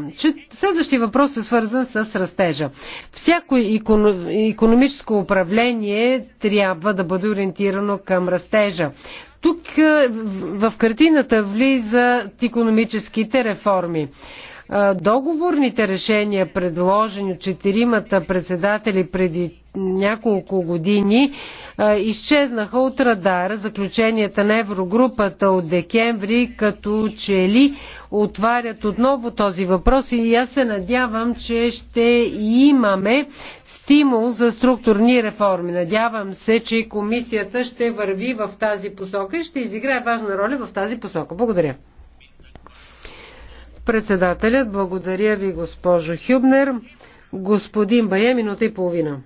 Следващия въпрос е свързан с растежа. Всяко економ... економическо управление трябва да бъде ориентирано към растежа. Тук в картината влизат економическите реформи договорните решения, предложени от четиримата председатели преди няколко години, изчезнаха от радара. Заключенията на Еврогрупата от декември като че ли отварят отново този въпрос и аз се надявам, че ще имаме стимул за структурни реформи. Надявам се, че комисията ще върви в тази посока и ще изиграе важна роля в тази посока. Благодаря. Председателят, благодаря ви, госпожо Хюбнер. Господин Бая, минута и половина.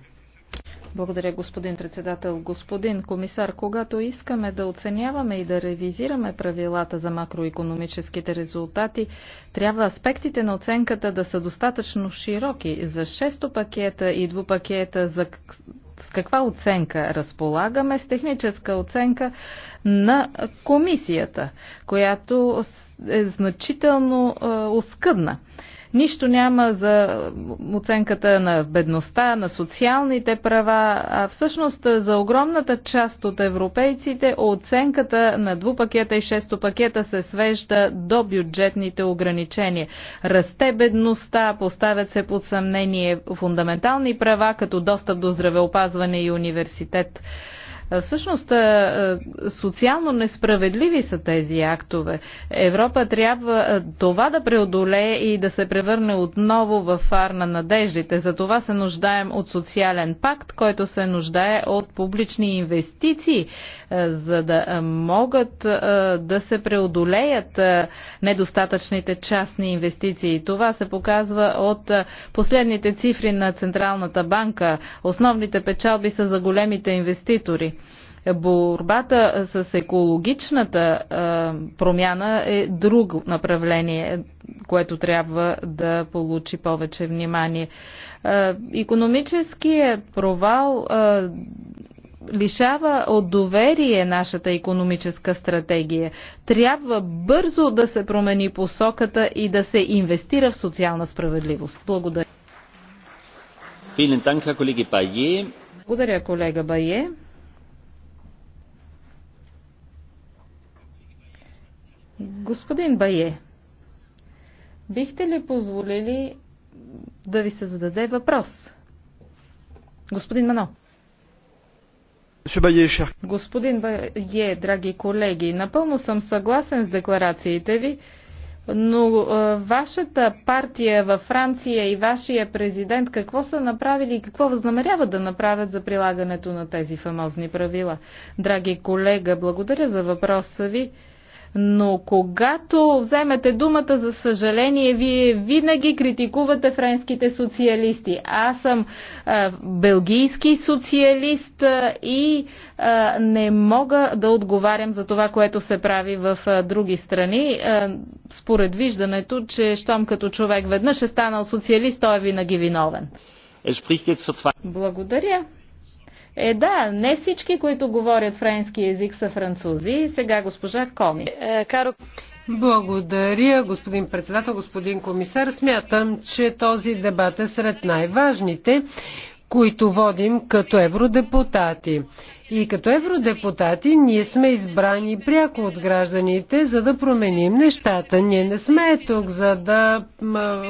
Благодаря, господин председател. Господин комисар, когато искаме да оценяваме и да ревизираме правилата за макроекономическите резултати, трябва аспектите на оценката да са достатъчно широки. За 6 пакета и 2 пакета за с каква оценка разполагаме? С техническа оценка на комисията, която е значително е, оскъдна. Нищо няма за оценката на бедността, на социалните права, а всъщност за огромната част от европейците оценката на двупакета и шесто пакета се свежда до бюджетните ограничения. Расте бедността, поставят се под съмнение фундаментални права, като достъп до здравеопазване и университет. Всъщност, социално несправедливи са тези актове. Европа трябва това да преодолее и да се превърне отново в фар на надеждите. За това се нуждаем от социален пакт, който се нуждае от публични инвестиции е, за да е, могат е, да се преодолеят недостатъчните частни инвестиции. Това се показва от последните цифри на Централната банка. Основните печалби са за големите инвеститори борбата с екологичната промяна е друго направление, което трябва да получи повече внимание. Економическият провал лишава от доверие нашата економическа стратегия. Трябва бързо да се промени посоката и да се инвестира в социална справедливост. Благодаря. Благодаря, колега Бае. Господин Бае, бихте ли позволили да ви се зададе въпрос? Господин Мано. Господин Бае, драги колеги, напълно съм съгласен с декларациите ви, но е, вашата партия във Франция и вашия президент какво са направили и какво възнамеряват да направят за прилагането на тези фамозни правила? Драги колега, благодаря за въпроса ви. Но когато вземете думата за съжаление, вие винаги критикувате френските социалисти. Аз съм а, белгийски социалист а, и а, не мога да отговарям за това, което се прави в а, други страни. А, според виждането, че щом като човек веднъж е станал социалист, той е винаги виновен. Е, Благодаря. Е, да, не всички, които говорят френски язик, са французи. Сега госпожа Коми. Е, Каро... Благодаря, господин председател, господин комисар. Смятам, че този дебат е сред най-важните, които водим като евродепутати. И като евродепутати ние сме избрани пряко от гражданите, за да променим нещата. Ние не сме тук, за да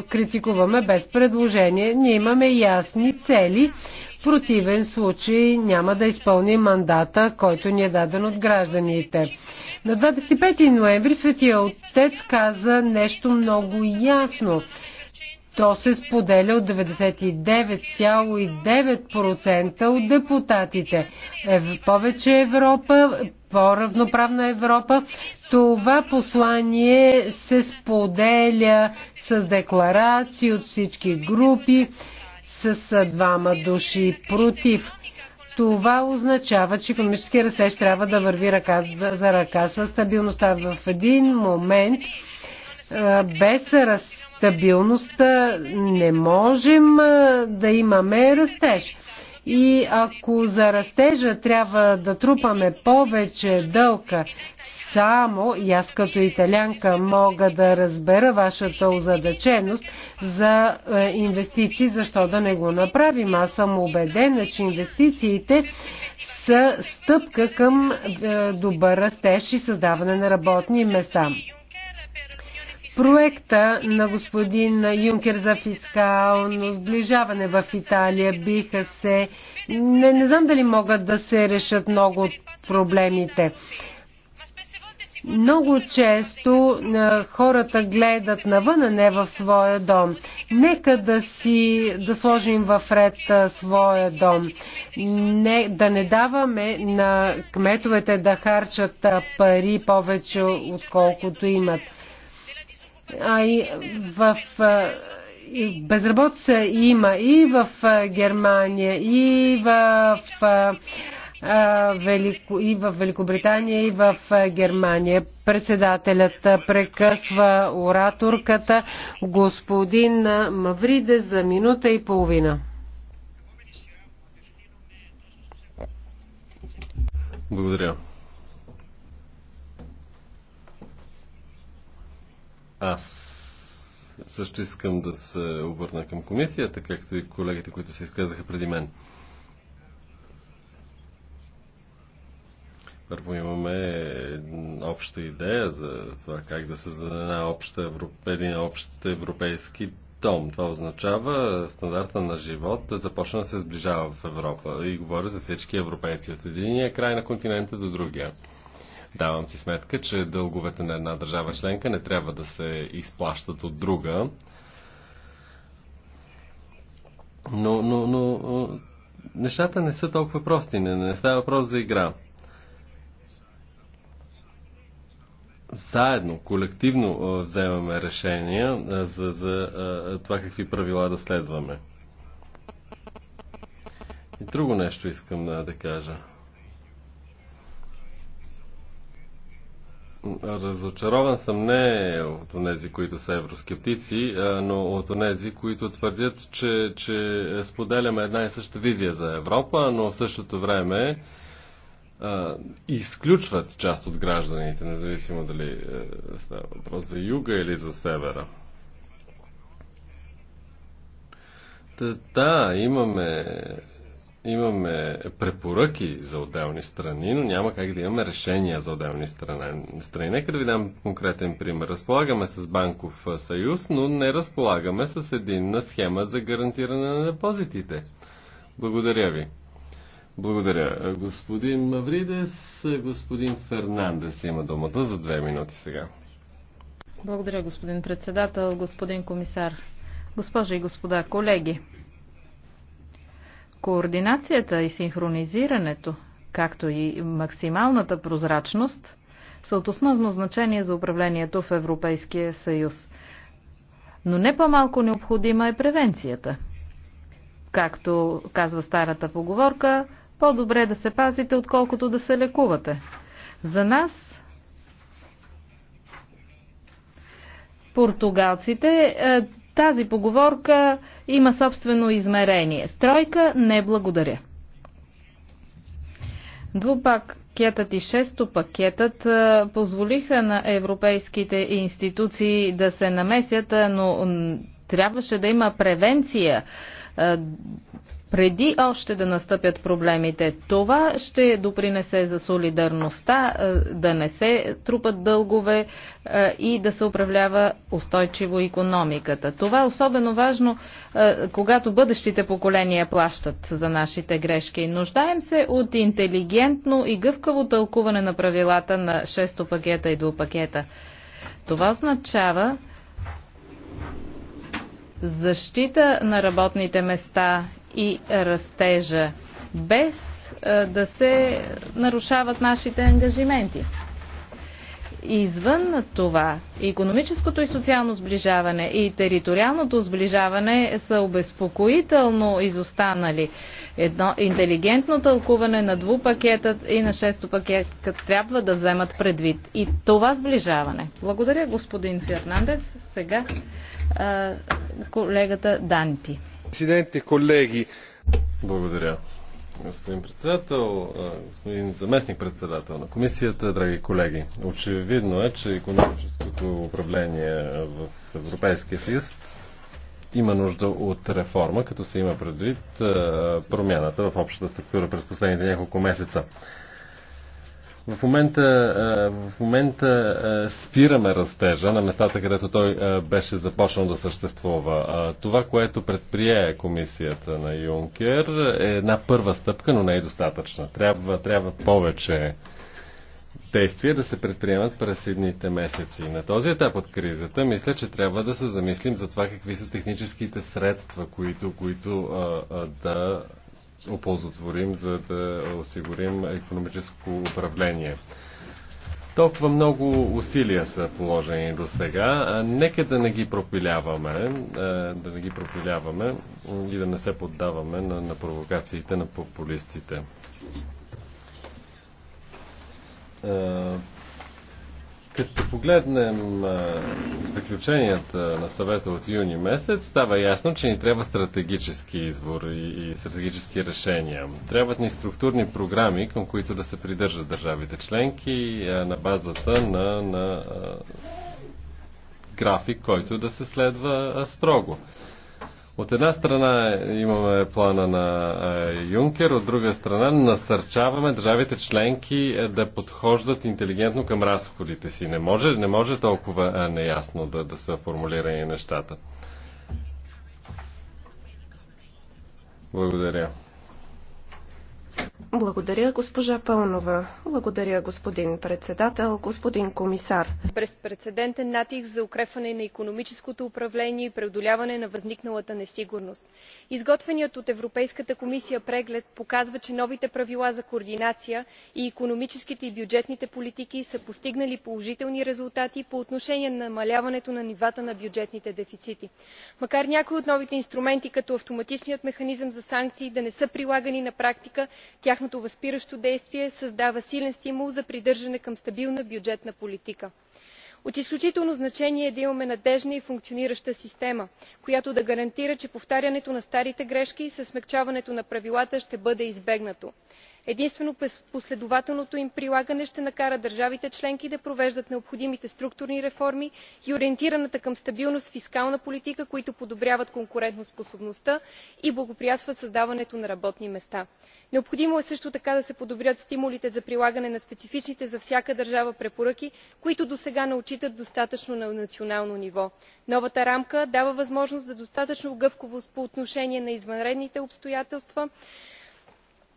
критикуваме без предложение. Ние имаме ясни цели, противен случай няма да изпълни мандата, който ни е даден от гражданите. На 25 ноември Светия Отец каза нещо много ясно. То се споделя от 99,9% от депутатите. Ев, повече Европа, по-равноправна Европа. Това послание се споделя с декларации от всички групи с двама души против. Това означава, че економически растеж трябва да върви ръка за ръка с стабилността. В един момент без стабилността не можем да имаме растеж. И ако за растежа трябва да трупаме повече дълга, само, и аз като италянка мога да разбера вашата озадаченост за е, инвестиции, защо да не го направим. Аз съм убедена, че инвестициите са стъпка към е, добър растеж и създаване на работни места. Проекта на господин Юнкер за фискално сближаване в Италия биха се... Не, не знам дали могат да се решат много от проблемите. Много често хората гледат навън, а не в своя дом. Нека да си да сложим в ред своя дом. Не, да не даваме на кметовете да харчат пари повече, отколкото имат. А и в безработица има и в Германия, и в и в Великобритания, и в Германия. Председателят прекъсва ораторката господин Мавриде за минута и половина. Благодаря. Аз също искам да се обърна към комисията, както и колегите, които се изказаха преди мен. Първо имаме обща идея за това как да създаде един общ европейски дом. Това означава стандарта на живот да започне да се сближава в Европа. И говоря за всички европейци от единия край на континента до другия. Давам си сметка, че дълговете на една държава членка не трябва да се изплащат от друга. Но, но, но нещата не са толкова прости. Не, не става въпрос за игра. заедно, колективно вземаме решения за, за това какви правила да следваме. И друго нещо искам да, да кажа. Разочарован съм не от тези, които са евроскептици, но от тези, които твърдят, че, че споделяме една и съща визия за Европа, но в същото време а, изключват част от гражданите, независимо дали е, става въпрос за юга или за севера. Та, да, имаме, имаме препоръки за отделни страни, но няма как да имаме решения за отделни страни. страни. Нека да ви дам конкретен пример. Разполагаме с банков съюз, но не разполагаме с единна схема за гарантиране на депозитите. Благодаря ви. Благодаря. Господин Мавридес, господин Фернандес има думата за две минути сега. Благодаря, господин председател, господин комисар, госпожи и господа, колеги. Координацията и синхронизирането, както и максималната прозрачност, са от основно значение за управлението в Европейския съюз. Но не по-малко необходима е превенцията. Както казва старата поговорка, по-добре да се пазите, отколкото да се лекувате. За нас португалците е, тази поговорка има собствено измерение. Тройка не благодаря. Двупак кетът и шесто пакетът е, позволиха на европейските институции да се намесят, е, но трябваше да има превенция преди още да настъпят проблемите. Това ще допринесе за солидарността, е, да не се трупат дългове е, и да се управлява устойчиво економиката. Това е особено важно, е, когато бъдещите поколения плащат за нашите грешки. Нуждаем се от интелигентно и гъвкаво тълкуване на правилата на 6 пакета и 2 пакета. Това означава защита на работните места и растежа, без е, да се нарушават нашите ангажименти. Извън това, економическото и социално сближаване и териториалното сближаване са обезпокоително изостанали. Едно интелигентно тълкуване на двупакетът и на шесто пакет трябва да вземат предвид. И това сближаване. Благодаря, господин Фернандес. Сега а, е, колегата Данти. Президенте, колеги! Благодаря. Господин председател, господин заместник председател на комисията, драги колеги, очевидно е, че економическото управление в Европейския съюз има нужда от реформа, като се има предвид промяната в общата структура през последните няколко месеца. В момента, е, в момента е, спираме растежа на местата, където той е, беше започнал да съществува. Това, което предприе комисията на Юнкер е една първа стъпка, но не е достатъчна. Трябва, трябва повече действия да се предприемат през едните месеци. На този етап от кризата, мисля, че трябва да се замислим за това какви са техническите средства, които, които да оползотворим, за да осигурим економическо управление. Толкова много усилия са положени до сега. Нека да не ги пропиляваме, да не ги пропиляваме и да не се поддаваме на, на провокациите на популистите като погледнем заключенията на съвета от юни месец, става ясно, че ни трябва стратегически избор и стратегически решения. Трябват ни структурни програми, към които да се придържат държавите членки на базата на, на график, който да се следва строго. От една страна имаме плана на е, Юнкер, от друга страна насърчаваме държавите членки е, да подхождат интелигентно към разходите си. Не може, не може толкова е, неясно да, да са формулирани нещата. Благодаря. Благодаря, госпожа Пълнова. Благодаря, господин председател, господин комисар. прецедентен натиск за укрепване на економическото управление и преодоляване на възникналата несигурност. Изготвеният от Европейската комисия преглед показва, че новите правила за координация и економическите и бюджетните политики са постигнали положителни резултати по отношение на намаляването на нивата на бюджетните дефицити. Макар някои от новите инструменти, като автоматичният механизъм за санкции, да не са прилагани на практика, тяхното възпиращо действие създава силен стимул за придържане към стабилна бюджетна политика. от изключително значение е да имаме надеждна и функционираща система която да гарантира че повтарянето на старите грешки със смекчаването на правилата ще бъде избегнато единствено последователното им прилагане ще накара държавите членки да провеждат необходимите структурни реформи и ориентираната към стабилност фискална политика които подобряват конкурентоспособността и благоприятстват създаването на работни места. необходимо е също така да се подобрят стимулите за прилагане на специфичните за всяка държава препоръки които досега не отчитат достатъчно на национално ниво. новата рамка дава възможност за достатъчно гъвкавост по отношение на извънредните обстоятелства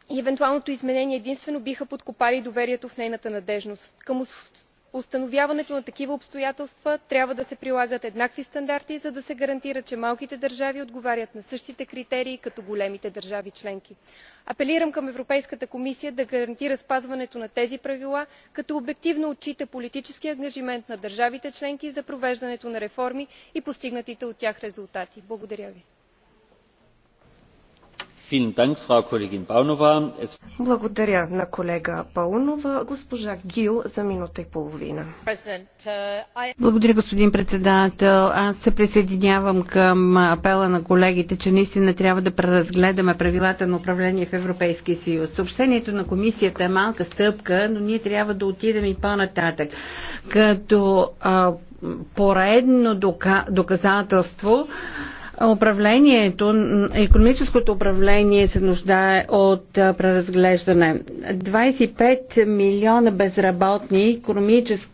и евентуалното изменение единствено биха подкопали доверието в нейната надеждност. към установяването на такива обстоятелства трябва да се прилагат еднакви стандарти за да се гарантира че малките държави отговарят на същите критерии като големите държави членки. апелирам към европейската комисия да гарантира спазването на тези правила като обективно отчита политическия ангажимент на държавите членки за провеждането на реформи и постигнатите от тях резултати. благодаря ви. Благодаря на колега Паунова. Госпожа Гил за минута и половина. Uh, Благодаря, господин председател. Аз се присъединявам към апела на колегите, че наистина трябва да преразгледаме правилата на управление в Европейския съюз. Съобщението на комисията е малка стъпка, но ние трябва да отидем и по-нататък. Като поредно доказателство Управлението, економическото управление се нуждае от преразглеждане. 25 милиона безработни, економическа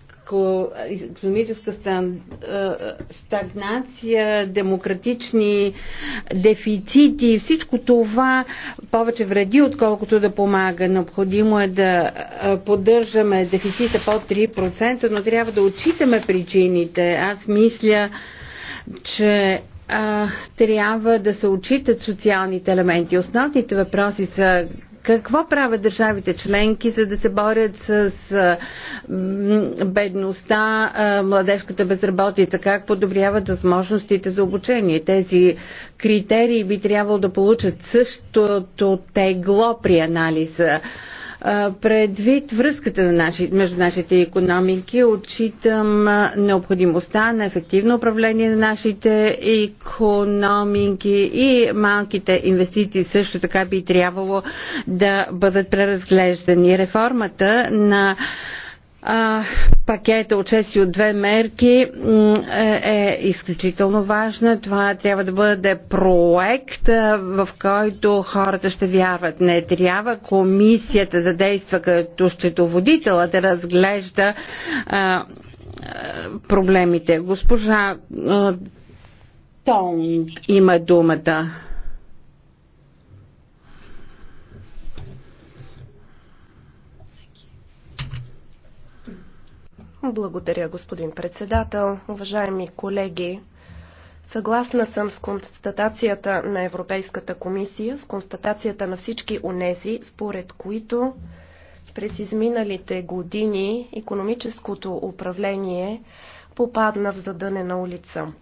стагнация, демократични дефицити, всичко това повече вреди, отколкото да помага. Необходимо е да поддържаме дефицита под 3%, но трябва да отчитаме причините. Аз мисля, че а, трябва да се отчитат социалните елементи. Основните въпроси са какво правят държавите членки, за да се борят с бедността, младежката безработица, как подобряват възможностите за обучение. Тези критерии би трябвало да получат същото тегло при анализа. Предвид връзката на наши, между нашите економики, отчитам необходимостта на ефективно управление на нашите економики и малките инвестиции също така би трябвало да бъдат преразглеждани. Реформата на а, пакета от 6 от 2 мерки е, е изключително важна. Това трябва да бъде проект, в който хората ще вярват. Не трябва комисията да действа като счетоводител, да разглежда а, проблемите. Госпожа а, Тонг има думата. Благодаря, господин председател. Уважаеми колеги, съгласна съм с констатацията на Европейската комисия, с констатацията на всички унези, според които през изминалите години економическото управление попадна в задънена улица.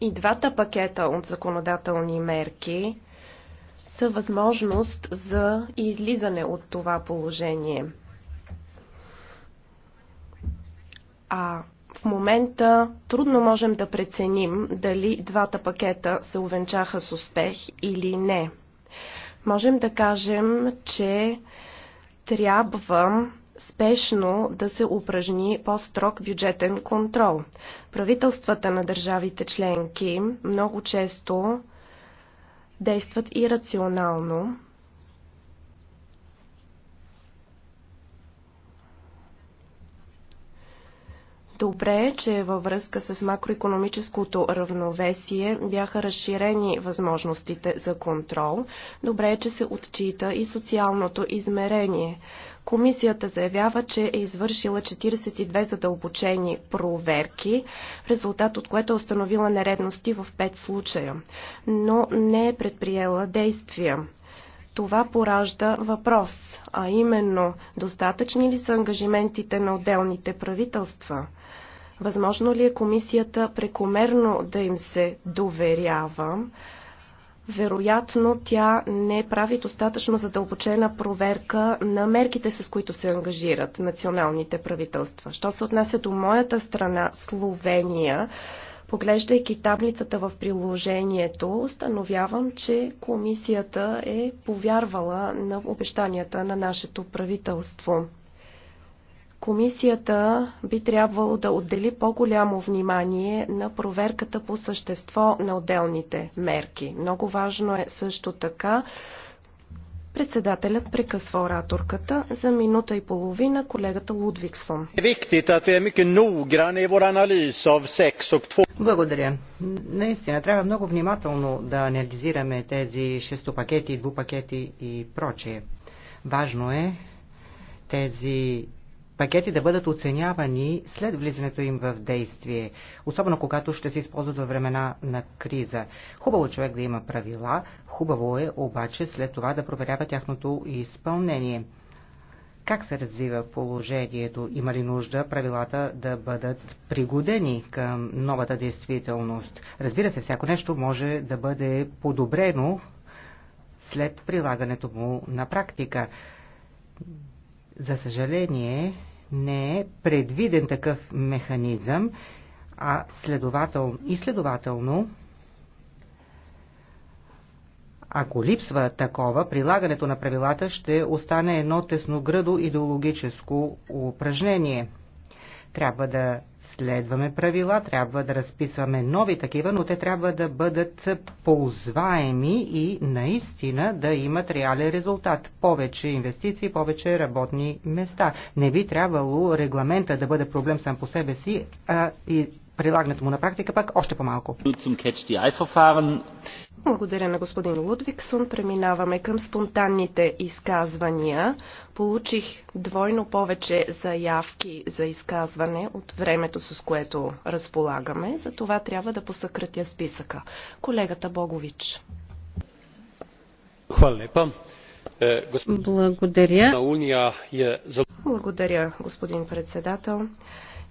И двата пакета от законодателни мерки са възможност за излизане от това положение – А в момента трудно можем да преценим дали двата пакета се увенчаха с успех или не. Можем да кажем, че трябва спешно да се упражни по-строг бюджетен контрол. Правителствата на държавите членки много често действат и рационално, Добре е, че във връзка с макроекономическото равновесие бяха разширени възможностите за контрол. Добре е, че се отчита и социалното измерение. Комисията заявява, че е извършила 42 задълбочени проверки, резултат от което е установила нередности в 5 случая, но не е предприела действия. Това поражда въпрос, а именно достатъчни ли са ангажиментите на отделните правителства? Възможно ли е комисията прекомерно да им се доверява? Вероятно тя не прави достатъчно задълбочена проверка на мерките, с които се ангажират националните правителства. Що се отнася до моята страна, Словения, Поглеждайки таблицата в приложението, установявам, че комисията е повярвала на обещанията на нашето правителство. Комисията би трябвало да отдели по-голямо внимание на проверката по същество на отделните мерки. Много важно е също така Председателят прекъсва ораторката. За минута и половина колегата Лудвиксон. Е е е Благодаря. Наистина, трябва много внимателно да анализираме тези шестопакети, двупакети и прочие. Важно е тези пакети да бъдат оценявани след влизането им в действие, особено когато ще се използват във времена на криза. Хубаво е човек да има правила, хубаво е обаче след това да проверява тяхното изпълнение. Как се развива положението? Има ли нужда правилата да бъдат пригодени към новата действителност? Разбира се, всяко нещо може да бъде подобрено след прилагането му на практика. За съжаление, не е предвиден такъв механизъм, а следователно и следователно ако липсва такова, прилагането на правилата ще остане едно тесногръдо идеологическо упражнение. Трябва да следваме правила, трябва да разписваме нови такива, но те трябва да бъдат ползваеми и наистина да имат реален резултат. Повече инвестиции, повече работни места. Не би трябвало регламента да бъде проблем сам по себе си, а и прилагането му на практика пак още по-малко. Благодаря на господин Лудвиксон. Преминаваме към спонтанните изказвания. Получих двойно повече заявки за изказване от времето, с което разполагаме. За това трябва да посъкратя списъка. Колегата Богович. Е, Благодаря. Е Благодаря, господин председател.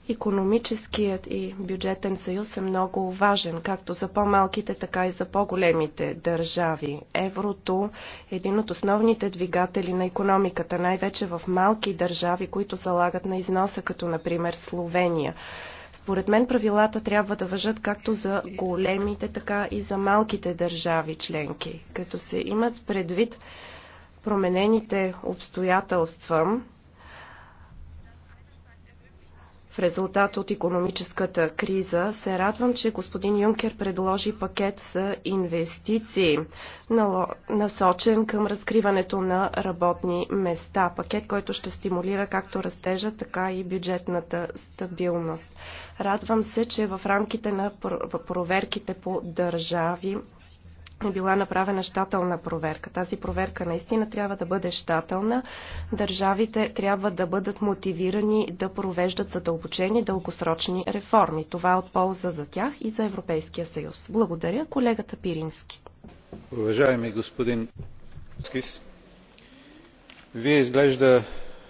Економическият и бюджетен съюз е много важен, както за по-малките, така и за по-големите държави. Еврото е един от основните двигатели на економиката, най-вече в малки държави, които залагат на износа, като например Словения. Според мен правилата трябва да въжат както за големите, така и за малките държави членки. Като се имат предвид променените обстоятелства, в резултат от економическата криза, се радвам, че господин Юнкер предложи пакет с инвестиции, насочен към разкриването на работни места. Пакет, който ще стимулира както растежа, така и бюджетната стабилност. Радвам се, че в рамките на проверките по държави е била направена щателна проверка. Тази проверка наистина трябва да бъде щателна. Държавите трябва да бъдат мотивирани да провеждат задълбочени дългосрочни реформи. Това е от полза за тях и за Европейския съюз. Благодаря колегата Пирински. Уважаеми господин Скис, вие изглежда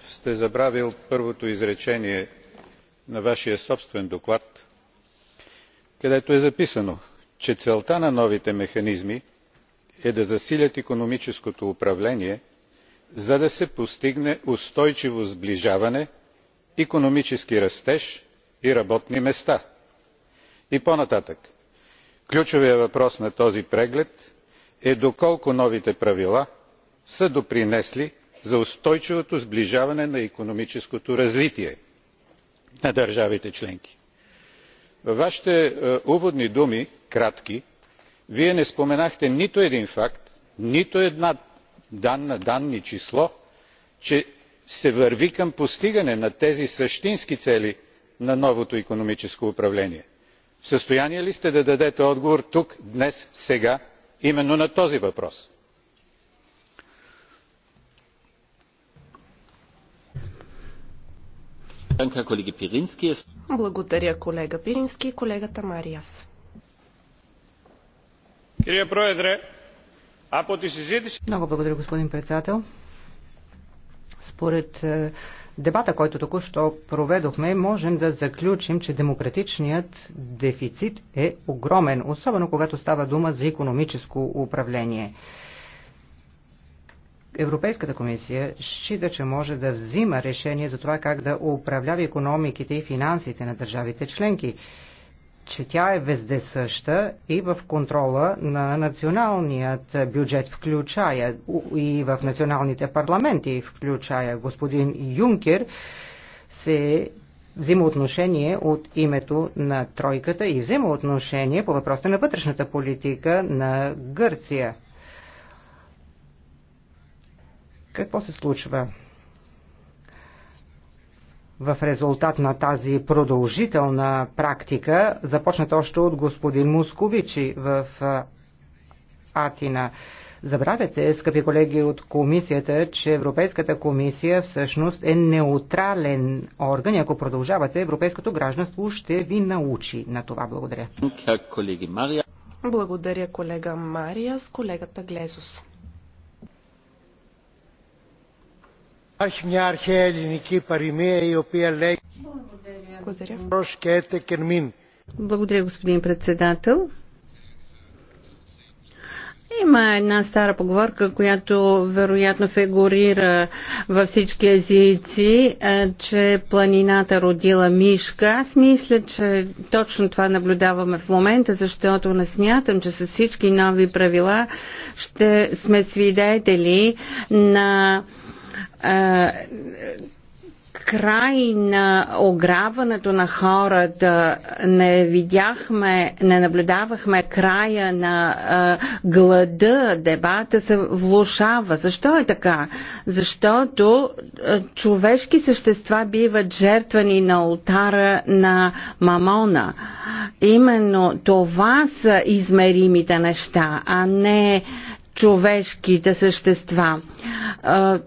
сте забравил първото изречение на вашия собствен доклад, където е записано че целта на новите механизми е да засилят икономическото управление за да се постигне устойчиво сближаване икономически растеж и работни места. и по нататък ключовият въпрос на този преглед е доколко новите правила са допринесли за устойчивото сближаване на икономическото развитие на държавите членки. във вашите е, уводни думи кратки вие не споменахте нито един факт нито едно данно число че се върви към постигане на тези същински цели на новото икономическо управление. в състояние ли сте да дадете отговор тук днес сега именно на този въпрос? благодаря колега пирински. колегата мариас. Много благодаря, господин председател. Според е, дебата, който току-що проведохме, можем да заключим, че демократичният дефицит е огромен, особено когато става дума за економическо управление. Европейската комисия счита, че може да взима решение за това как да управлява економиките и финансите на държавите членки че тя е вездесъща и в контрола на националният бюджет включая и в националните парламенти включая. Господин Юнкер се взима отношение от името на тройката и взима отношение по въпроса на вътрешната политика на Гърция. Какво се случва? в резултат на тази продължителна практика, започната още от господин Московичи в Атина. Забравяте, скъпи колеги от комисията, че Европейската комисия всъщност е неутрален орган. И ако продължавате, европейското гражданство ще ви научи на това. Благодаря. Благодаря, колега Мария, с колегата Глезус. Υπάρχει μια αρχαία ελληνική παροιμία η οποία λέει «Προσκέτε και μην». Благодаря, господин председател. Има една стара поговорка, която вероятно фигурира във всички езици, че планината родила мишка. Аз мисля, че точно това наблюдаваме в момента, защото не смятам, че с всички нови правила ще сме свидетели на край на ограбването на хората, не видяхме, не наблюдавахме края на а, глада, дебата се влушава. Защо е така? Защото а, човешки същества биват жертвани на алтара на мамона. Именно това са измеримите неща, а не човешките същества.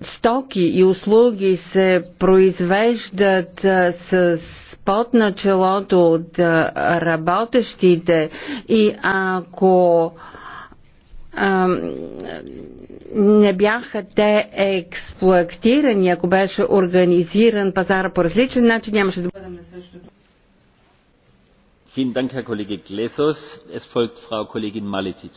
Стоки и услуги се произвеждат с под началото от работещите и ако не бяха те експлуатирани, ако беше организиран пазара по различен начин, нямаше да бъдем на същото. Vielen Dank, Herr Kollege Glesos. Es folgt Frau Kollegin Maletic.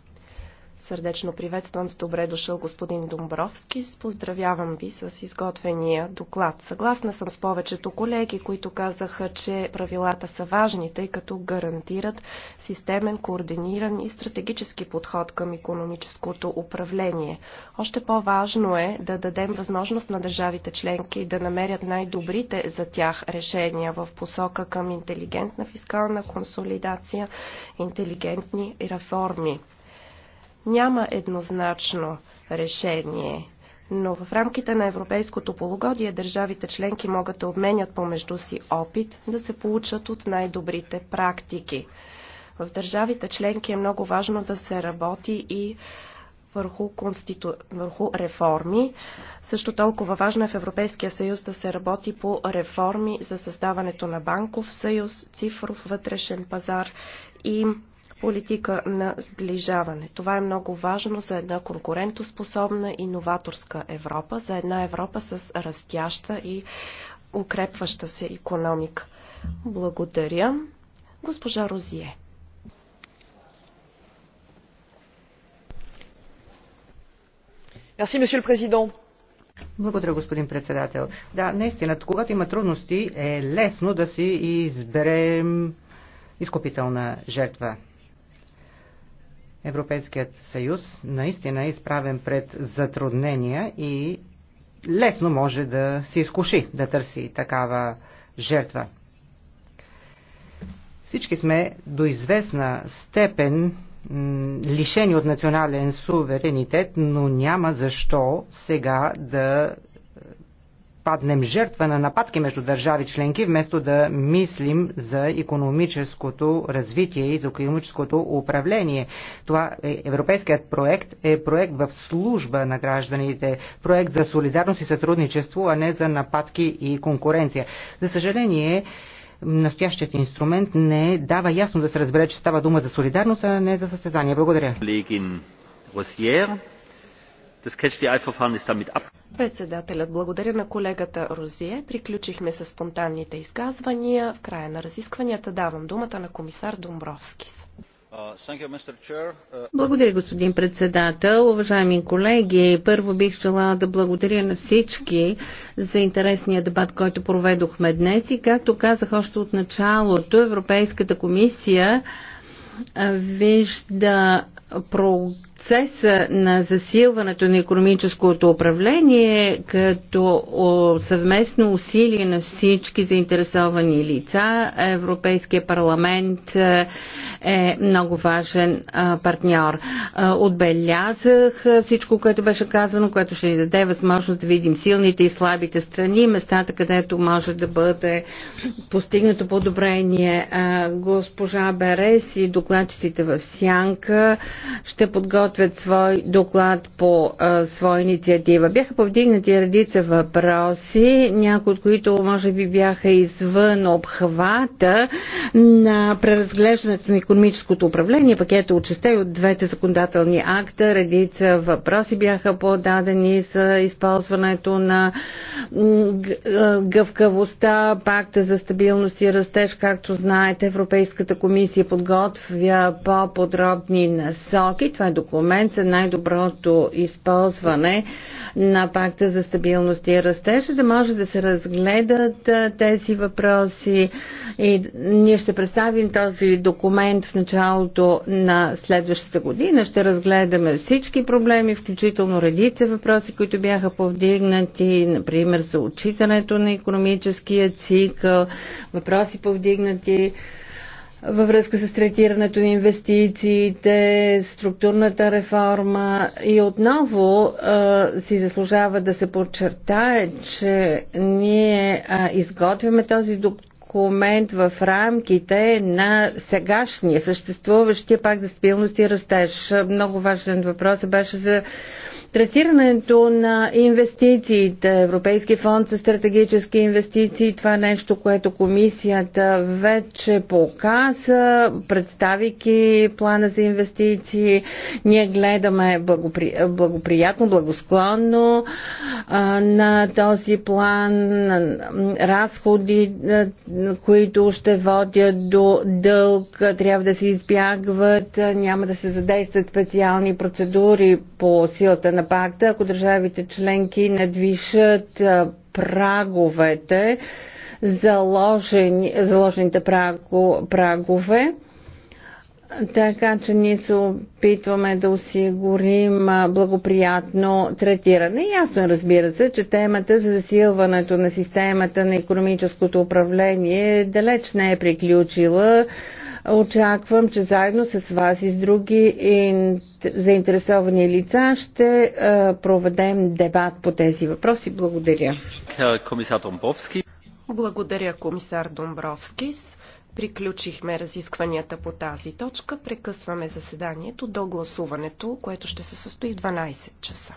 Сърдечно приветствам с добре дошъл господин Домбровски. Поздравявам ви с изготвения доклад. Съгласна съм с повечето колеги, които казаха, че правилата са важни, тъй като гарантират системен, координиран и стратегически подход към економическото управление. Още по-важно е да дадем възможност на държавите членки да намерят най-добрите за тях решения в посока към интелигентна фискална консолидация, интелигентни реформи. Няма еднозначно решение, но в рамките на европейското полугодие държавите членки могат да обменят помежду си опит да се получат от най-добрите практики. В държавите членки е много важно да се работи и върху, конститу... върху реформи. Също толкова важно е в Европейския съюз да се работи по реформи за създаването на банков съюз, цифров вътрешен пазар и политика на сближаване. Това е много важно за една конкурентоспособна и новаторска Европа, за една Европа с растяща и укрепваща се економика. Благодаря. Госпожа Розие. Благодаря, господин председател. Да, наистина, когато има трудности, е лесно да си изберем изкупителна жертва. Европейският съюз наистина е изправен пред затруднения и лесно може да се изкуши да търси такава жертва. Всички сме до известна степен лишени от национален суверенитет, но няма защо сега да паднем жертва на нападки между държави членки, вместо да мислим за економическото развитие и за економическото управление. Това е, европейският проект е проект в служба на гражданите, проект за солидарност и сътрудничество, а не за нападки и конкуренция. За съжаление, настоящият инструмент не дава ясно да се разбере, че става дума за солидарност, а не за състезание. Благодаря. Председателят благодаря на колегата Розие. Приключихме с спонтанните изказвания. В края на разискванията давам думата на комисар Домбровскис. Uh, uh, благодаря, господин председател. Уважаеми колеги, първо бих желала да благодаря на всички за интересния дебат, който проведохме днес. И както казах още от началото, Европейската комисия вижда програма процеса на засилването на економическото управление като съвместно усилие на всички заинтересовани лица. Европейския парламент е, е много важен партньор. Отбелязах всичко, което беше казано, което ще ни даде възможност да видим силните и слабите страни, местата, където може да бъде постигнато подобрение. Госпожа Берес и докладчиците в Сянка ще подготвят подготвят свой доклад по а, своя инициатива. Бяха повдигнати редица въпроси, някои от които може би бяха извън обхвата на преразглеждането на економическото управление, пакета от частей от двете законодателни акта. Редица въпроси бяха подадени за използването на гъвкавостта, пакта за стабилност и растеж, както знаете, Европейската комисия подготвя по-подробни насоки. Това е документ инструмент за най-доброто използване на пакта за стабилност и растеж, да може да се разгледат тези въпроси и ние ще представим този документ в началото на следващата година. Ще разгледаме всички проблеми, включително редица въпроси, които бяха повдигнати, например за отчитането на економическия цикъл, въпроси повдигнати във връзка с третирането на инвестициите, структурната реформа и отново а, си заслужава да се подчертае, че ние а, изготвяме този документ в рамките на сегашния, съществуващия пак за стабилност и растеж. Много важен въпрос беше за Трацирането на инвестициите, Европейски фонд за стратегически инвестиции, това е нещо, което комисията вече показа, представики плана за инвестиции. Ние гледаме благопри... благоприятно, благосклонно а, на този план, разходи, които ще водят до дълг, трябва да се избягват, няма да се задействат специални процедури по силата на на пакта, ако държавите членки надвишат праговете, заложени, заложените праго, прагове. Така че ние се опитваме да осигурим благоприятно третиране. Ясно разбира се, че темата за засилването на системата на економическото управление далеч не е приключила. Очаквам, че заедно с вас и с други заинтересовани лица ще е, проведем дебат по тези въпроси. Благодаря. Е, комисар Домбровски. Благодаря, комисар Домбровски. Приключихме разискванията по тази точка. Прекъсваме заседанието до гласуването, което ще се състои в 12 часа.